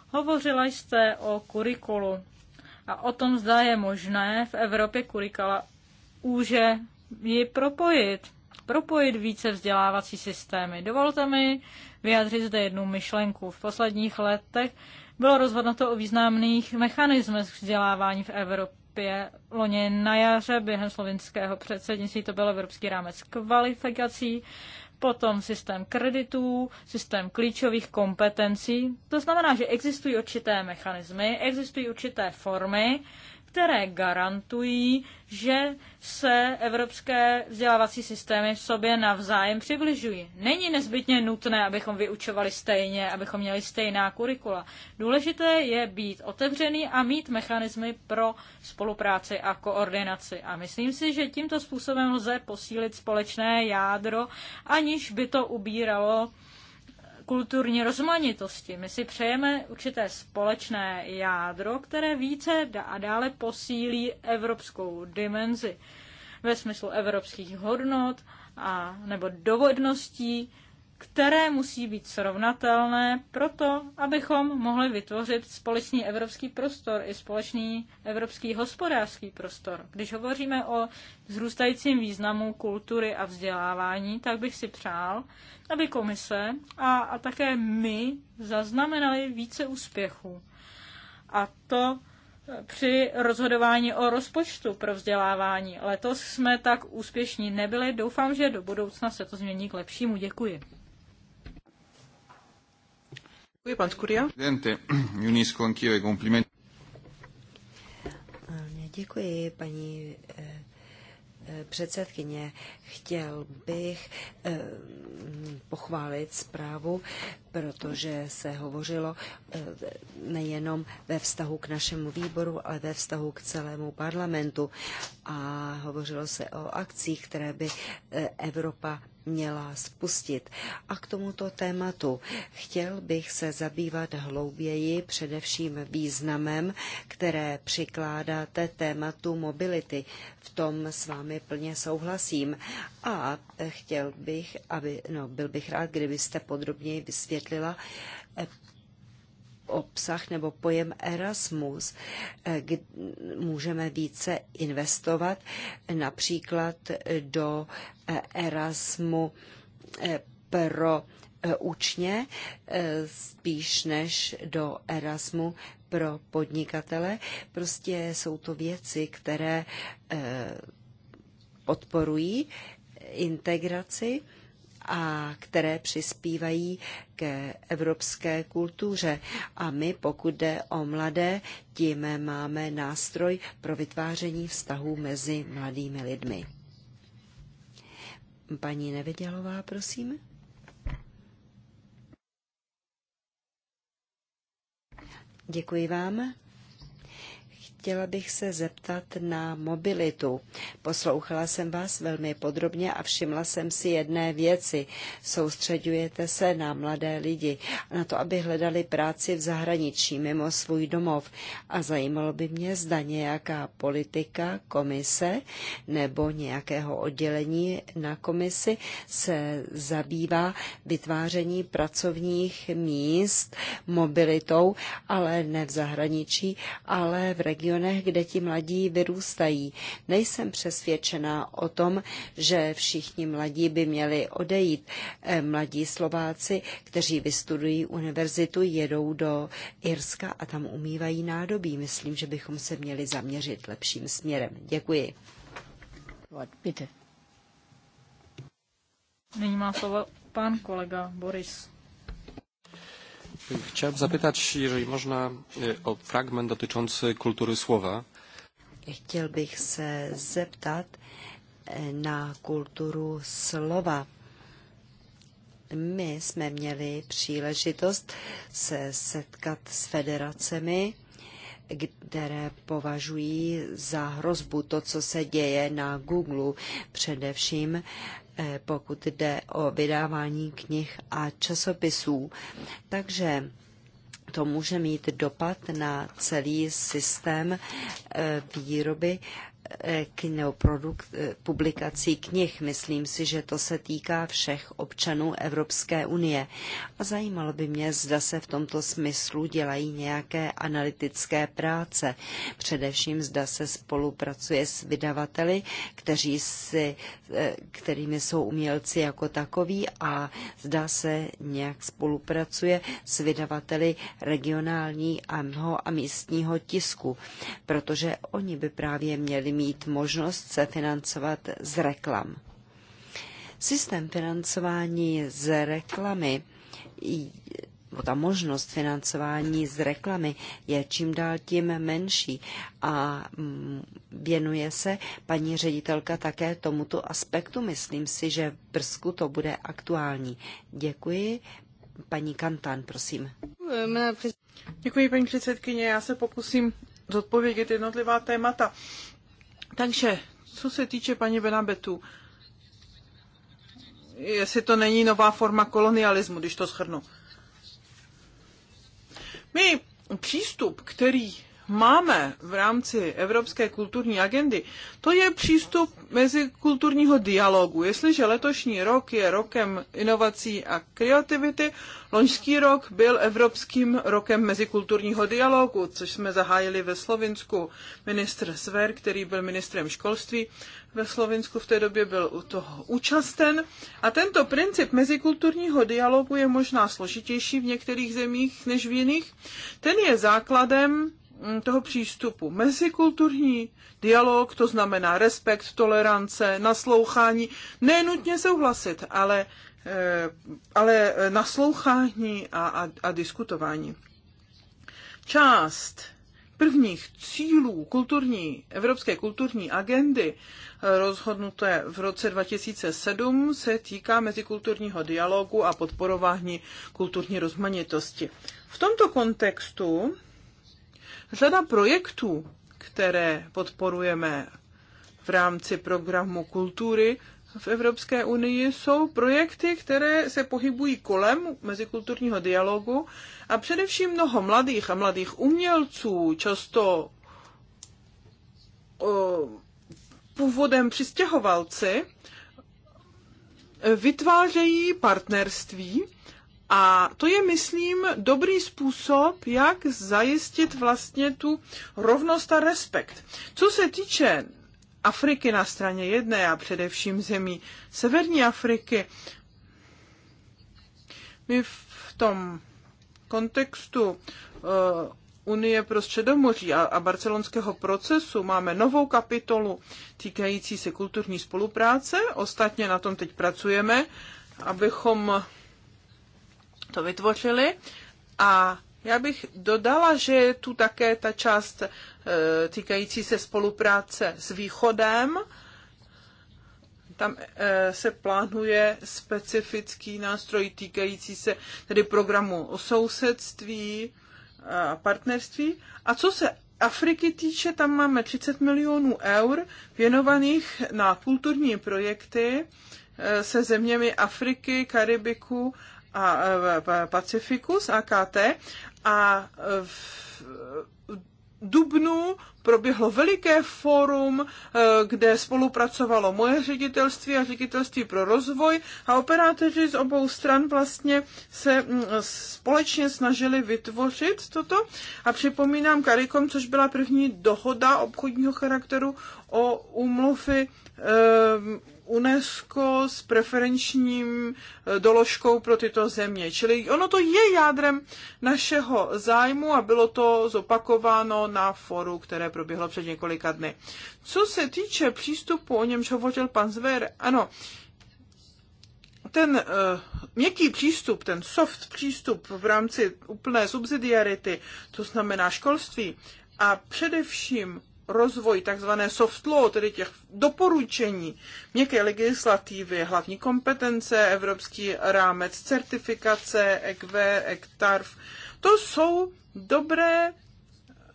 Hovořila jste o kurikulu a o tom, zda je možné v Evropě kurikala úže ji propojit, propojit více vzdělávací systémy. Dovolte mi vyjádřit zde jednu myšlenku. V posledních letech bylo rozhodnuto o významných mechanismech vzdělávání v Evropě Evropě loni na jaře během slovinského předsednictví. To byl evropský rámec kvalifikací, potom systém kreditů, systém klíčových kompetencí. To znamená, že existují určité mechanismy, existují určité formy, které garantují, že se evropské vzdělávací systémy v sobě navzájem přibližují. Není nezbytně nutné, abychom vyučovali stejně, abychom měli stejná kurikula. Důležité je být otevřený a mít mechanismy pro spolupráci a koordinaci. A myslím si, že tímto způsobem lze posílit společné jádro, aniž by to ubíralo kulturní rozmanitosti. My si přejeme určité společné jádro, které více a dále posílí evropskou dimenzi ve smyslu evropských hodnot a nebo dovodností, které musí být srovnatelné proto, abychom mohli vytvořit společný evropský prostor i společný evropský hospodářský prostor. Když hovoříme o zrůstajícím významu kultury a vzdělávání, tak bych si přál, aby komise a, a také my zaznamenali více úspěchů. A to eh, při rozhodování o rozpočtu pro vzdělávání. Letos jsme tak úspěšní nebyli. Doufám, že do budoucna se to změní k lepšímu. Děkuji. Děkuji, pan Skuria. <clears throat> Děkuji, paní eh, eh, předsedkyně, chtěl bych eh, pochválit zprávu, protože se hovořilo nejenom ve vztahu k našemu výboru, ale ve vztahu k celému parlamentu. A hovořilo se o akcích, které by Evropa měla spustit. A k tomuto tématu chtěl bych se zabývat hlouběji především významem, které přikládáte tématu mobility. V tom s vámi plně souhlasím. A chtěl bych, aby, no, byl bych rád, kdybyste podrobněji vysvětlila, eh, obsah nebo pojem Erasmus, eh, kdy můžeme více investovat například do eh, Erasmu eh, pro učně spíš než do Erasmu pro podnikatele. Prostě jsou to věci, které podporují integraci a které přispívají k evropské kultuře. A my, pokud jde o mladé, tím máme nástroj pro vytváření vztahů mezi mladými lidmi. Paní Nevidělová, prosím. Děkuji vám chtěla bych se zeptat na mobilitu. Poslouchala jsem vás velmi podrobně a všimla jsem si jedné věci. Soustředujete se na mladé lidi, na to, aby hledali práci v zahraničí mimo svůj domov. A zajímalo by mě, zda nějaká politika komise nebo nějakého oddělení na komisi se zabývá vytváření pracovních míst mobilitou, ale ne v zahraničí, ale v regionu regionech, kde ti mladí vyrůstají. Nejsem přesvědčená o tom, že všichni mladí by měli odejít. Eh, mladí Slováci, kteří vystudují univerzitu, jedou do Irska a tam umývají nádobí. Myslím, že bychom se měli zaměřit lepším směrem. Děkuji. Nyní má slovo pan kolega Boris. Chciałbym zapytać, jeżeli można, e, o fragment dotyczący kultury słowa. Chciałbym bych se zeptat e, na kulturu slova. My jsme měli příležitost se setkat s federacemi, které považují za hrozbu to, co se děje na Google, především Eh, pokud jde o vydávání knih a časopisů. Takže to může mít dopad na celý systém eh, výroby kinoprodukt, publikací knih. Myslím si, že to se týká všech občanů Evropské unie. A zajímalo by mě, zda se v tomto smyslu dělají nějaké analytické práce. Především zda se spolupracuje s vydavateli, kteří si, eh, kterými jsou umělci jako takoví a zda se nějak spolupracuje s vydavateli regionální a mnoho a místního tisku, protože oni by právě měli mít možnost se financovat z reklam. Systém financování z reklamy ta možnost financování z reklamy je čím dál tím menší a mm, věnuje se paní ředitelka také tomuto aspektu. Myslím si, že v Brzku to bude aktuální. Děkuji. Paní Kantán, prosím. Děkuji, paní předsedkyně. Já se pokusím zodpovědět jednotlivá témata. Takže, co se týče paní Benabetu, jestli to není nová forma kolonialismu, když to shrnu. My přístup, který máme v rámci Evropské kulturní agendy, to je přístup mezikulturního dialogu. Jestliže letošní rok je rokem inovací a kreativity, loňský rok byl Evropským rokem mezikulturního dialogu, což jsme zahájili ve Slovinsku. Ministr Sver, který byl ministrem školství ve Slovinsku v té době, byl u toho účasten. A tento princip mezikulturního dialogu je možná složitější v některých zemích než v jiných. Ten je základem Mm, toho přístupu. Mezikulturní dialog, to znamená respekt, tolerance, naslouchání, nenutně souhlasit, ale, eh, ale naslouchání a, a, a diskutování. Část prvních cílů kulturní, evropské kulturní agendy eh, rozhodnuté v roce 2007 se týká mezikulturního dialogu a podporování kulturní rozmanitosti. V tomto kontextu Řada projektů, které podporujeme v rámci programu kultury v Evropské unii, jsou projekty, které se pohybují kolem mezikulturního dialogu a především mnoho mladých a mladých umělců, často původem přistěhovalci, vytvářejí partnerství a to je, myslím, dobrý způsob, jak zajistit vlastně tu rovnost a respekt. Co se týče Afriky na straně jedné a především zemí Severní Afriky, my v tom kontextu uh, Unie pro Středomoří a, a barcelonského procesu máme novou kapitolu týkající se kulturní spolupráce. Ostatně na tom teď pracujeme, abychom to vytvořili. A já bych dodala, že je tu také ta část e, týkající se spolupráce s Východem. Tam e, se plánuje specifický nástroj týkající se tedy programu o sousedství a partnerství. A co se Afriky týče, tam máme 30 milionů eur věnovaných na kulturní projekty e, se zeměmi Afriky, Karibiku a Pacifiku AKT a v dubnu proběhlo veliké fórum, e, kde spolupracovalo moje ředitelství a ředitelství pro rozvoj a operátoři z obou stran vlastně se mm, společně snažili vytvořit toto a připomínám karikom, což byla první dohoda obchodního charakteru o úmluvy e, UNESCO s preferenčním eh, doložkou pro tyto země. Čili ono to je jádrem našeho zájmu a bylo to zopakováno na foru, které proběhlo před několika dny. Co se týče přístupu, o němž hovořil pan Zver, ano, ten uh, měkký přístup, ten soft přístup v rámci úplné subsidiarity, to znamená školství a především rozvoj tzv. soft law, tedy těch doporučení měkké legislativy, hlavní kompetence, evropský rámec certifikace, ECV, ECTARF. To jsou dobré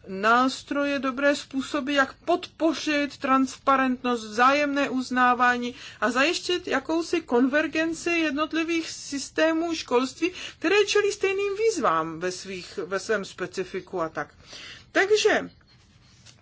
nástroje, dobré způsoby, jak podpořit transparentnost, vzájemné uznávání a zajištit jakousi konvergenci jednotlivých systémů školství, které čelí stejným výzvám ve, svých, ve svém specifiku a tak. Takže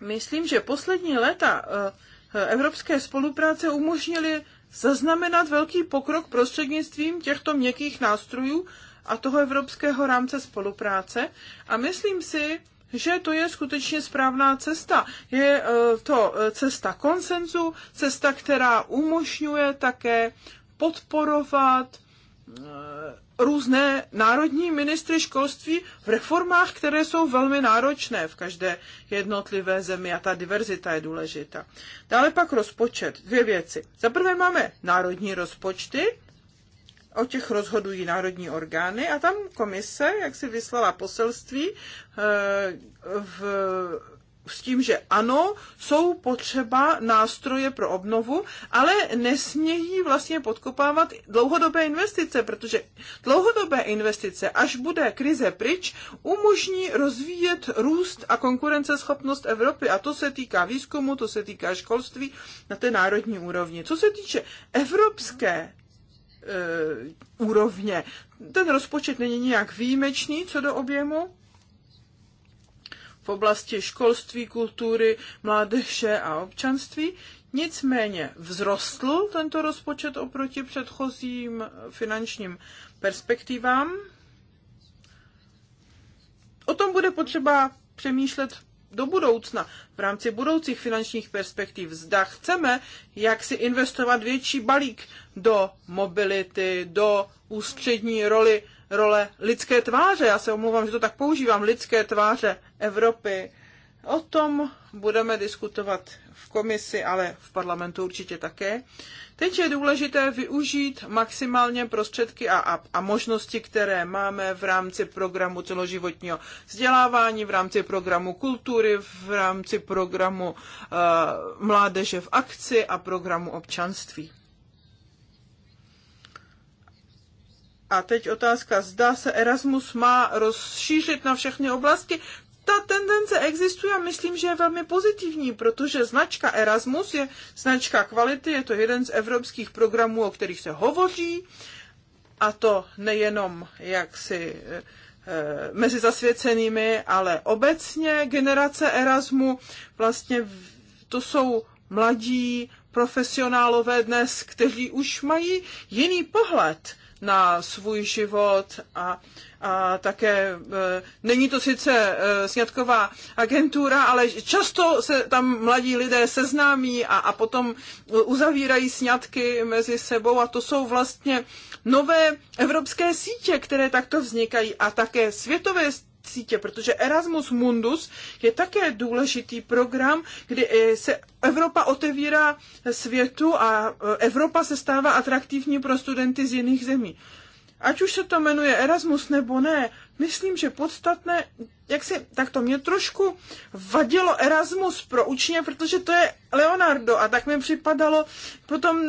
myslím, že poslední léta eh, eh, evropské spolupráce umožnily zaznamenat velký pokrok prostřednictvím těchto měkkých nástrojů a toho evropského rámce spolupráce. A myslím si, že to je skutečně správná cesta. Je eh, to cesta konsenzu, cesta, která umožňuje také podporovat různé národní ministry školství v reformách, které jsou velmi náročné v každé jednotlivé zemi a ta diverzita je důležitá. Dále pak rozpočet. Dvě věci. Za prvé máme národní rozpočty, o těch rozhodují národní orgány a tam komise, jak si vyslala poselství eh, v s tím, že ano, jsou potřeba nástroje pro obnovu, ale nesmějí vlastně podkopávat dlouhodobé investice, protože dlouhodobé investice, až bude krize pryč, umožní rozvíjet růst a konkurenceschopnost Evropy. A to se týká výzkumu, to se týká školství na té národní úrovni. Co se týče evropské e, úrovně, ten rozpočet není nějak výjimečný co do objemu, v oblasti školství, kultury, mládeže a občanství. Nicméně vzrostl tento rozpočet oproti předchozím finančním perspektivám. O tom bude potřeba přemýšlet do budoucna, v rámci budoucích finančních perspektiv. Zda chceme, jak si investovat větší balík do mobility, do ústřední roli role lidské tváře, já se omlouvám, že to tak používám, lidské tváře Evropy. O tom budeme diskutovat v komisi, ale v parlamentu určitě také. Teď je důležité využít maximálně prostředky a, a, a možnosti, které máme v rámci programu celoživotního vzdělávání, v rámci programu kultury, v rámci programu uh, mládeže v akci a programu občanství. A teď otázka, zdá se Erasmus má rozšířit na všechny oblasti? Ta tendence existuje a myslím, že je velmi pozitivní, protože značka Erasmus je značka kvality, je to jeden z evropských programů, o kterých se hovoří, a to nejenom jak si eh, eh, mezi zasvěcenými, ale obecně generace Erasmu, vlastně to jsou mladí profesionálové dnes, kteří už mají jiný pohled na svůj život a, a také e, není to sice e, sňatková agentura, ale často se tam mladí lidé seznámí a, a potom uzavírají sňatky mezi sebou a to jsou vlastně nové evropské sítě, které takto vznikají a také světové sítě, protože Erasmus Mundus je také důležitý program, kdy eh, se Evropa otevírá světu a eh, Evropa se stává atraktivní pro studenty z jiných zemí. Ať už se to jmenuje Erasmus nebo ne, myslím, že podstatné, jak si, tak to mě trošku vadilo Erasmus pro učně, protože to je Leonardo a tak mi připadalo potom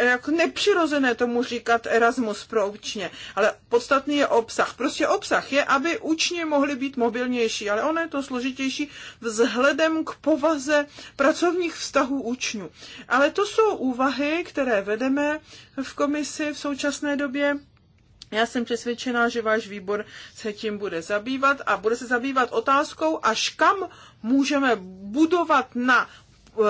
jako nepřirozené tomu říkat Erasmus pro učně, ale podstatný je obsah. Prostě obsah je, aby učně mohli být mobilnější, ale ono je to složitější vzhledem k povaze pracovních vztahů učňů. Ale to jsou úvahy, které vedeme v komisi v současné době já jsem přesvědčená, že váš výbor se tím bude zabývat a bude se zabývat otázkou, až kam můžeme budovat na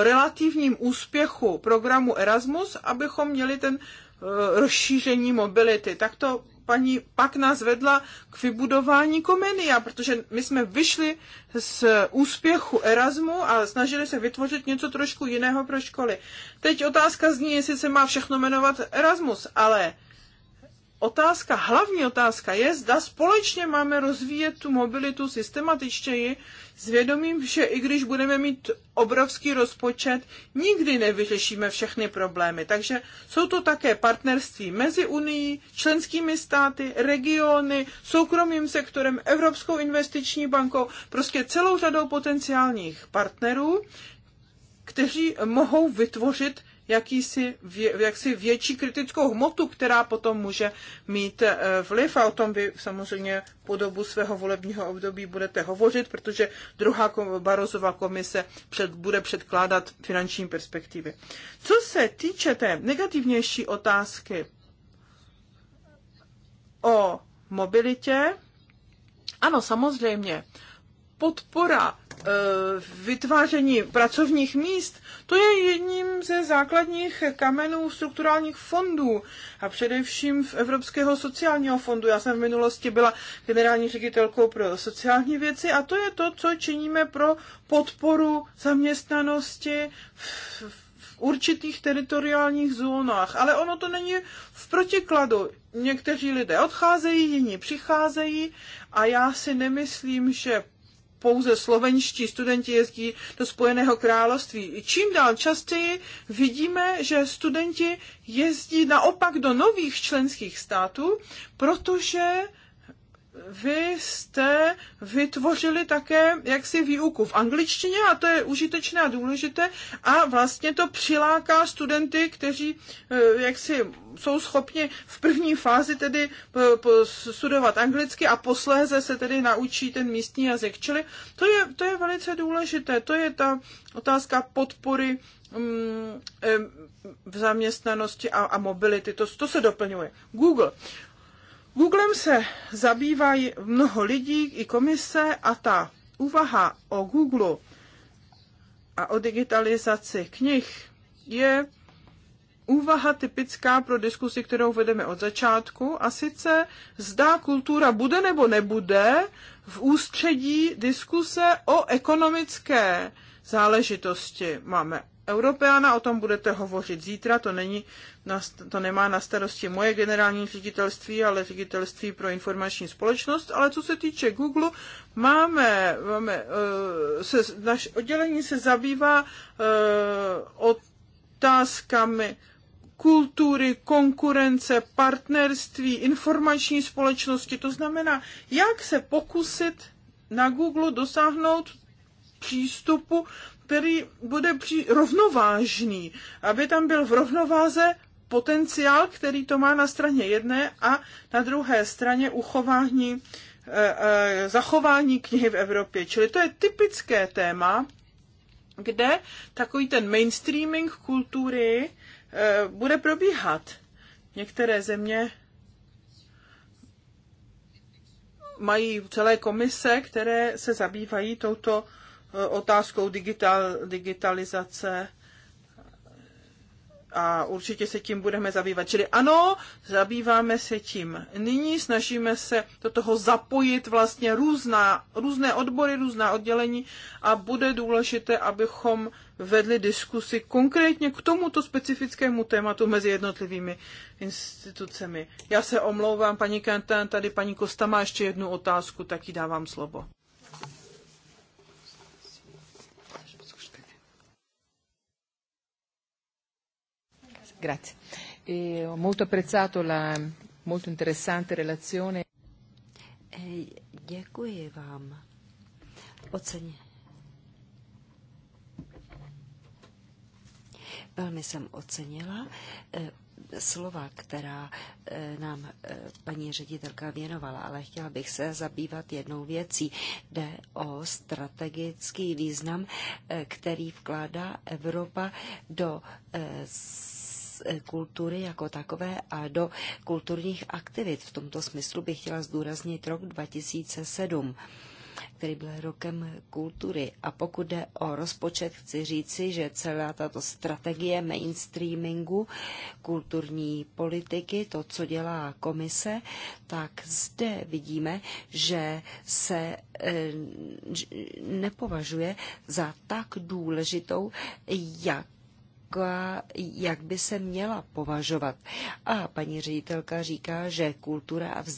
relativním úspěchu programu Erasmus, abychom měli ten e, rozšíření mobility. Tak to paní pak nás vedla k vybudování Komenia, protože my jsme vyšli z úspěchu Erasmu a snažili se vytvořit něco trošku jiného pro školy. Teď otázka zní, jestli se má všechno jmenovat Erasmus, ale otázka, hlavní otázka je, zda společně máme rozvíjet tu mobilitu systematičtěji, s vědomím, že i když budeme mít obrovský rozpočet, nikdy nevyřešíme všechny problémy. Takže jsou to také partnerství mezi Unii, členskými státy, regiony, soukromým sektorem, Evropskou investiční bankou, prostě celou řadou potenciálních partnerů, kteří mohou vytvořit jakýsi, jaksi větší kritickou hmotu, která potom může mít eh, vliv a o tom vy samozřejmě po dobu svého volebního období budete hovořit, protože druhá Barozová komise před, bude předkládat finanční perspektivy. Co se týče té negativnější otázky o mobilitě, ano, samozřejmě, podpora Eh, vytváření pracovních míst, to je jedním ze základních kamenů strukturálních fondů a především v Evropského sociálního fondu. Já jsem v minulosti byla generální ředitelkou pro sociální věci a to je to, co činíme pro podporu zaměstnanosti v, v určitých teritoriálních zónách. Ale ono to není v protikladu. Někteří lidé odcházejí, jiní přicházejí a já si nemyslím, že pouze slovenští studenti jezdí do Spojeného království. Čím dál častěji vidíme, že studenti jezdí naopak do nových členských států, protože vy jste vytvořili také jaksi výuku v angličtině a to je užitečné a důležité a vlastně to přiláká studenty, kteří eh, jaksi jsou schopni v první fázi tedy eh, studovat anglicky a posléze se tedy naučí ten místní jazyk. Čili to je, to je velice důležité, to je ta otázka podpory mm, eh, v zaměstnanosti a, a mobility. To, to se doplňuje. Google. Googlem se zabývají mnoho lidí i komise a ta úvaha o Google a o digitalizaci knih je úvaha typická pro diskusi, kterou vedeme od začátku, a sice zda kultura bude nebo nebude v ústředí diskuse o ekonomické záležitosti. Máme Europeana, o tom budete hovořit zítra, to, není, to nemá na starosti moje generální ředitelství, ale ředitelství pro informační společnost. Ale co se týče Google, máme, máme eh, se, naš oddělení se zabývá eh, otázkami kultury, konkurence, partnerství, informační společnosti. To znamená, jak se pokusit na Google dosáhnout přístupu který bude při, rovnovážný, aby tam byl v rovnováze potenciál, který to má na straně jedné a na druhé straně uchování, eh, eh, zachování knihy v Evropě. Čili to je typické téma, kde takový ten mainstreaming kultury eh, bude probíhat. Některé země mají celé komise, které se zabývají touto otázkou digital, digitalizace a určitě se tím budeme zabývat. Čili ano, zabýváme se tím. Nyní snažíme se do toho zapojit vlastně různá, různé odbory, různá oddělení a bude důležité, abychom vedli diskusy konkrétně k tomuto specifickému tématu mezi jednotlivými institucemi. Já se omlouvám, paní Kentan, tady paní Kosta má ještě jednu otázku, tak jí dávám slovo. Grazie. E ho molto apprezzato la molto interessante relazione. E děkuji vám. Oceně. Velmi jsem ocenila e, slova, která e, nám paní ředitelka věnovala, ale chtěla bych se zabývat jednou věcí. Jde o strategický význam, který vkládá Evropa do Eh, kultury jako takové a do kulturních aktivit. V tomto smyslu bych chtěla zdůraznit rok 2007 který byl rokem kultury. A pokud jde o rozpočet, chci říci, že celá tato strategie mainstreamingu kulturní politiky, to, co dělá komise, tak zde vidíme, že se eh, nepovažuje za tak důležitou, jak jak by se měla považovat. A paní ředitelka říká, že kultura a vzdělání